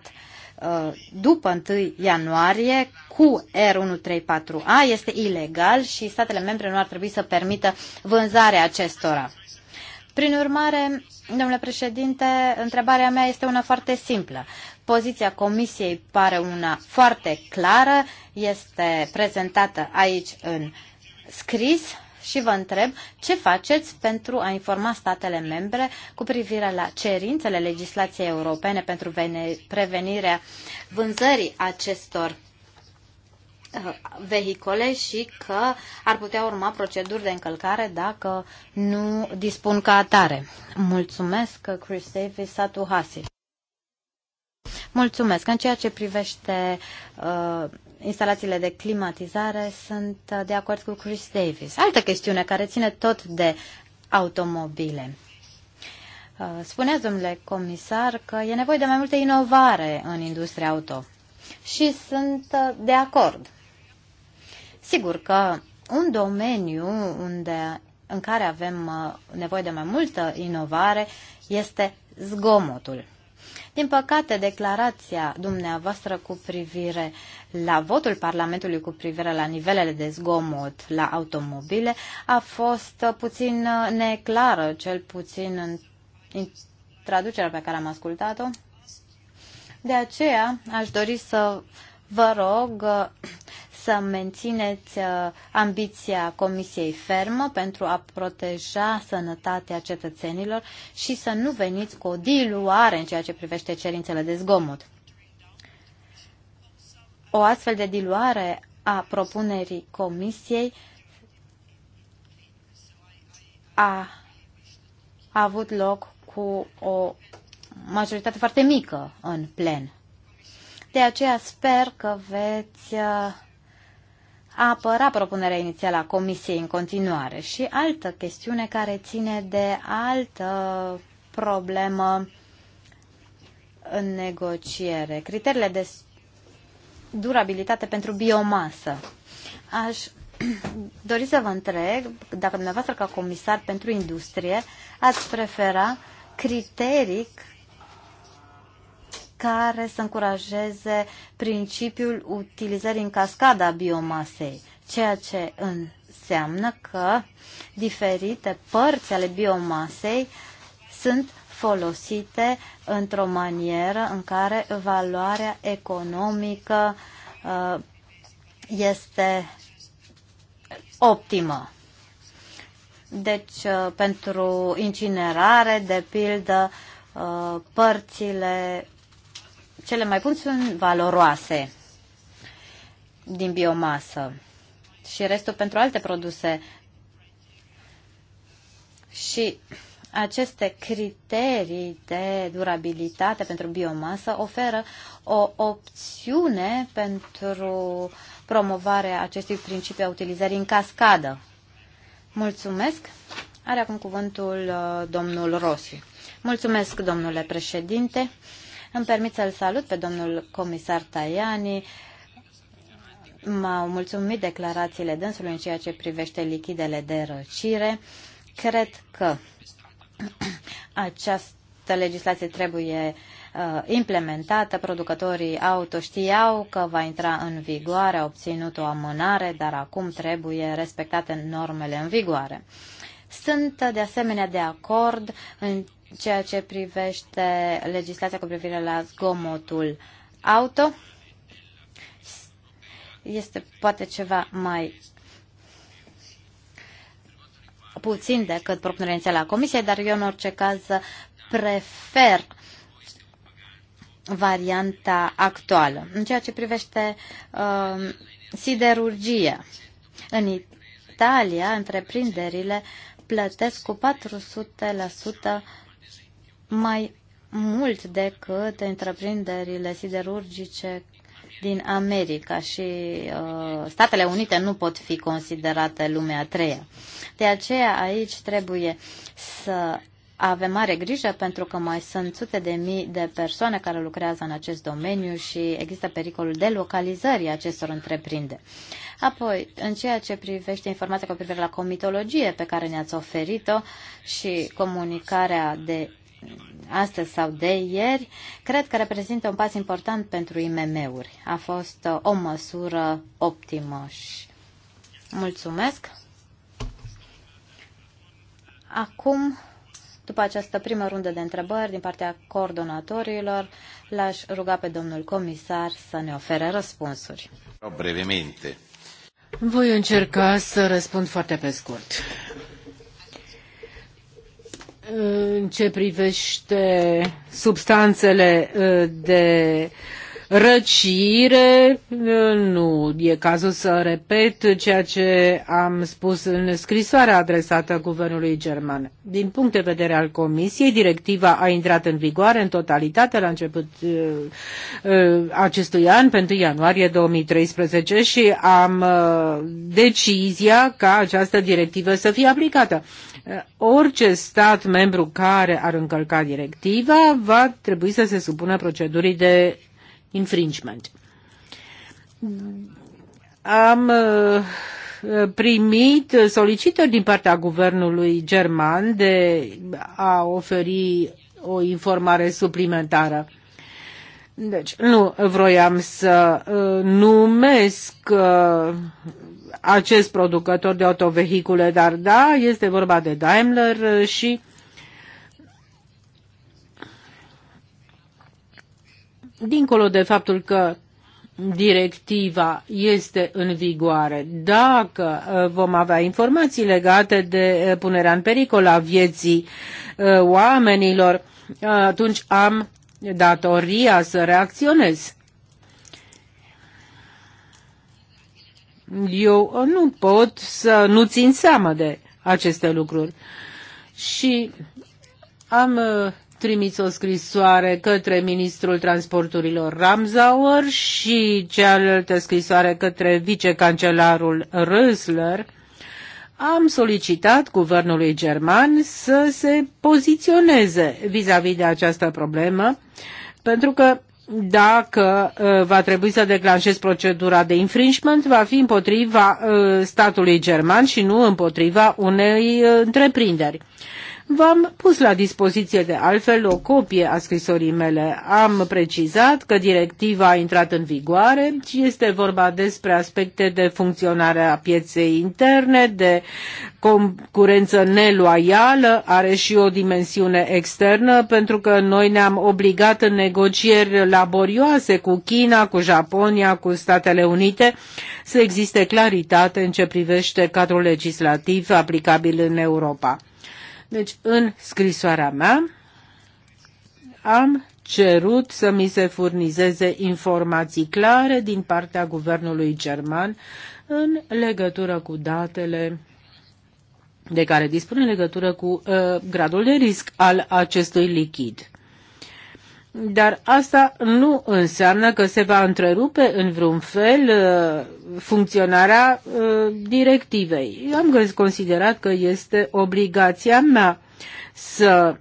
Uh, după 1 ianuarie cu R134A este ilegal și statele membre nu ar trebui să permită vânzarea acestora. Prin urmare, domnule președinte, întrebarea mea este una foarte simplă. Poziția comisiei pare una foarte clară, este prezentată aici în scris și vă întreb ce faceți pentru a informa statele membre cu privire la cerințele legislației europene pentru prevenirea vânzării acestor uh, vehicole și că ar putea urma proceduri de încălcare dacă nu dispun ca atare. Mulțumesc, Chris Davis, Satu Hasi. Mulțumesc. În ceea ce privește uh, instalațiile de climatizare, sunt uh, de acord cu Chris Davis. Altă chestiune care ține tot de automobile. Uh, spuneați, domnule comisar, că e nevoie de mai multă inovare în industria auto. Și sunt uh, de acord. Sigur că un domeniu unde, în care avem nevoie de mai multă inovare este zgomotul. Din păcate, declarația dumneavoastră cu privire la votul Parlamentului cu privire la nivelele de zgomot la automobile a fost puțin uh, neclară, cel puțin în, traducerea pe care am ascultat-o. De aceea, aș dori să vă rog uh, să mențineți uh, ambiția Comisiei fermă pentru a proteja sănătatea cetățenilor și să nu veniți cu o diluare în ceea ce privește cerințele de zgomot. O astfel de diluare a propunerii Comisiei a, a avut loc cu o majoritate foarte mică în plen. De aceea sper că veți uh, a apărat propunerea inițială a Comisiei în continuare. Și altă chestiune care ține de altă problemă în negociere. Criteriile de durabilitate pentru biomasă. Aș dori să vă întreb dacă dumneavoastră ca comisar pentru industrie ați prefera criterii care să încurajeze principiul utilizării în cascada a biomasei, ceea ce înseamnă că diferite părți ale biomasei sunt folosite într-o manieră în care valoarea economică uh, este optimă. Deci, uh, pentru incinerare, de pildă, uh, părțile cele mai puțin sunt valoroase din biomasă și restul pentru alte produse. Și aceste criterii de durabilitate pentru biomasă oferă o opțiune pentru promovarea acestui principiu a utilizării în cascadă. Mulțumesc. Are acum cuvântul uh, domnul Rossi. Mulțumesc, domnule președinte. Îmi permit să-l salut pe domnul comisar Tajani. M-au mulțumit declarațiile dânsului în ceea ce privește lichidele de răcire. Cred că această legislație trebuie uh, implementată. Producătorii auto știau că va intra în vigoare, au obținut o amânare, dar acum trebuie respectate normele în vigoare. Sunt de asemenea de acord în ceea ce privește legislația cu privire la zgomotul auto. Este poate ceva mai puțin decât propunerea inițială a Comisiei, dar eu în orice caz prefer varianta actuală. În ceea ce privește uh, siderurgie, în Italia, întreprinderile plătesc cu 400% mai mult decât întreprinderile siderurgice din America și uh, Statele Unite nu pot fi considerate lumea treia. De aceea aici trebuie să avem mare grijă pentru că mai sunt sute de mii de persoane care lucrează în acest domeniu și există pericolul de localizării acestor întreprinderi. Apoi, în ceea ce privește informația cu privire la comitologie pe care ne-ați oferit-o și comunicarea de astăzi sau de ieri, cred că reprezintă un pas important pentru IMM-uri. A fost o măsură optimă și mulțumesc. Acum, după această primă rundă de întrebări din partea coordonatorilor, l-aș ruga pe domnul comisar să ne ofere răspunsuri. Brevemente. Voi încerca să răspund foarte pe scurt. În ce privește substanțele uh, de răcire. Nu e cazul să repet ceea ce am spus în scrisoarea adresată guvernului german. Din punct de vedere al Comisiei, directiva a intrat în vigoare în totalitate la început uh, uh, acestui an, pentru ianuarie 2013 și am uh, decizia ca această directivă să fie aplicată. Orice stat membru care ar încălca directiva va trebui să se supună procedurii de infringement. Am uh, primit solicitări din partea guvernului german de a oferi o informare suplimentară. Deci, nu vroiam să uh, numesc uh, acest producător de autovehicule, dar da, este vorba de Daimler și dincolo de faptul că directiva este în vigoare. Dacă uh, vom avea informații legate de uh, punerea în pericol a vieții uh, oamenilor, atunci am datoria să reacționez. Eu nu pot să nu țin seama de aceste lucruri. Și am trimis o scrisoare către ministrul transporturilor Ramsauer și cealaltă scrisoare către vicecancelarul Rösler, am solicitat guvernului german să se poziționeze vis-a-vis -vis de această problemă, pentru că dacă uh, va trebui să declanșez procedura de infringement, va fi împotriva uh, statului german și nu împotriva unei uh, întreprinderi. V-am pus la dispoziție de altfel o copie a scrisorii mele. Am precizat că directiva a intrat în vigoare și este vorba despre aspecte de funcționare a pieței interne, de concurență neloială, are și o dimensiune externă, pentru că noi ne-am obligat în negocieri laborioase cu China, cu Japonia, cu Statele Unite, să existe claritate în ce privește cadrul legislativ aplicabil în Europa. Deci, în scrisoarea mea am cerut să mi se furnizeze informații clare din partea guvernului german în legătură cu datele de care dispune în legătură cu uh, gradul de risc al acestui lichid. Dar asta nu înseamnă că se va întrerupe în vreun fel uh, funcționarea uh, directivei. Eu am considerat că este obligația mea să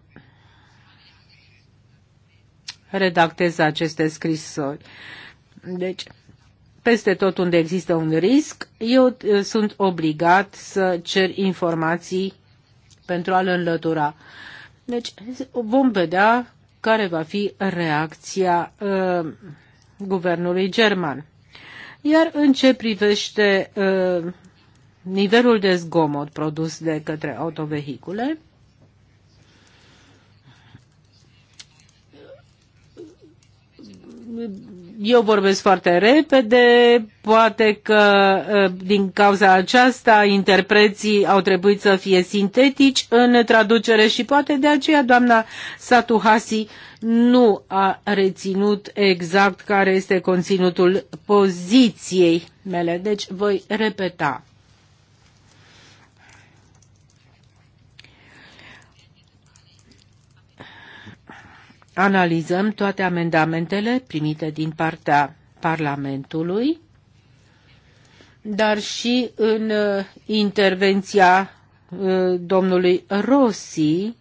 redactez aceste scrisori. Deci, peste tot unde există un risc, eu uh, sunt obligat să cer informații pentru a-l înlătura. Deci vom vedea care va fi reacția uh, guvernului german. Iar în ce privește uh, nivelul de zgomot produs de către autovehicule, eu vorbesc foarte repede, poate că ă, din cauza aceasta interpreții au trebuit să fie sintetici în traducere și poate de aceea doamna Satuhasi nu a reținut exact care este conținutul poziției mele. Deci voi repeta. analizăm toate amendamentele primite din partea Parlamentului, dar și în uh, intervenția uh, domnului Rossi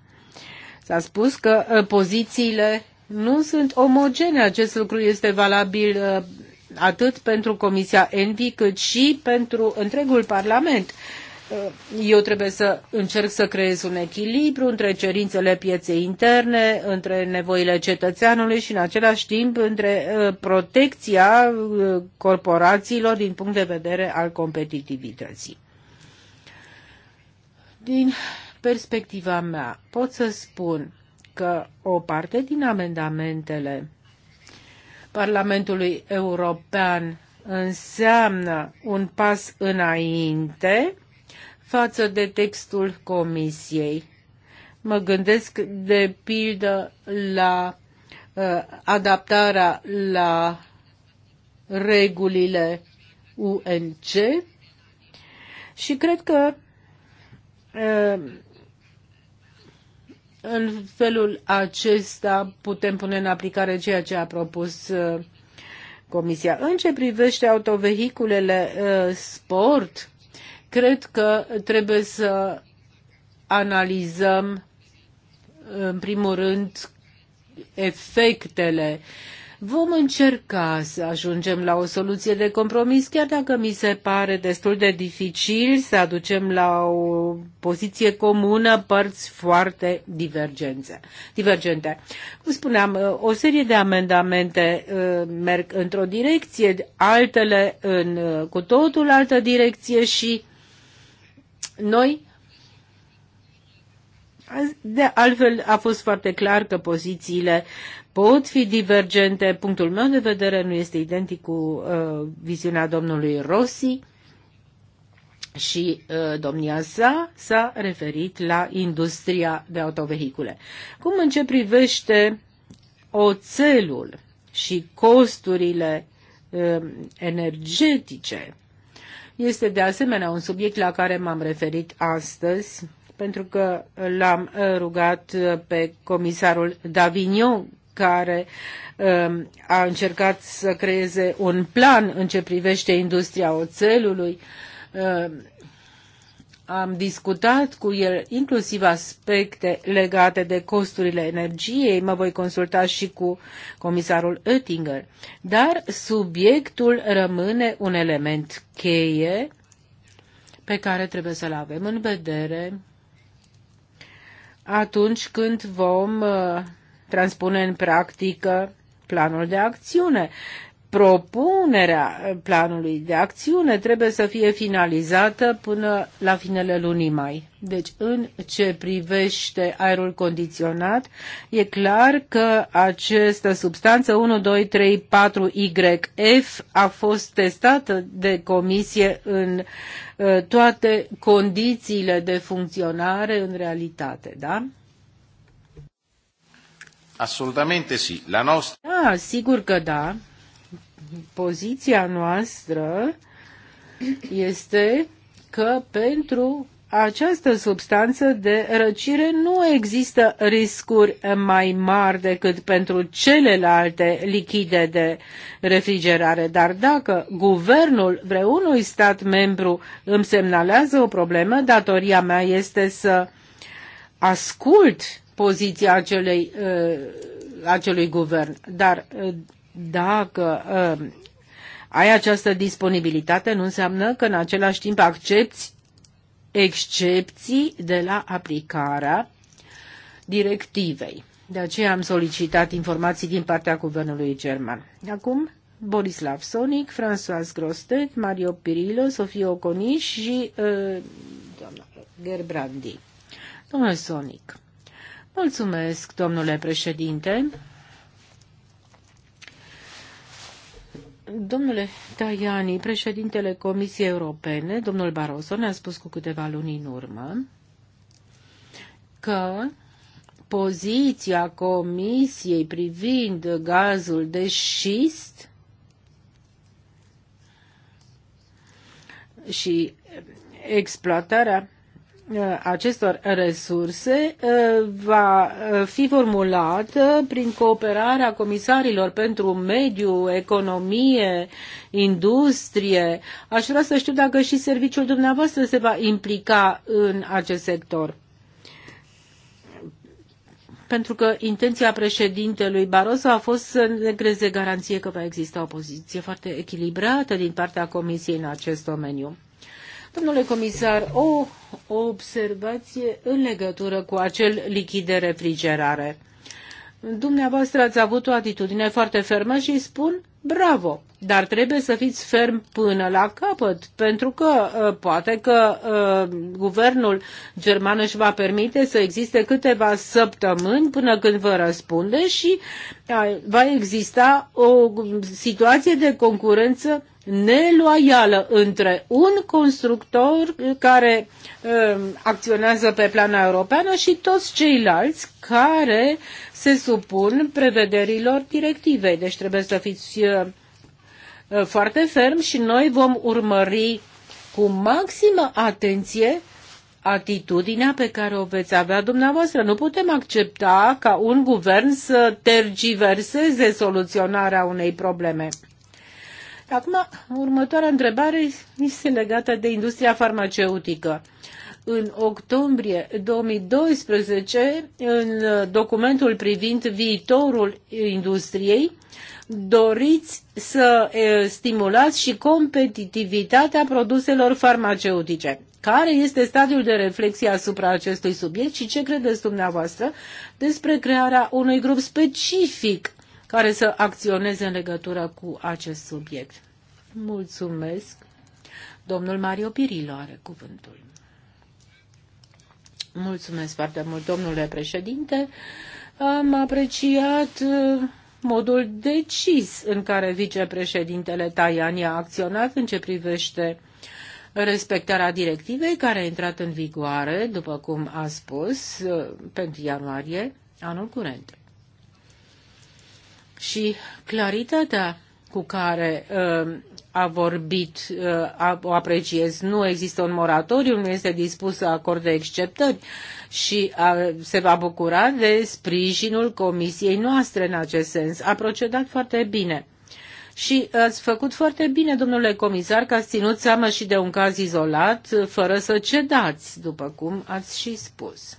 s-a spus că uh, pozițiile nu sunt omogene. Acest lucru este valabil atât pentru Comisia Envi cât și pentru întregul Parlament. Uh, eu trebuie să încerc să creez un echilibru între cerințele pieței interne, între nevoile cetățeanului și în același timp între uh, protecția uh, corporațiilor din punct de vedere al competitivității. Din perspectiva mea, pot să spun că o parte din amendamentele Parlamentului European înseamnă un pas înainte față de textul Comisiei. Mă gândesc de pildă la uh, adaptarea la regulile UNC și cred că uh, în felul acesta putem pune în aplicare ceea ce a propus uh, Comisia. În ce privește autovehiculele uh, sport, Cred că trebuie să analizăm, în primul rând, efectele. Vom încerca să ajungem la o soluție de compromis, chiar dacă mi se pare destul de dificil să aducem la o poziție comună părți foarte divergențe, divergente. Cum spuneam, o serie de amendamente uh, merg într-o direcție, altele în uh, cu totul altă direcție și noi, de altfel, a fost foarte clar că pozițiile pot fi divergente. Punctul meu de vedere nu este identic cu uh, viziunea domnului Rossi și uh, domnia sa s-a referit la industria de autovehicule. Cum în ce privește oțelul și costurile uh, energetice, este de asemenea un subiect la care m-am referit astăzi, pentru că l-am uh, rugat uh, pe comisarul Davignon care um, a încercat să creeze un plan în ce privește industria oțelului uh, am discutat cu el inclusiv aspecte legate de costurile energiei, mă voi consulta și cu comisarul Oettinger, dar subiectul rămâne un element cheie pe care trebuie să-l avem în vedere atunci când vom uh, transpune în practică planul de acțiune propunerea planului de acțiune trebuie să fie finalizată până la finele lunii mai. Deci, în ce privește aerul condiționat, e clar că această substanță 1234YF a fost testată de comisie în uh, toate condițiile de funcționare în realitate, da? Absolutamente sì. La nostra... Ah, sigur că da poziția noastră este că pentru această substanță de răcire nu există riscuri mai mari decât pentru celelalte lichide de refrigerare. Dar dacă guvernul vreunui stat membru îmi semnalează o problemă, datoria mea este să ascult poziția acelei, uh, acelui guvern. Dar uh, dacă uh, ai această disponibilitate, nu înseamnă că în același timp accepti excepții de la aplicarea directivei. De aceea am solicitat informații din partea guvernului german. Acum, Borislav Sonic, François Grostet, Mario Pirillo, Sofia Oconiș și uh, doamna Gerbrandi. Domnul Sonic. Mulțumesc, domnule președinte. Domnule Tajani, președintele Comisiei Europene, domnul Barroso, ne-a spus cu câteva luni în urmă că poziția Comisiei privind gazul de șist și exploatarea Uh, acestor resurse uh, va uh, fi formulată prin cooperarea comisarilor pentru mediu, economie, industrie. Aș vrea să știu dacă și serviciul dumneavoastră se va implica în acest sector. Pentru că intenția președintelui Barroso a fost să ne creeze garanție că va exista o poziție foarte echilibrată din partea Comisiei în acest domeniu. Domnule comisar, o observație în legătură cu acel lichid de refrigerare. Dumneavoastră ați avut o atitudine foarte fermă și spun bravo. Dar trebuie să fiți ferm până la capăt, pentru că uh, poate că uh, guvernul german își va permite să existe câteva săptămâni până când vă răspunde și uh, va exista o situație de concurență neloială între un constructor care uh, acționează pe plana europeană și toți ceilalți care se supun prevederilor directivei. Deci trebuie să fiți uh, Uh, foarte ferm și noi vom urmări cu maximă atenție atitudinea pe care o veți avea dumneavoastră. Nu putem accepta ca un guvern să tergiverseze soluționarea unei probleme. Acum, următoarea întrebare este legată de industria farmaceutică. În octombrie 2012, în documentul privind viitorul industriei, doriți să stimulați și competitivitatea produselor farmaceutice. Care este stadiul de reflexie asupra acestui subiect și ce credeți dumneavoastră despre crearea unui grup specific care să acționeze în legătură cu acest subiect? Mulțumesc. Domnul Mario Pirilo are cuvântul. Mulțumesc foarte mult, domnule președinte. Am apreciat modul decis în care vicepreședintele Tajani a acționat în ce privește respectarea directivei care a intrat în vigoare, după cum a spus, pentru ianuarie anul curent. Și claritatea cu care uh, a vorbit, o apreciez. Nu există un moratoriu, nu este dispus să acorde exceptări și se va bucura de sprijinul comisiei noastre în acest sens. A procedat foarte bine. Și ați făcut foarte bine, domnule comisar, că ați ținut seama și de un caz izolat, fără să cedați, după cum ați și spus.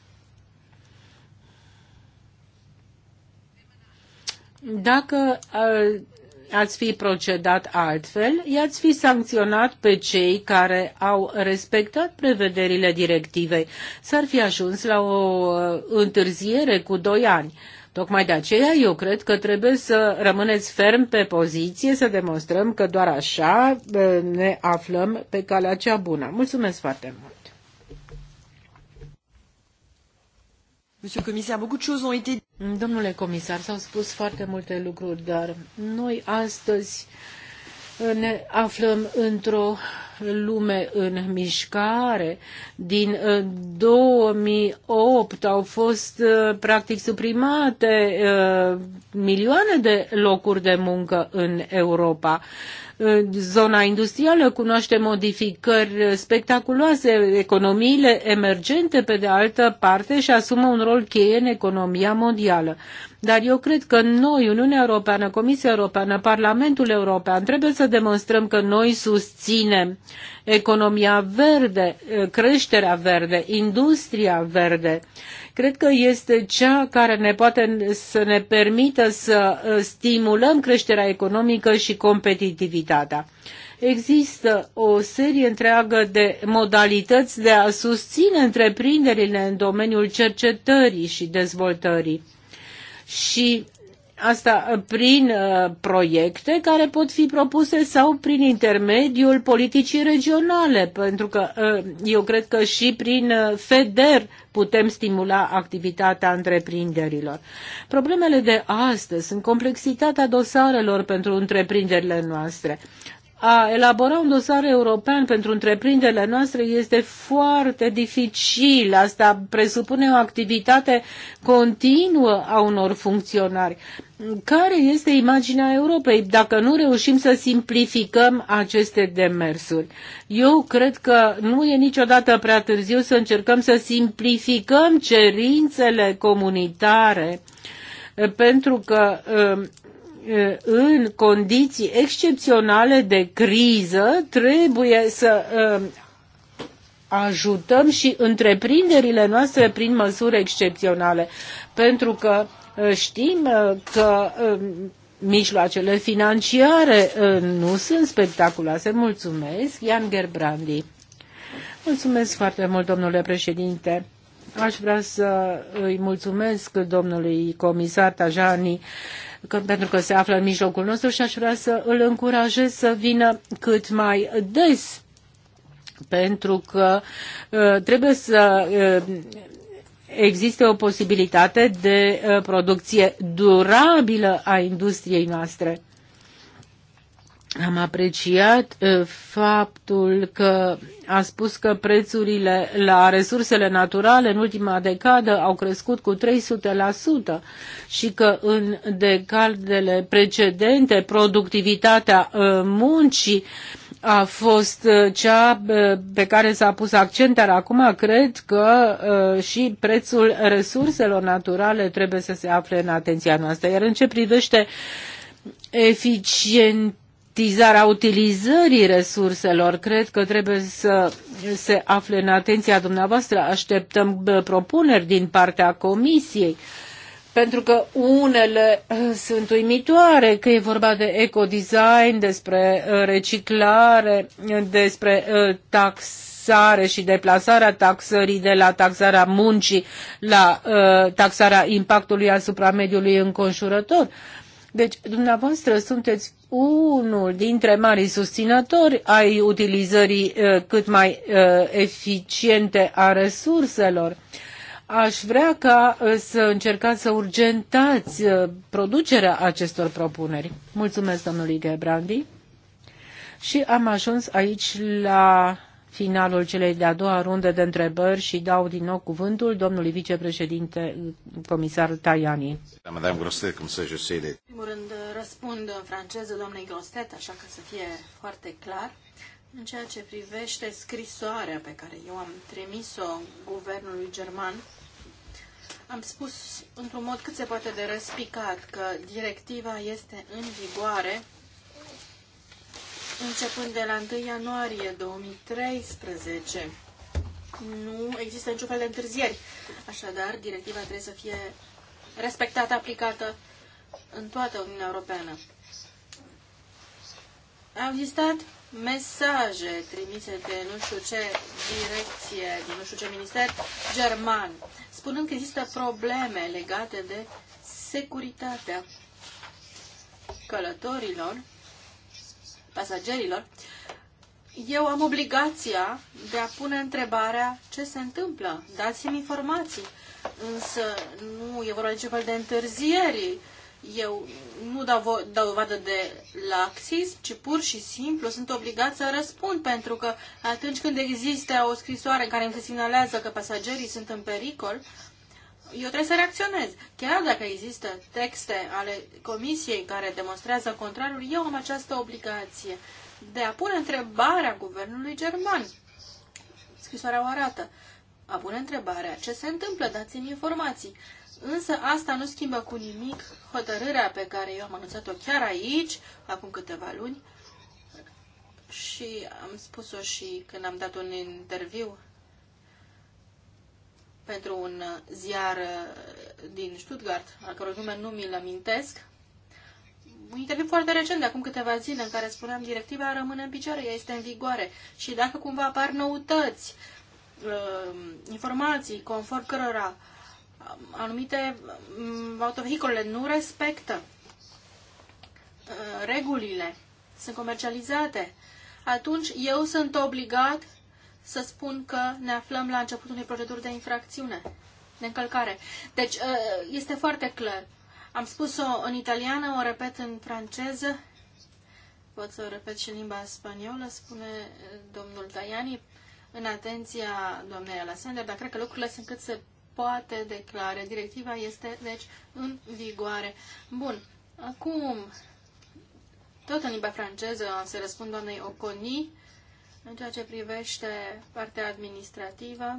Dacă ați fi procedat altfel, i-ați fi sancționat pe cei care au respectat prevederile directivei. S-ar fi ajuns la o uh, întârziere cu doi ani. Tocmai de aceea eu cred că trebuie să rămâneți ferm pe poziție, să demonstrăm că doar așa uh, ne aflăm pe calea cea bună. Mulțumesc foarte mult! Monsieur beaucoup de choses ont été... Domnule comisar, s-au spus foarte multe lucruri, dar noi astăzi uh, ne aflăm într-o lume în mișcare. Din 2008 uh, au fost uh, practic suprimate milioane de locuri de muncă în Europa zona industrială cunoaște modificări spectaculoase, economiile emergente pe de altă parte și asumă un rol cheie în economia mondială. Dar eu cred că noi, Uniunea Europeană, Comisia Europeană, Parlamentul European, trebuie să demonstrăm că noi susținem economia verde, creșterea verde, industria verde. Cred că este cea care ne poate să ne permită să stimulăm creșterea economică și competitivitatea există o serie întreagă de modalități de a susține întreprinderile în domeniul cercetării și dezvoltării și asta prin uh, proiecte care pot fi propuse sau prin intermediul politicii regionale, pentru că uh, eu cred că și prin uh, FEDER putem stimula activitatea întreprinderilor. Problemele de astăzi sunt complexitatea dosarelor pentru întreprinderile noastre a elabora un dosar european pentru întreprinderile noastre este foarte dificil. Asta presupune o activitate continuă a unor funcționari. Care este imaginea Europei dacă nu reușim să simplificăm aceste demersuri? Eu cred că nu e niciodată prea târziu să încercăm să simplificăm cerințele comunitare pentru că um, Uh, în condiții excepționale de criză trebuie să uh, ajutăm și întreprinderile noastre prin măsuri excepționale, pentru că uh, știm că mijloacele financiare nu sunt spectaculoase. Mulțumesc, Ian Gerbrandi. Mulțumesc foarte mult, domnule președinte. Aș vrea să îi mulțumesc domnului comisar Tajani că, pentru că se află în mijlocul nostru și aș vrea să îl încurajez să vină cât mai des pentru că uh, trebuie să uh, existe o posibilitate de uh, producție durabilă a industriei noastre. Am apreciat faptul că a spus că prețurile la resursele naturale în ultima decadă au crescut cu 300% și că în decadele precedente productivitatea uh, muncii a fost uh, cea uh, pe care s-a pus accent, dar acum cred că și prețul resurselor naturale trebuie să se afle în atenția noastră. Iar în ce privește eficient eficientizarea utilizării resurselor cred că trebuie să se afle în atenția dumneavoastră. Așteptăm propuneri din partea Comisiei pentru că unele eh, sunt uimitoare, că e vorba de ecodesign, despre eh, reciclare, despre eh, taxare și deplasarea taxării de la taxarea muncii la taxarea impactului asupra mediului înconjurător. Deci, dumneavoastră sunteți unul dintre marii susținători ai utilizării uh, cât mai uh, eficiente a resurselor. Aș vrea ca uh, să încercați să urgentați producerea acestor propuneri. Mulțumesc domnului Gebrandi. Și am ajuns aici la finalul celei de-a doua runde de întrebări și dau din nou cuvântul domnului vicepreședinte comisar Tajani. Madame Grostet, cum să josede. În primul rând răspund în franceză domnului Grostet, așa că să fie foarte clar. În ceea ce privește scrisoarea pe care eu am trimis-o guvernului german, am spus într-un mod cât se poate de răspicat că directiva este în vigoare începând de la 1 ianuarie 2013. Nu există niciun fel de întârzieri. Așadar, directiva trebuie să fie respectată, aplicată în toată Uniunea Europeană. Au existat mesaje trimise de nu știu ce direcție, de nu știu ce minister german, spunând că există probleme legate de securitatea călătorilor pasagerilor, eu am obligația de a pune întrebarea ce se întâmplă. Dați-mi informații. Însă nu e vorba de fel de întârzieri. Eu nu dau, dau vadă de laxism, ci pur și simplu sunt obligat să răspund, pentru că atunci când există o scrisoare în care îmi se semnalează că pasagerii sunt în pericol, uh, eu trebuie să reacționez. Chiar dacă există texte ale comisiei care demonstrează contrarul, eu am această obligație de a pune întrebarea guvernului german. Scrisoarea o arată. A pune întrebarea ce se întâmplă, dați-mi informații. Însă asta nu schimbă cu nimic hotărârea pe care eu am anunțat-o chiar aici, acum câteva luni, și am spus-o și când am dat un interviu pentru un ziar uh, din Stuttgart, al căror nume nu mi-l amintesc. Un interviu foarte recent, de acum câteva zile, în care spuneam directiva rămâne în picioare, ea este în vigoare. Și dacă cumva apar noutăți, uh, informații conform cărora um, anumite um, autovehicole nu respectă uh, regulile, sunt comercializate, atunci eu sunt obligat să spun că ne aflăm la începutul unei proceduri de infracțiune, de încălcare. Deci, ă, este foarte clar. Am spus-o în italiană, o repet în franceză, pot să o repet și în limba spaniolă, spune domnul Tajani, în atenția doamnei Alessandra, dar cred că lucrurile sunt cât se poate declare. Directiva este, deci, în vigoare. Bun, acum, tot în limba franceză, se răspund doamnei Oconi, în ceea ce privește partea administrativă,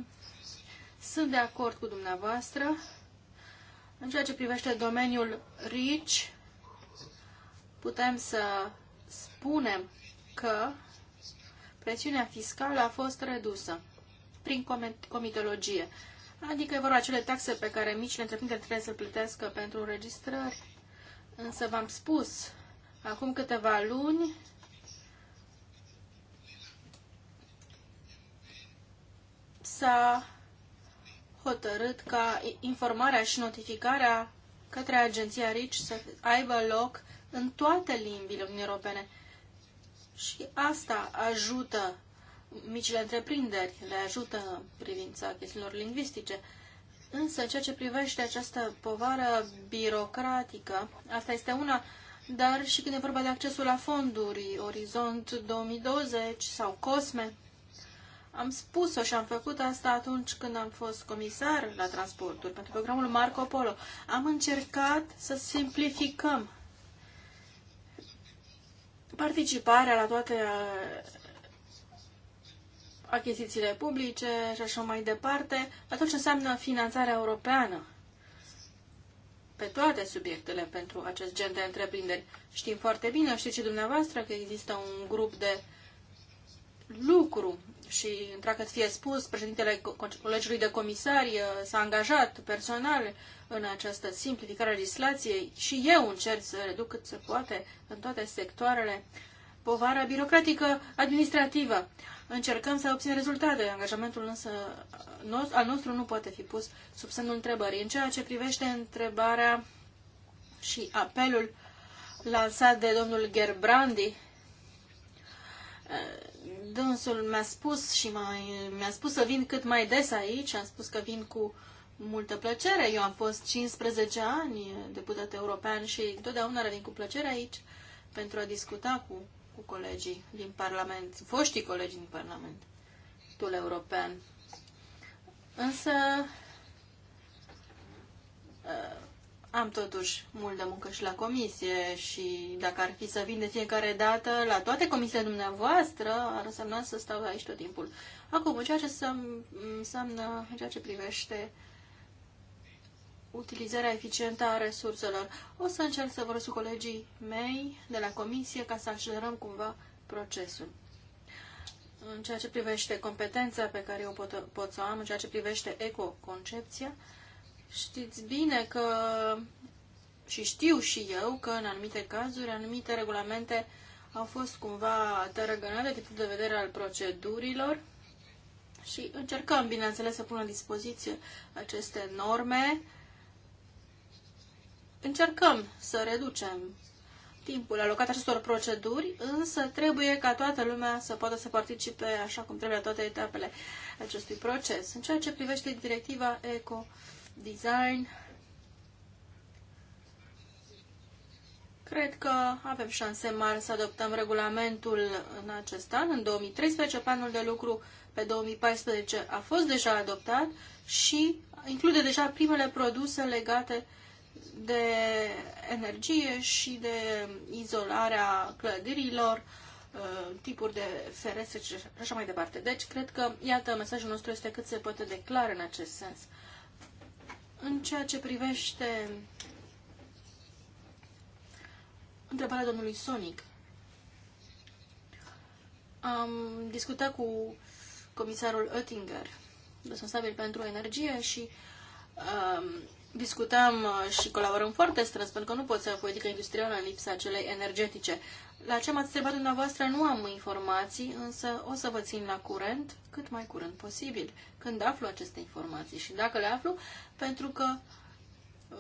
sunt de acord cu dumneavoastră. În ceea ce privește domeniul RICH, putem să spunem că presiunea fiscală a fost redusă prin comitologie, adică e vorba acele taxe pe care micile întreprinderi trebuie să plătească pentru înregistrări. Însă v-am spus acum câteva luni s-a hotărât ca informarea și notificarea către agenția RICI să aibă loc în toate limbile Uniunii Europene. Și asta ajută micile întreprinderi, le ajută în privința chestiilor lingvistice. Însă, în ceea ce privește această povară birocratică, asta este una, dar și când e vorba de accesul la fonduri, Orizont 2020 sau COSME, am spus-o și am făcut asta atunci când am fost comisar la transporturi pentru programul Marco Polo. Am încercat să simplificăm participarea la toate uh, achizițiile publice și așa mai departe, atunci înseamnă finanțarea europeană pe toate subiectele pentru acest gen de întreprinderi. Știm foarte bine, știți și dumneavoastră că există un grup de lucru și, întreagăt fie spus, președintele Colegiului de Comisari uh, s-a angajat personal în această simplificare a legislației și eu încerc să reduc cât se poate în toate sectoarele povara birocratică administrativă. Încercăm să obținem rezultate. Angajamentul însă al nostru nu poate fi pus sub semnul întrebării. În ceea ce privește întrebarea și apelul lansat de domnul Gerbrandi Dânsul mi-a spus și mi-a spus să vin cât mai des aici, a spus că vin cu multă plăcere. Eu am fost 15 ani deputat european și întotdeauna revin cu plăcere aici pentru a discuta cu, cu colegii din Parlament, foștii colegi din Parlament, tul european. Însă, am totuși mult de muncă și la comisie și dacă ar fi să vin de fiecare dată la toate comisiile dumneavoastră, ar însemna să stau aici tot timpul. Acum, ceea ce înseamnă, în ceea ce privește utilizarea eficientă a resurselor, o să încerc să vorbesc cu colegii mei de la comisie ca să accelerăm cumva procesul. În ceea ce privește competența pe care eu pot, pot să o am, în ceea ce privește ecoconcepția, concepția Știți bine că și știu și eu că în anumite cazuri, anumite regulamente au fost cumva tărăgănate din punct de vedere al procedurilor și încercăm, bineînțeles, să punem la dispoziție aceste norme. Încercăm să reducem timpul alocat acestor proceduri, însă trebuie ca toată lumea să poată să participe așa cum trebuie la toate etapele acestui proces. În ceea ce privește directiva ECO, design. Cred că avem șanse mari să adoptăm regulamentul în acest an, în 2013. Planul de lucru pe 2014 a fost deja adoptat și include deja primele produse legate de energie și de izolarea clădirilor, uh, tipuri de ferestre și așa mai departe. Deci, cred că, iată, mesajul nostru este cât se poate de clar în acest sens. În ceea ce privește întrebarea domnului Sonic, am discutat cu comisarul Oettinger, responsabil pentru energie, și um, discutam și colaborăm foarte strâns, pentru că nu poți să o politică industrială în lipsa acelei energetice. La ce m-ați întrebat dumneavoastră nu am informații, însă o să vă țin la curent cât mai curând posibil, când aflu aceste informații și dacă le aflu, pentru că uh,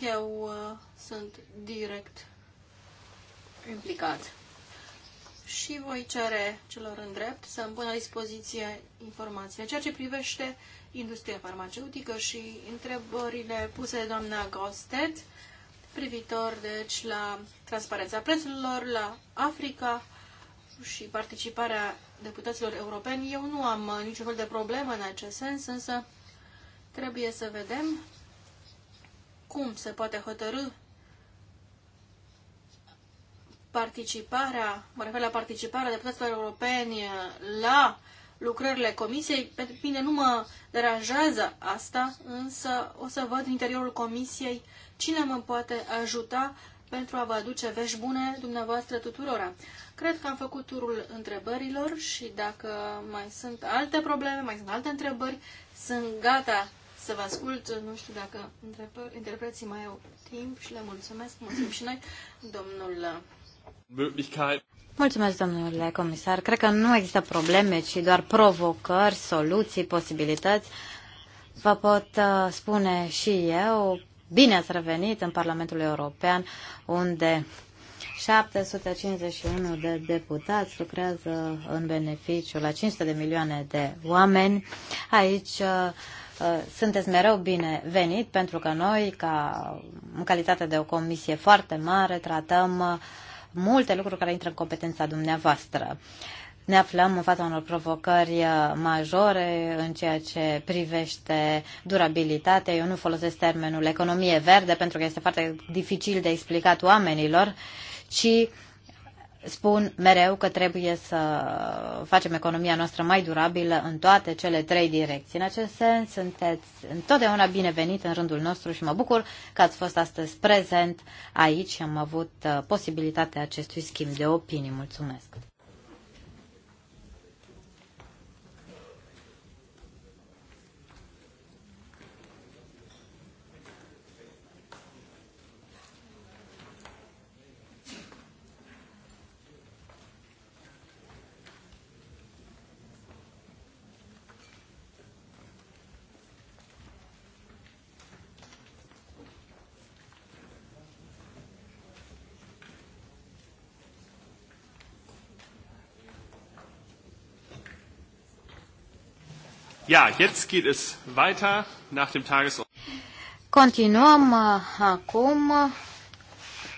eu uh, sunt direct implicat. Și voi cere celor în drept să îmi pună la dispoziție informații. ceea ce privește industria farmaceutică și întrebările puse de doamna Gostet, privitor deci la transparența prețurilor, la Africa și participarea deputaților europeni. Eu nu am uh, niciun fel de problemă în acest sens, însă trebuie să vedem cum se poate hotărâ participarea, mă refer la participarea deputaților europeni la lucrările comisiei. Pentru mine nu mă deranjează asta, însă o să văd în interiorul comisiei uh, Cine mă poate ajuta pentru a vă aduce vești bune dumneavoastră tuturora? Cred că am făcut turul întrebărilor și dacă mai sunt alte probleme, mai sunt alte întrebări, sunt gata să vă ascult. Nu știu dacă interpreții mai au timp și le mulțumesc. Mulțumim și noi, domnul Mulțumesc, domnule comisar. Cred că nu există probleme, ci doar provocări, soluții, posibilități. Vă pot uh, spune și eu Bine ați revenit în Parlamentul European, unde 751 de deputați lucrează în beneficiu la 500 de milioane de oameni. Aici uh, uh, sunteți mereu bine venit pentru că noi, ca în calitate de o comisie foarte mare, tratăm uh, multe lucruri care intră în competența dumneavoastră. Uh, ne aflăm în fața unor provocări uh, majore în ceea ce privește durabilitatea. Eu nu folosesc termenul economie verde pentru că este foarte dificil de explicat oamenilor, ci spun mereu că trebuie să facem economia noastră mai durabilă în toate cele trei direcții. În acest sens, sunteți întotdeauna binevenit în rândul nostru și mă bucur că ați fost astăzi prezent aici și am avut uh, posibilitatea acestui schimb de opinii. Mulțumesc! Ja, jetzt geht es weiter nach dem Tagesordnung. Continuăm uh, acum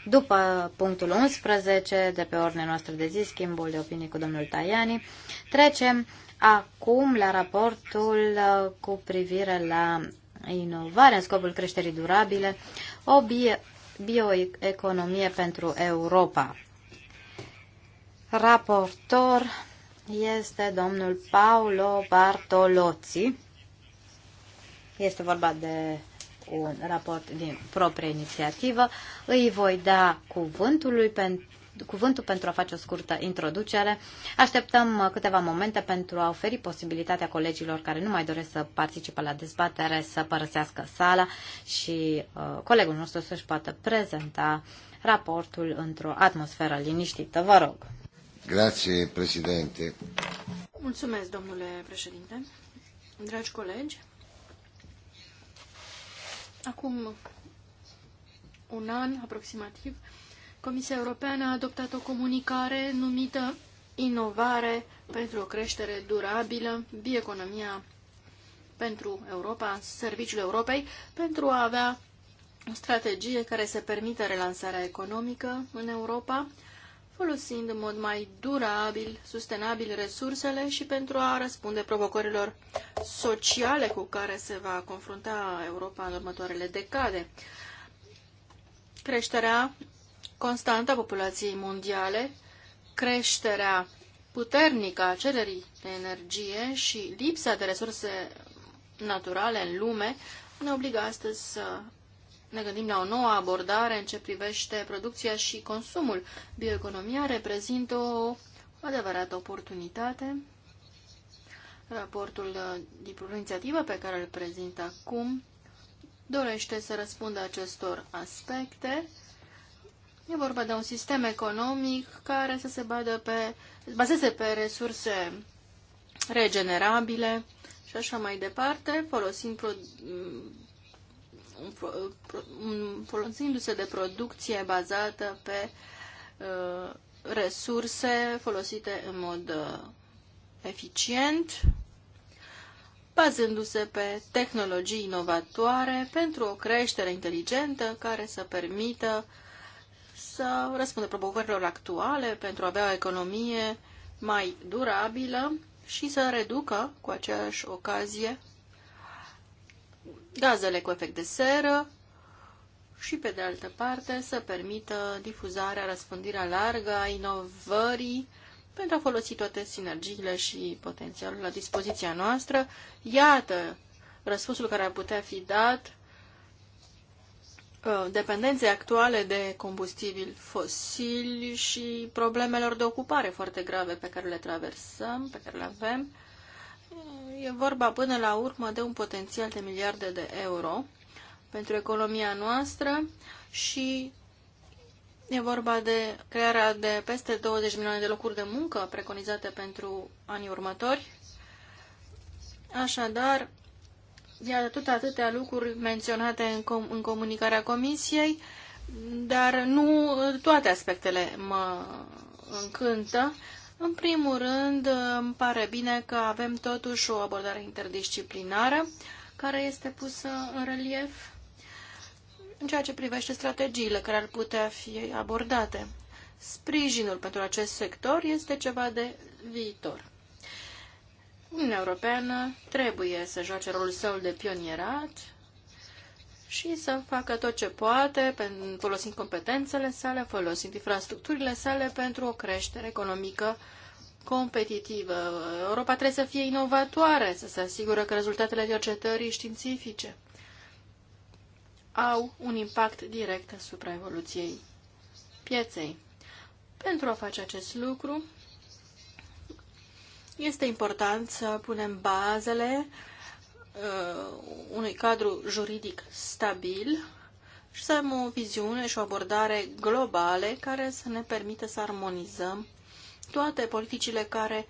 după punctul 11 de pe ordinea noastră de zi, schimbul de opinii cu domnul Tajani, trecem acum la raportul uh, cu privire la inovare în scopul creșterii durabile, o bioeconomie pentru Europa. Raportor este domnul Paolo Bartolozzi. Este vorba de un raport din proprie inițiativă. Îi voi da cuvântul, lui pentru, cuvântul pentru a face o scurtă introducere. Așteptăm uh, câteva momente pentru a oferi posibilitatea colegilor care nu mai doresc să participe la dezbatere să părăsească sala și uh, colegul nostru să-și poată prezenta raportul într-o atmosferă liniștită. Vă rog! Grazie, Presidente. Mulțumesc, domnule președinte. Dragi colegi, acum un an aproximativ, Comisia Europeană a adoptat o comunicare numită Inovare pentru o creștere durabilă, bioeconomia pentru Europa, serviciul Europei, pentru a avea o strategie care să permită relansarea economică în Europa, folosind în mod mai durabil, sustenabil resursele și pentru a răspunde provocărilor sociale cu care se va confrunta Europa în următoarele decade. Creșterea constantă a populației mondiale, creșterea puternică a cererii de energie și lipsa de resurse naturale în lume ne obligă astăzi să ne gândim la o nouă abordare în ce privește producția și consumul. Bioeconomia reprezintă o adevărată oportunitate. Raportul uh, din inițiativă pe care îl prezint acum dorește să răspundă acestor aspecte. E vorba de un sistem economic care să se badă pe, bazeze pe resurse regenerabile și așa mai departe, folosind Uh, folosindu-se de producție bazată pe uh, resurse folosite în mod uh, eficient, bazându-se pe tehnologii inovatoare pentru o creștere inteligentă care să permită să răspundă provocărilor actuale pentru a avea o economie mai durabilă și să reducă cu aceeași ocazie gazele cu efect de seră și, pe de altă parte, să permită difuzarea, răspândirea largă a inovării pentru a folosi toate sinergiile și potențialul la dispoziția noastră. Iată răspunsul care ar putea fi dat uh, dependenței actuale de combustibili fosili și problemelor de ocupare foarte grave pe care le traversăm, pe care le avem E vorba până la urmă de un potențial de miliarde de euro pentru economia noastră și e vorba de crearea de peste 20 milioane de locuri de muncă preconizate pentru anii următori. Așadar, iată tot atâtea lucruri menționate în, com- în comunicarea Comisiei, dar nu toate aspectele mă încântă. În primul rând, îmi pare bine că avem totuși o abordare interdisciplinară care este pusă în relief în ceea ce privește strategiile care ar putea fi abordate. Sprijinul pentru acest sector este ceva de viitor. Uniunea Europeană trebuie să joace rolul său de pionierat și să facă tot ce poate, folosind competențele sale, folosind infrastructurile sale pentru o creștere economică competitivă. Europa trebuie să fie inovatoare, să se asigură că rezultatele cercetării științifice au un impact direct asupra evoluției pieței. Pentru a face acest lucru, este important să punem bazele uh, Uh, unui cadru juridic stabil și să avem o viziune și o abordare globale care să ne permită să armonizăm toate politicile care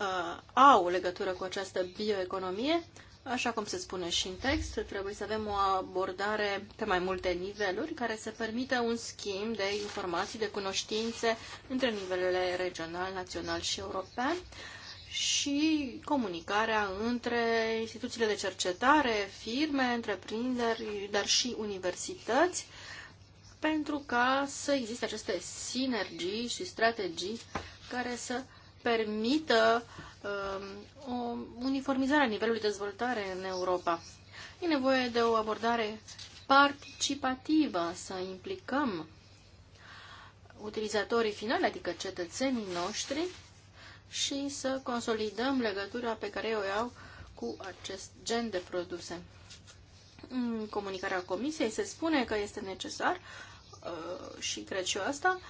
uh, au legătură cu această bioeconomie. Așa cum se spune și în text, trebuie să avem o abordare pe mai multe niveluri care să permită un schimb de informații, de cunoștințe între nivelele regional, național și european. Uh, și comunicarea între instituțiile de cercetare, firme, întreprinderi, dar și universități, pentru ca să existe aceste sinergii și strategii care să permită um, o uniformizare a nivelului de dezvoltare în Europa. E nevoie de o abordare participativă, să implicăm utilizatorii finali, adică cetățenii noștri, și să consolidăm legătura pe care o iau cu acest gen de produse. În comunicarea Comisiei se spune că este necesar, uh, și cred și eu asta,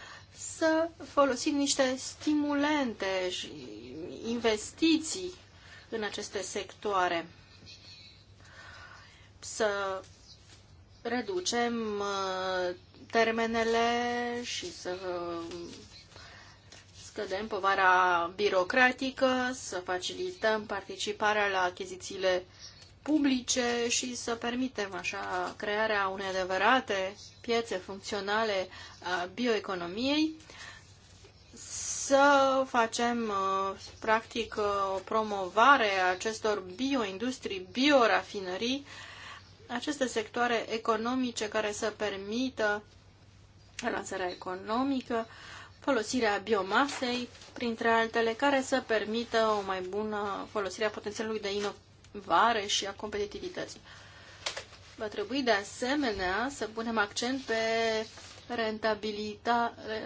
să folosim niște stimulente și investiții în aceste sectoare. Să reducem uh, termenele și să scădem povara birocratică, să facilităm participarea la achizițiile publice și să permitem așa crearea unei adevărate piețe funcționale a bioeconomiei, să facem uh, practic uh, o promovare a acestor bioindustrii, biorafinării, aceste sectoare economice care să permită relansarea economică, folosirea biomasei, printre altele, care să permită o mai bună folosire a potențialului de inovare și a competitivității. Va trebui de asemenea să punem accent pe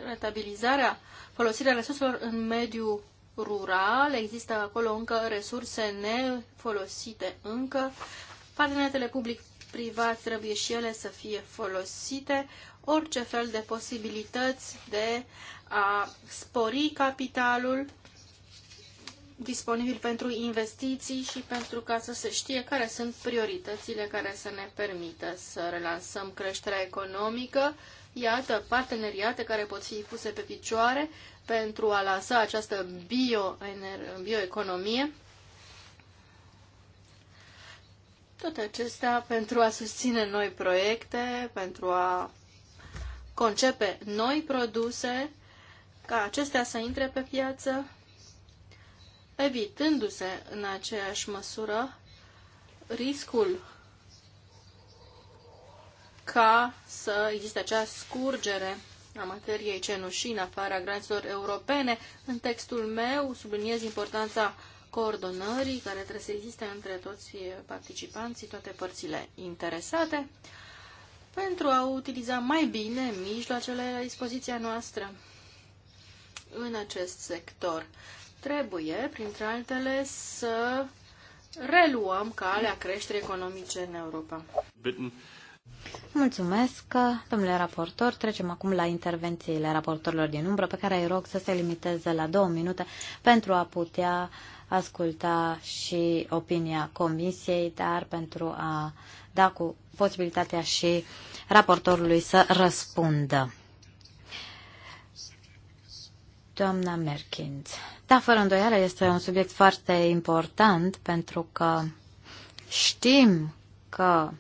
rentabilizarea, folosirea resurselor în mediul rural. Există acolo încă resurse nefolosite încă. Parteneriatele public-privat trebuie și ele să fie folosite. Orice fel de posibilități de a spori capitalul disponibil pentru investiții și pentru ca să se știe care sunt prioritățile care să ne permită să relansăm creșterea economică. Iată, parteneriate care pot fi puse pe picioare pentru a lansa această bio, Tot acestea pentru a susține noi proiecte, pentru a concepe noi produse ca acestea să intre pe piață, evitându-se în aceeași măsură riscul ca să existe acea scurgere a materiei cenușii în afara granților europene. În textul meu subliniez importanța coordonării care trebuie să existe între toți participanții, toate părțile interesate, pentru a utiliza mai bine mijloacele la dispoziția noastră în acest sector. Trebuie, printre altele, să reluăm calea creșterii economice în Europa. Bitten. Mulțumesc, domnule raportor. Trecem acum la intervențiile raportorilor din umbră, pe care îi rog să se limiteze la două minute pentru a putea asculta și opinia comisiei, dar pentru a da cu posibilitatea și raportorului să răspundă doamna Merkins. Da, fără îndoială, este un subiect foarte important pentru că știm că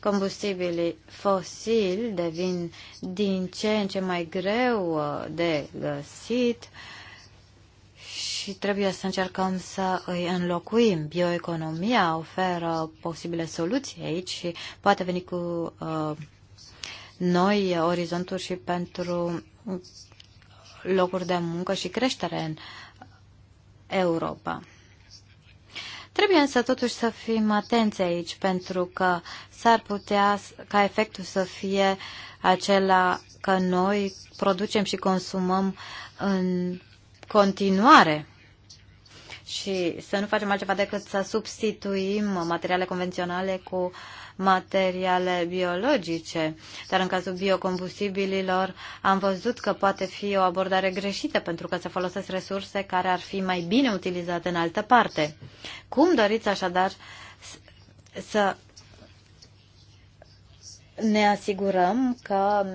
combustibilii fosili devin din ce în ce mai greu uh, de găsit și trebuie să încercăm să îi înlocuim. Bioeconomia oferă posibile soluții aici și poate veni cu uh, noi orizonturi și pentru locuri de muncă și creștere în Europa. Trebuie însă totuși să fim atenți aici, pentru că s-ar putea ca efectul să fie acela că noi producem și consumăm în continuare și să nu facem altceva decât să substituim materiale convenționale cu uh, materiale biologice. Dar în cazul biocombustibililor am văzut că poate fi o abordare greșită pentru că se folosesc resurse care ar fi mai bine utilizate în altă parte. Cum doriți așadar să ne asigurăm că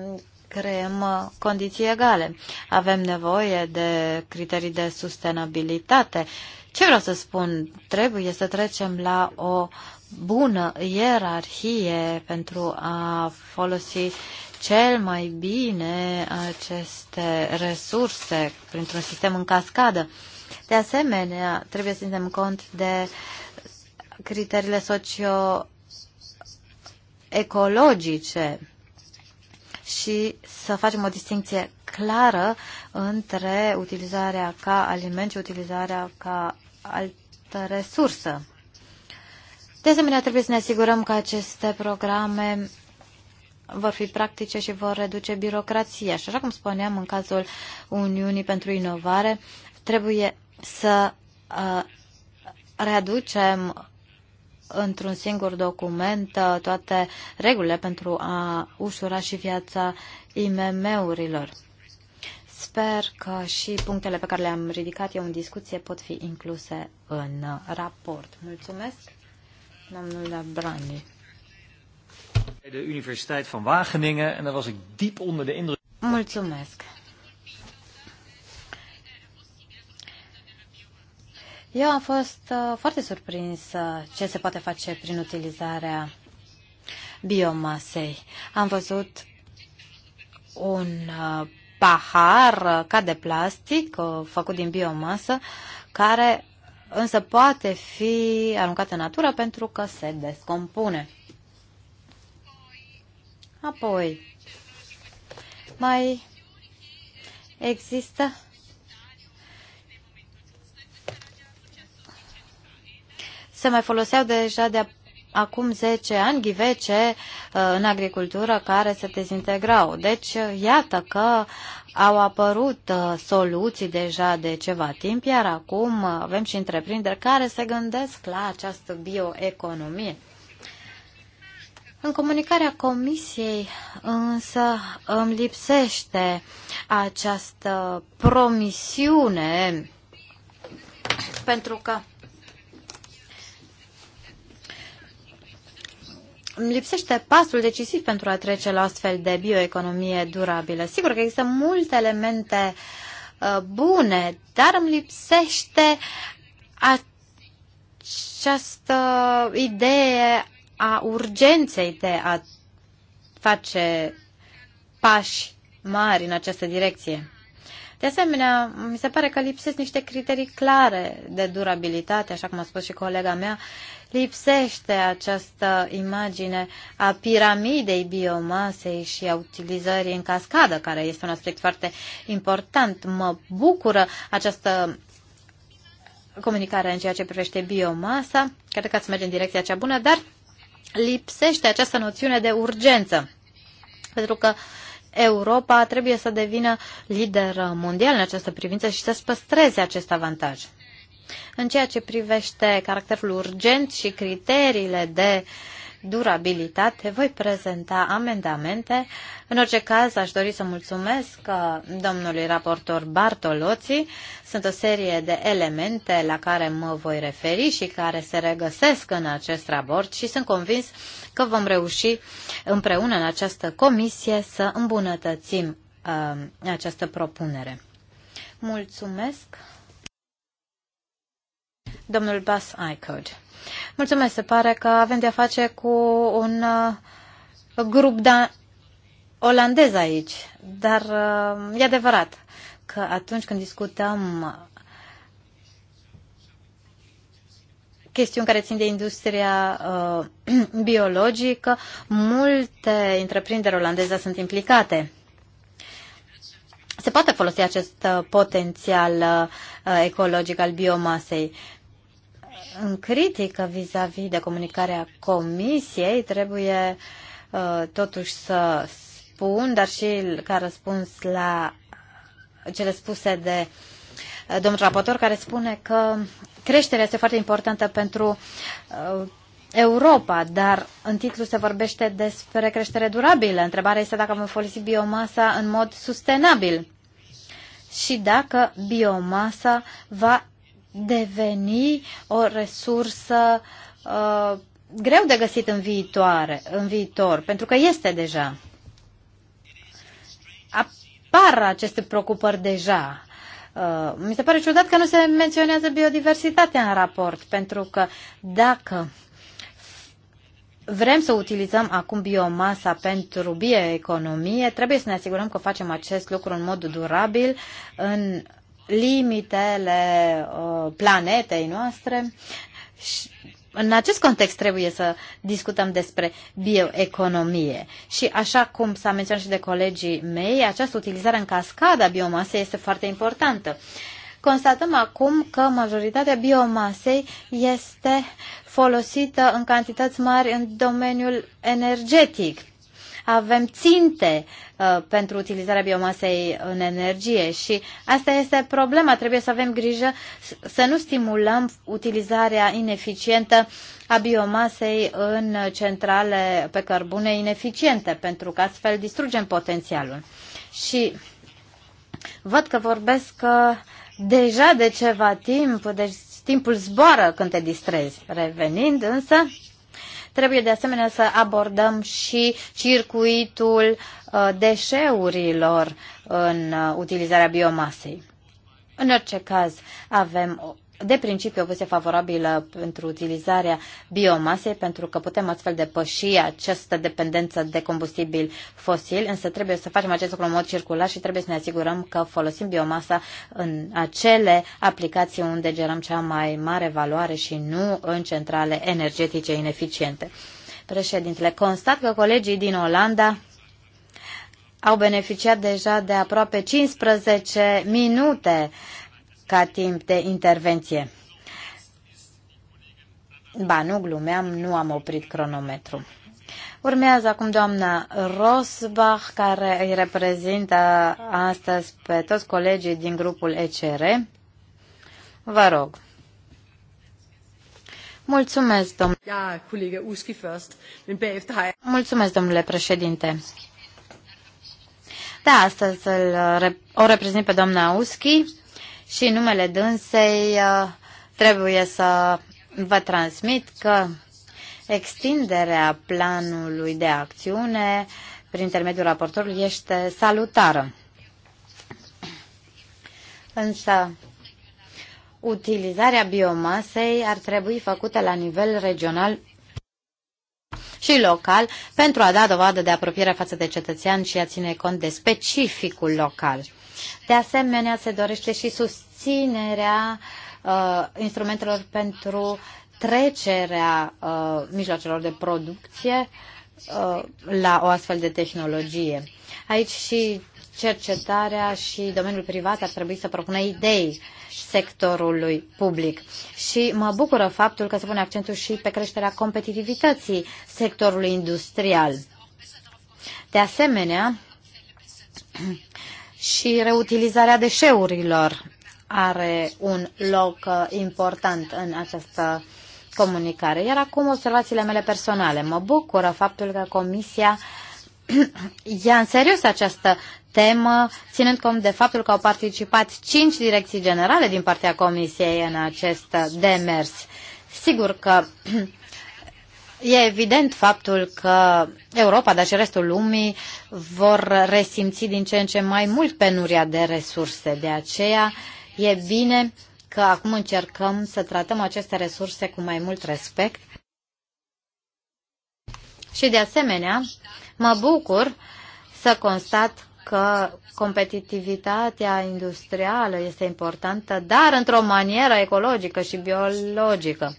creăm condiții egale. Avem nevoie de criterii de sustenabilitate. Ce vreau să spun? Trebuie să trecem la o bună ierarhie pentru a folosi cel mai bine aceste resurse printr-un sistem în cascadă. De asemenea, trebuie să ținem cont de criteriile socio-ecologice și să facem o distinție clară între utilizarea ca aliment și utilizarea ca altă resursă. De asemenea, trebuie să ne asigurăm că aceste programe vor fi practice și vor reduce birocrația. Și așa cum spuneam în cazul Uniunii pentru Inovare, trebuie să uh, readucem într-un singur document uh, toate regulile pentru a ușura și viața IMM-urilor. Sper că și punctele pe care le-am ridicat eu în discuție pot fi incluse în raport. Mulțumesc! domnul Brandi. De Universiteit van Wageningen en daar was ik diep onder de indruk. Mulțumesc. Eu am fost uh, foarte surprins uh, ce se poate face prin utilizarea biomasei. Am văzut un uh, pahar uh, ca de plastic uh, făcut din biomasă care însă poate fi aruncată în natură pentru că se descompune. Apoi, mai există se mai foloseau deja de acum 10 ani ghivece uh, în agricultură care se dezintegrau. Deci, uh, iată că au apărut uh, soluții deja de ceva timp, iar acum avem și întreprinderi care se gândesc la această bioeconomie. În comunicarea comisiei însă îmi lipsește această promisiune pentru că îmi lipsește pasul decisiv pentru a trece la astfel de bioeconomie durabilă. Sigur că există multe elemente uh, bune, dar îmi lipsește această idee a urgenței de a face pași mari în această direcție. De asemenea, mi se pare că lipsesc niște criterii clare de durabilitate, așa cum a spus și colega mea, lipsește această imagine a piramidei biomasei și a utilizării în cascadă, care este un aspect foarte important. Mă bucură această comunicare în ceea ce privește biomasa. Cred că ați merge în direcția cea bună, dar lipsește această noțiune de urgență. Pentru că Europa trebuie să devină lider mondial în această privință și să-și păstreze acest avantaj. În ceea ce privește caracterul urgent și criteriile de durabilitate, voi prezenta amendamente. În orice caz, aș dori să mulțumesc uh, domnului raportor Bartoloții. Sunt o serie de elemente la care mă voi referi și care se regăsesc în acest raport și sunt convins că vom reuși împreună în această comisie să îmbunătățim uh, această propunere. Mulțumesc! Domnul Bas Eichert. Mulțumesc, se pare că avem de-a face cu un uh, grup de da, olandez aici, dar uh, e adevărat că atunci când discutăm chestiuni care țin de industria uh, biologică, multe întreprinderi olandeze sunt implicate. Se poate folosi acest uh, potențial uh, ecologic al biomasei în critică vis-a-vis -vis de comunicarea comisiei, trebuie uh, totuși să spun, dar și ca răspuns la cele spuse de uh, domnul raportor, care spune că creșterea este foarte importantă pentru uh, Europa, dar în titlu se vorbește despre creștere durabilă. Întrebarea este dacă vom folosi biomasa în mod sustenabil și dacă biomasa va deveni o resursă uh, greu de găsit în, viitoare, în viitor, pentru că este deja. Apar aceste preocupări deja. Uh, mi se pare ciudat că nu se menționează biodiversitatea în raport, pentru că dacă vrem să utilizăm acum biomasa pentru bioeconomie, trebuie să ne asigurăm că facem acest lucru în mod durabil, în limitele uh, planetei noastre. Și în acest context trebuie să discutăm despre bioeconomie. Și așa cum s-a menționat și de colegii mei, această utilizare în cascada biomasei este foarte importantă. Constatăm acum că majoritatea biomasei este folosită în cantități mari în domeniul energetic avem ținte uh, pentru utilizarea biomasei în energie și asta este problema. Trebuie să avem grijă să nu stimulăm utilizarea ineficientă a biomasei în centrale pe cărbune ineficiente, pentru că astfel distrugem potențialul. Și văd că vorbesc că uh, deja de ceva timp, deci timpul zboară când te distrezi. Revenind însă Trebuie de asemenea să abordăm și circuitul uh, deșeurilor în uh, utilizarea biomasei. În orice caz, avem de principiu o poziție favorabilă pentru utilizarea biomasei, pentru că putem astfel depăși această dependență de combustibil fosil, însă trebuie să facem acest lucru în mod circular și trebuie să ne asigurăm că folosim biomasa în acele aplicații unde gerăm cea mai mare valoare și nu în centrale energetice ineficiente. Președintele, constat că colegii din Olanda au beneficiat deja de aproape 15 minute ca timp de intervenție. Ba, nu glumeam, nu am oprit cronometru. Urmează acum doamna Rosbach, care îi reprezintă astăzi pe toți colegii din grupul ECR. Vă rog. Mulțumesc, domnule. Uschi first, Mulțumesc, domnule președinte. Da, astăzi o reprezint pe doamna Uschi și numele dânsei uh, trebuie să vă transmit că extinderea planului de acțiune prin intermediul raportorului este salutară. Însă, utilizarea biomasei ar trebui făcută la nivel regional și local pentru a da dovadă de apropiere față de cetățean și a ține cont de specificul local. De asemenea, se dorește și susținerea uh, instrumentelor pentru trecerea uh, mijloacelor de producție uh, la o astfel de tehnologie. Aici și cercetarea și domeniul privat ar trebui să propună idei sectorului public. Și mă bucură faptul că se pune accentul și pe creșterea competitivității sectorului industrial. De asemenea, și reutilizarea deșeurilor are un loc uh, important în această comunicare. Iar acum observațiile mele personale. Mă bucură faptul că Comisia ia în serios această temă, ținând cont de faptul că au participat cinci direcții generale din partea Comisiei în acest demers. Sigur că E evident faptul că Europa, dar și restul lumii, vor resimți din ce în ce mai mult penuria de resurse. De aceea e bine că acum încercăm să tratăm aceste resurse cu mai mult respect. Și de asemenea, mă bucur să constat că competitivitatea industrială este importantă, dar într-o manieră ecologică și biologică.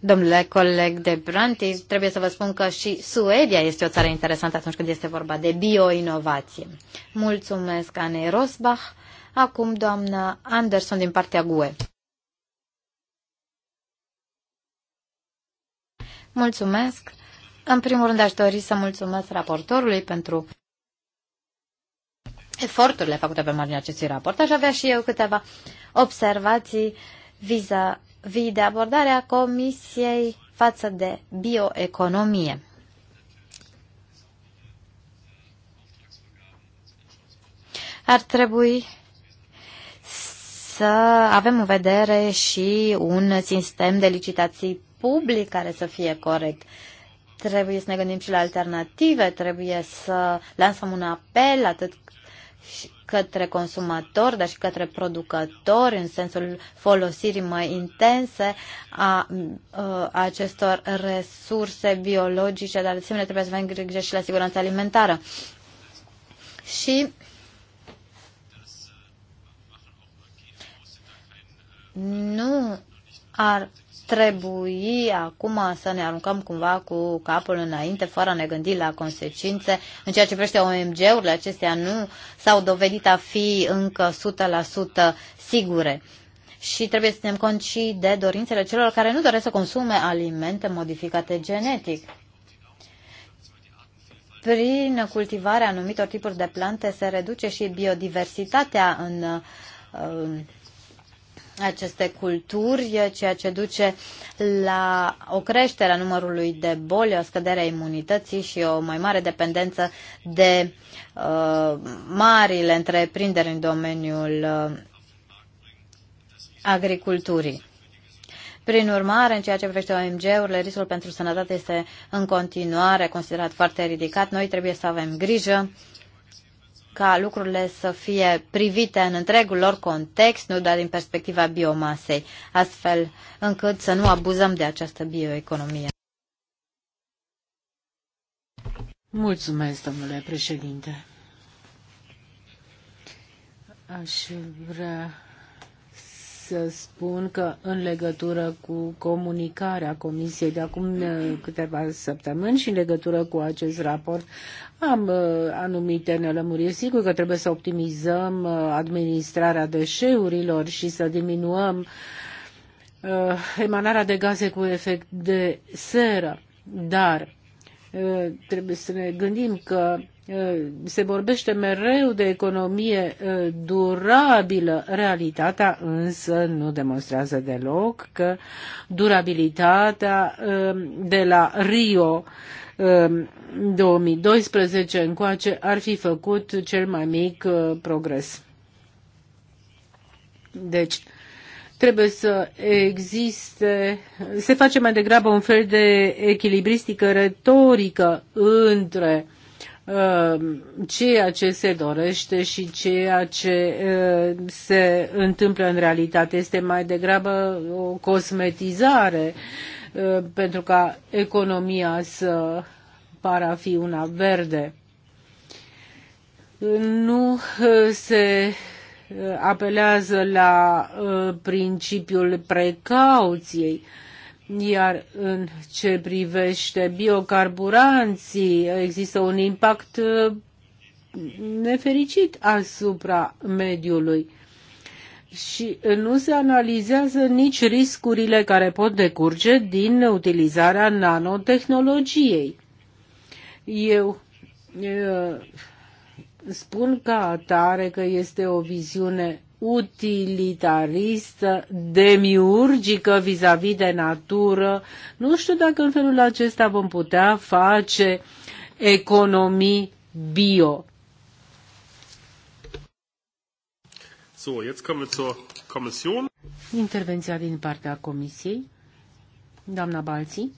Domnule coleg de Branti, trebuie să vă spun că și Suedia este o țară interesantă atunci când este vorba de bioinovație. Mulțumesc, Anne Rosbach. Acum doamna Anderson din partea GUE. Mulțumesc. În primul rând aș dori să mulțumesc raportorului pentru eforturile făcute pe marginea acestui raport. Aș avea și eu câteva observații viza vii de abordarea Comisiei față de bioeconomie. Ar trebui să avem în vedere și un sistem de licitații public care să fie corect. Trebuie să ne gândim și la alternative, trebuie să lansăm un apel atât către consumator, dar și către producător, în sensul folosirii mai intense a, a acestor resurse biologice, dar de asemenea trebuie să avem grijă și la siguranța alimentară. Și nu ar trebui acum să ne aruncăm cumva cu capul înainte, fără a ne gândi la consecințe. În ceea ce privește OMG-urile, acestea nu s-au dovedit a fi încă 100% sigure. Și trebuie să ținem cont și de dorințele celor care nu doresc să consume alimente modificate genetic. Prin cultivarea anumitor tipuri de plante se reduce și biodiversitatea în, în aceste culturi, ceea ce duce la o creștere a numărului de boli, o scădere a imunității și o mai mare dependență de uh, marile întreprinderi în domeniul uh, agriculturii. Prin urmare, în ceea ce privește OMG-urile, riscul pentru sănătate este în continuare considerat foarte ridicat. Noi trebuie să avem grijă ca lucrurile să fie privite în întregul lor context, nu doar din perspectiva biomasei, astfel încât să nu abuzăm de această bioeconomie. Mulțumesc, domnule președinte. Aș vrea să spun că în legătură cu comunicarea Comisiei de acum uh, câteva săptămâni și în legătură cu acest raport am uh, anumite nelămuriri. Sigur că trebuie să optimizăm uh, administrarea deșeurilor și să diminuăm emanarea de gaze cu efect de seră, dar trebuie să ne gândim că Eh, se vorbește mereu de economie eh, durabilă, realitatea însă nu demonstrează deloc că durabilitatea eh, de la Rio 2012 încoace ar fi făcut cel mai mic progres. Deci, trebuie să existe, se face mai degrabă un fel de echilibristică retorică între Uh, ceea ce se dorește și ceea ce uh, se întâmplă în realitate. Este mai degrabă o cosmetizare uh, pentru ca economia să pară a fi una verde. Nu se apelează la principiul precauției. Iar în ce privește biocarburanții, există un impact uh, nefericit asupra mediului și uh, nu se analizează nici riscurile care pot decurge din utilizarea nanotehnologiei. Eu uh, spun ca atare că este o viziune utilitaristă, demiurgică vis-a-vis -vis de natură. Nu știu dacă în felul acesta vom putea face economii bio. So, jetzt kommen wir zur Kommission. Intervenția din partea Comisiei. Doamna Balții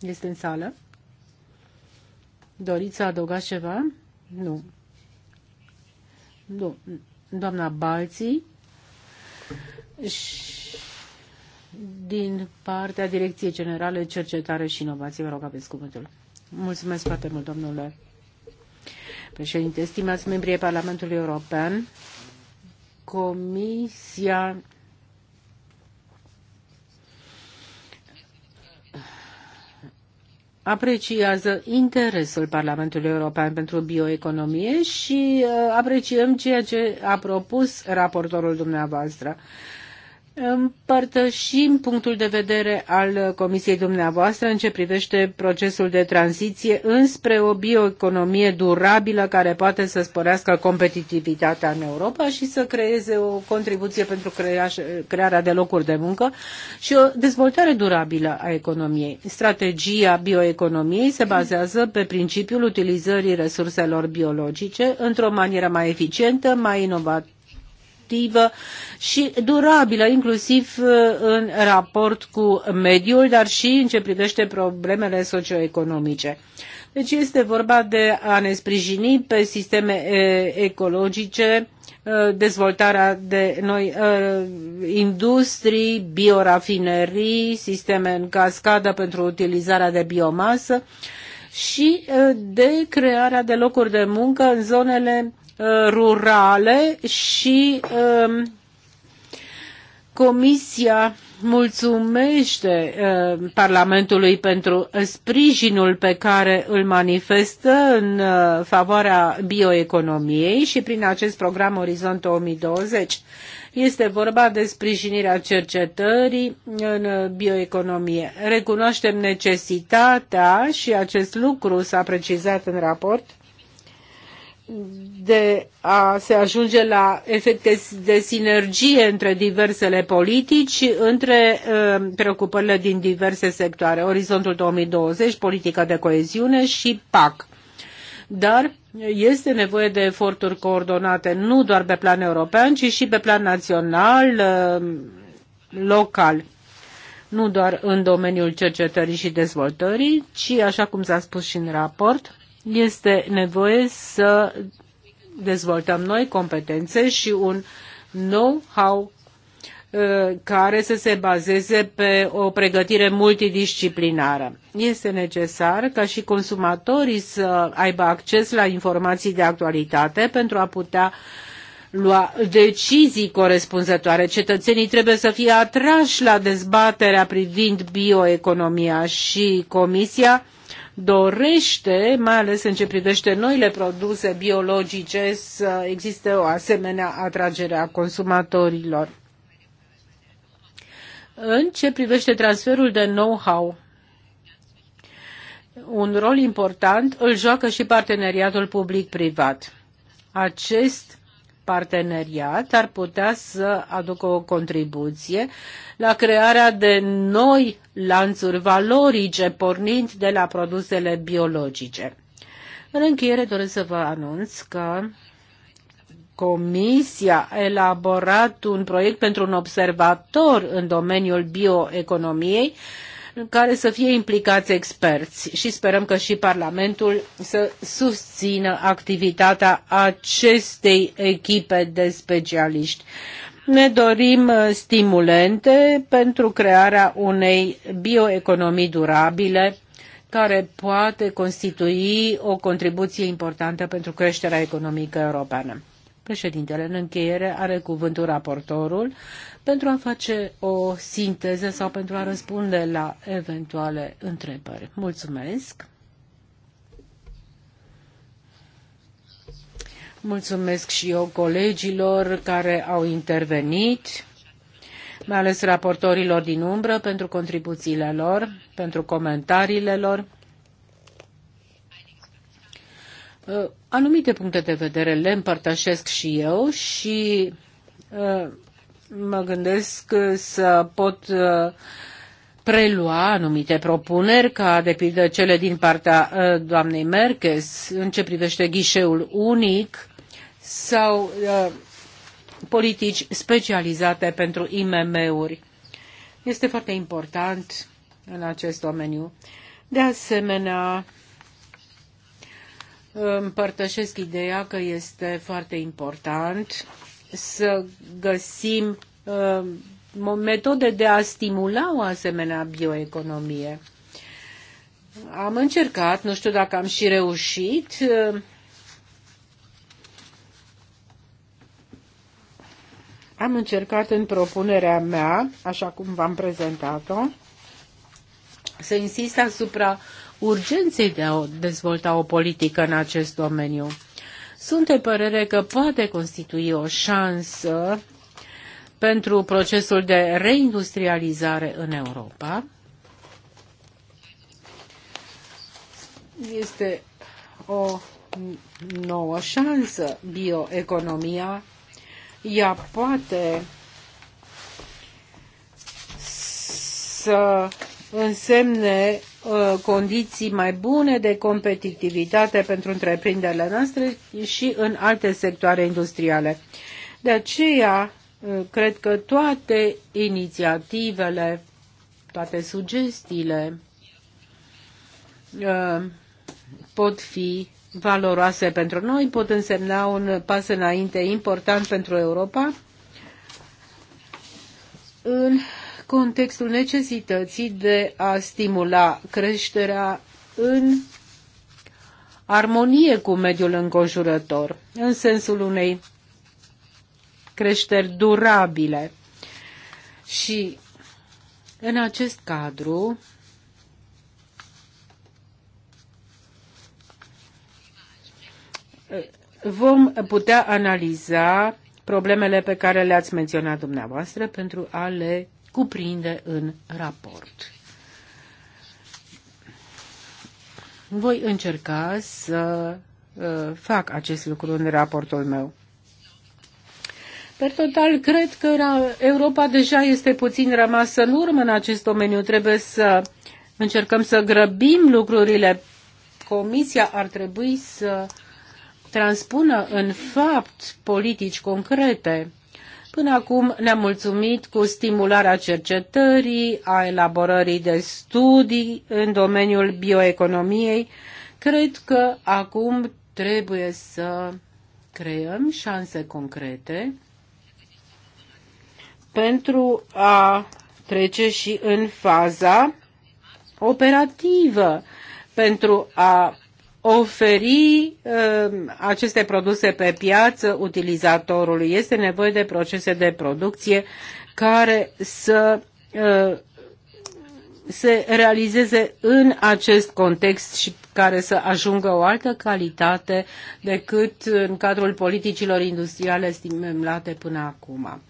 este în sală. Doriți să adăugați ceva? Nu. Nu doamna Balții din partea Direcției Generale Cercetare și Inovație. Vă rog, aveți cuvântul. Mulțumesc foarte mult, domnule președinte. Stimați membrii Parlamentului European, Comisia apreciază interesul Parlamentului European pentru bioeconomie și uh, apreciem ceea ce a propus raportorul dumneavoastră. Împărtășim punctul de vedere al Comisiei dumneavoastră în ce privește procesul de tranziție înspre o bioeconomie durabilă care poate să sporească competitivitatea în Europa și să creeze o contribuție pentru crearea de locuri de muncă și o dezvoltare durabilă a economiei. Strategia bioeconomiei se bazează pe principiul utilizării resurselor biologice într-o manieră mai eficientă, mai inovatoare constructivă și durabilă, inclusiv uh, în raport cu mediul, dar și în ce privește problemele socioeconomice. Deci este vorba de a ne sprijini pe sisteme ecologice, dezvoltarea de noi industrii, biorafinerii, sisteme în cascadă pentru utilizarea de biomasă și de crearea de locuri de muncă în zonele Uh, rurale și um, Comisia mulțumește uh, Parlamentului pentru sprijinul pe care îl manifestă în uh, favoarea bioeconomiei și prin acest program Orizont 2020. Este vorba de sprijinirea cercetării în bioeconomie. Recunoaștem necesitatea și acest lucru s-a precizat în raport de a se ajunge la efecte de sinergie între diversele politici, între uh, preocupările din diverse sectoare, Orizontul 2020, politica de coeziune și PAC. Dar este nevoie de eforturi coordonate nu doar pe plan european, ci și pe plan național, uh, local nu doar în domeniul cercetării și dezvoltării, ci, așa cum s-a spus și în raport, este nevoie să dezvoltăm noi competențe și un know-how uh, care să se bazeze pe o pregătire multidisciplinară. Este necesar ca și consumatorii să aibă acces la informații de actualitate pentru a putea lua decizii corespunzătoare. Cetățenii trebuie să fie atrași la dezbaterea privind bioeconomia și Comisia dorește, mai ales în ce privește noile produse biologice, să existe o asemenea atragere a consumatorilor. În ce privește transferul de know-how, un rol important îl joacă și parteneriatul public-privat. Acest parteneriat ar putea să aducă o contribuție la crearea de noi lanțuri valorice pornind de la produsele biologice. În încheiere doresc să vă anunț că Comisia a elaborat un proiect pentru un observator în domeniul bioeconomiei în care să fie implicați experți și sperăm că și Parlamentul să susțină activitatea acestei echipe de specialiști. Ne dorim uh, stimulente pentru crearea unei bioeconomii durabile care poate constitui o contribuție importantă pentru creșterea economică europeană. Președintele, în încheiere, are cuvântul raportorul pentru a face o sinteză sau pentru a răspunde la eventuale întrebări. Mulțumesc! Mulțumesc și eu colegilor care au intervenit, mai ales raportorilor din umbră pentru contribuțiile lor, pentru comentariile lor. Uh, anumite puncte de vedere le împărtășesc și eu și uh, mă gândesc uh, să pot uh, prelua anumite propuneri, ca de pildă cele din partea uh, doamnei Merkes în ce privește ghișeul unic sau politici specializate pentru IMM-uri. Este foarte important în acest domeniu. De asemenea, împărtășesc ideea că este foarte important să găsim uh, metode de a stimula o asemenea bioeconomie. Am încercat, nu știu dacă am și reușit. Uh, am încercat în propunerea mea, așa cum v-am prezentat-o, să insist asupra urgenței de a dezvolta o politică în acest domeniu. Sunt de părere că poate constitui o șansă pentru procesul de reindustrializare în Europa. Este o nouă șansă bioeconomia. Ea poate să însemne uh, condiții mai bune de competitivitate pentru întreprinderile noastre și în alte sectoare industriale. De aceea, uh, cred că toate inițiativele, toate sugestiile uh, pot fi valoroase pentru noi, pot însemna un pas înainte important pentru Europa în contextul necesității de a stimula creșterea în armonie cu mediul înconjurător, în sensul unei creșteri durabile. Și în acest cadru, vom putea analiza problemele pe care le-ați menționat dumneavoastră pentru a le cuprinde în raport. Voi încerca să uh, fac acest lucru în raportul meu. Per total, cred că Europa deja este puțin rămasă în urmă în acest domeniu. Trebuie să încercăm să grăbim lucrurile. Comisia ar trebui să transpună în fapt politici concrete Până acum ne-am mulțumit cu stimularea cercetării, a elaborării de studii în domeniul bioeconomiei. Cred că acum trebuie să creăm șanse concrete pentru a trece și în faza operativă pentru a oferi uh, aceste produse pe piață utilizatorului. Este nevoie de procese de producție care să uh, se realizeze în acest context și care să ajungă o altă calitate decât în cadrul politicilor industriale stimulate până acum.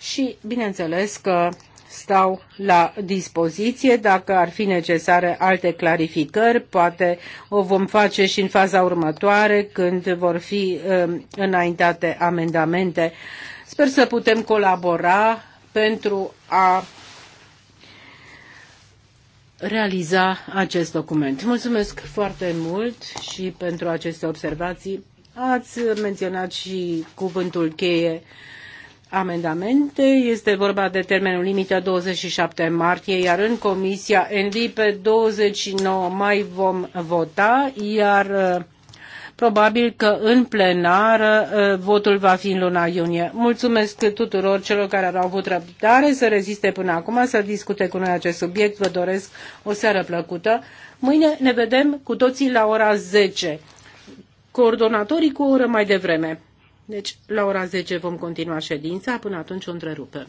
Și bineînțeles că stau la dispoziție. Dacă ar fi necesare alte clarificări, poate o vom face și în faza următoare, când vor fi um, înaintate amendamente. Sper să putem colabora pentru a realiza acest document. Mulțumesc foarte mult și pentru aceste observații. Ați menționat și cuvântul cheie amendamente. Este vorba de termenul limită 27 martie, iar în Comisia ND pe 29 mai vom vota, iar uh, probabil că în plenară uh, votul va fi în luna iunie. Mulțumesc tuturor celor care au avut răbdare să reziste până acum, să discute cu noi acest subiect. Vă doresc o seară plăcută. Mâine ne vedem cu toții la ora 10. Coordonatorii cu o oră mai devreme. Deci, la ora 10 vom continua ședința, până atunci o întrerupem.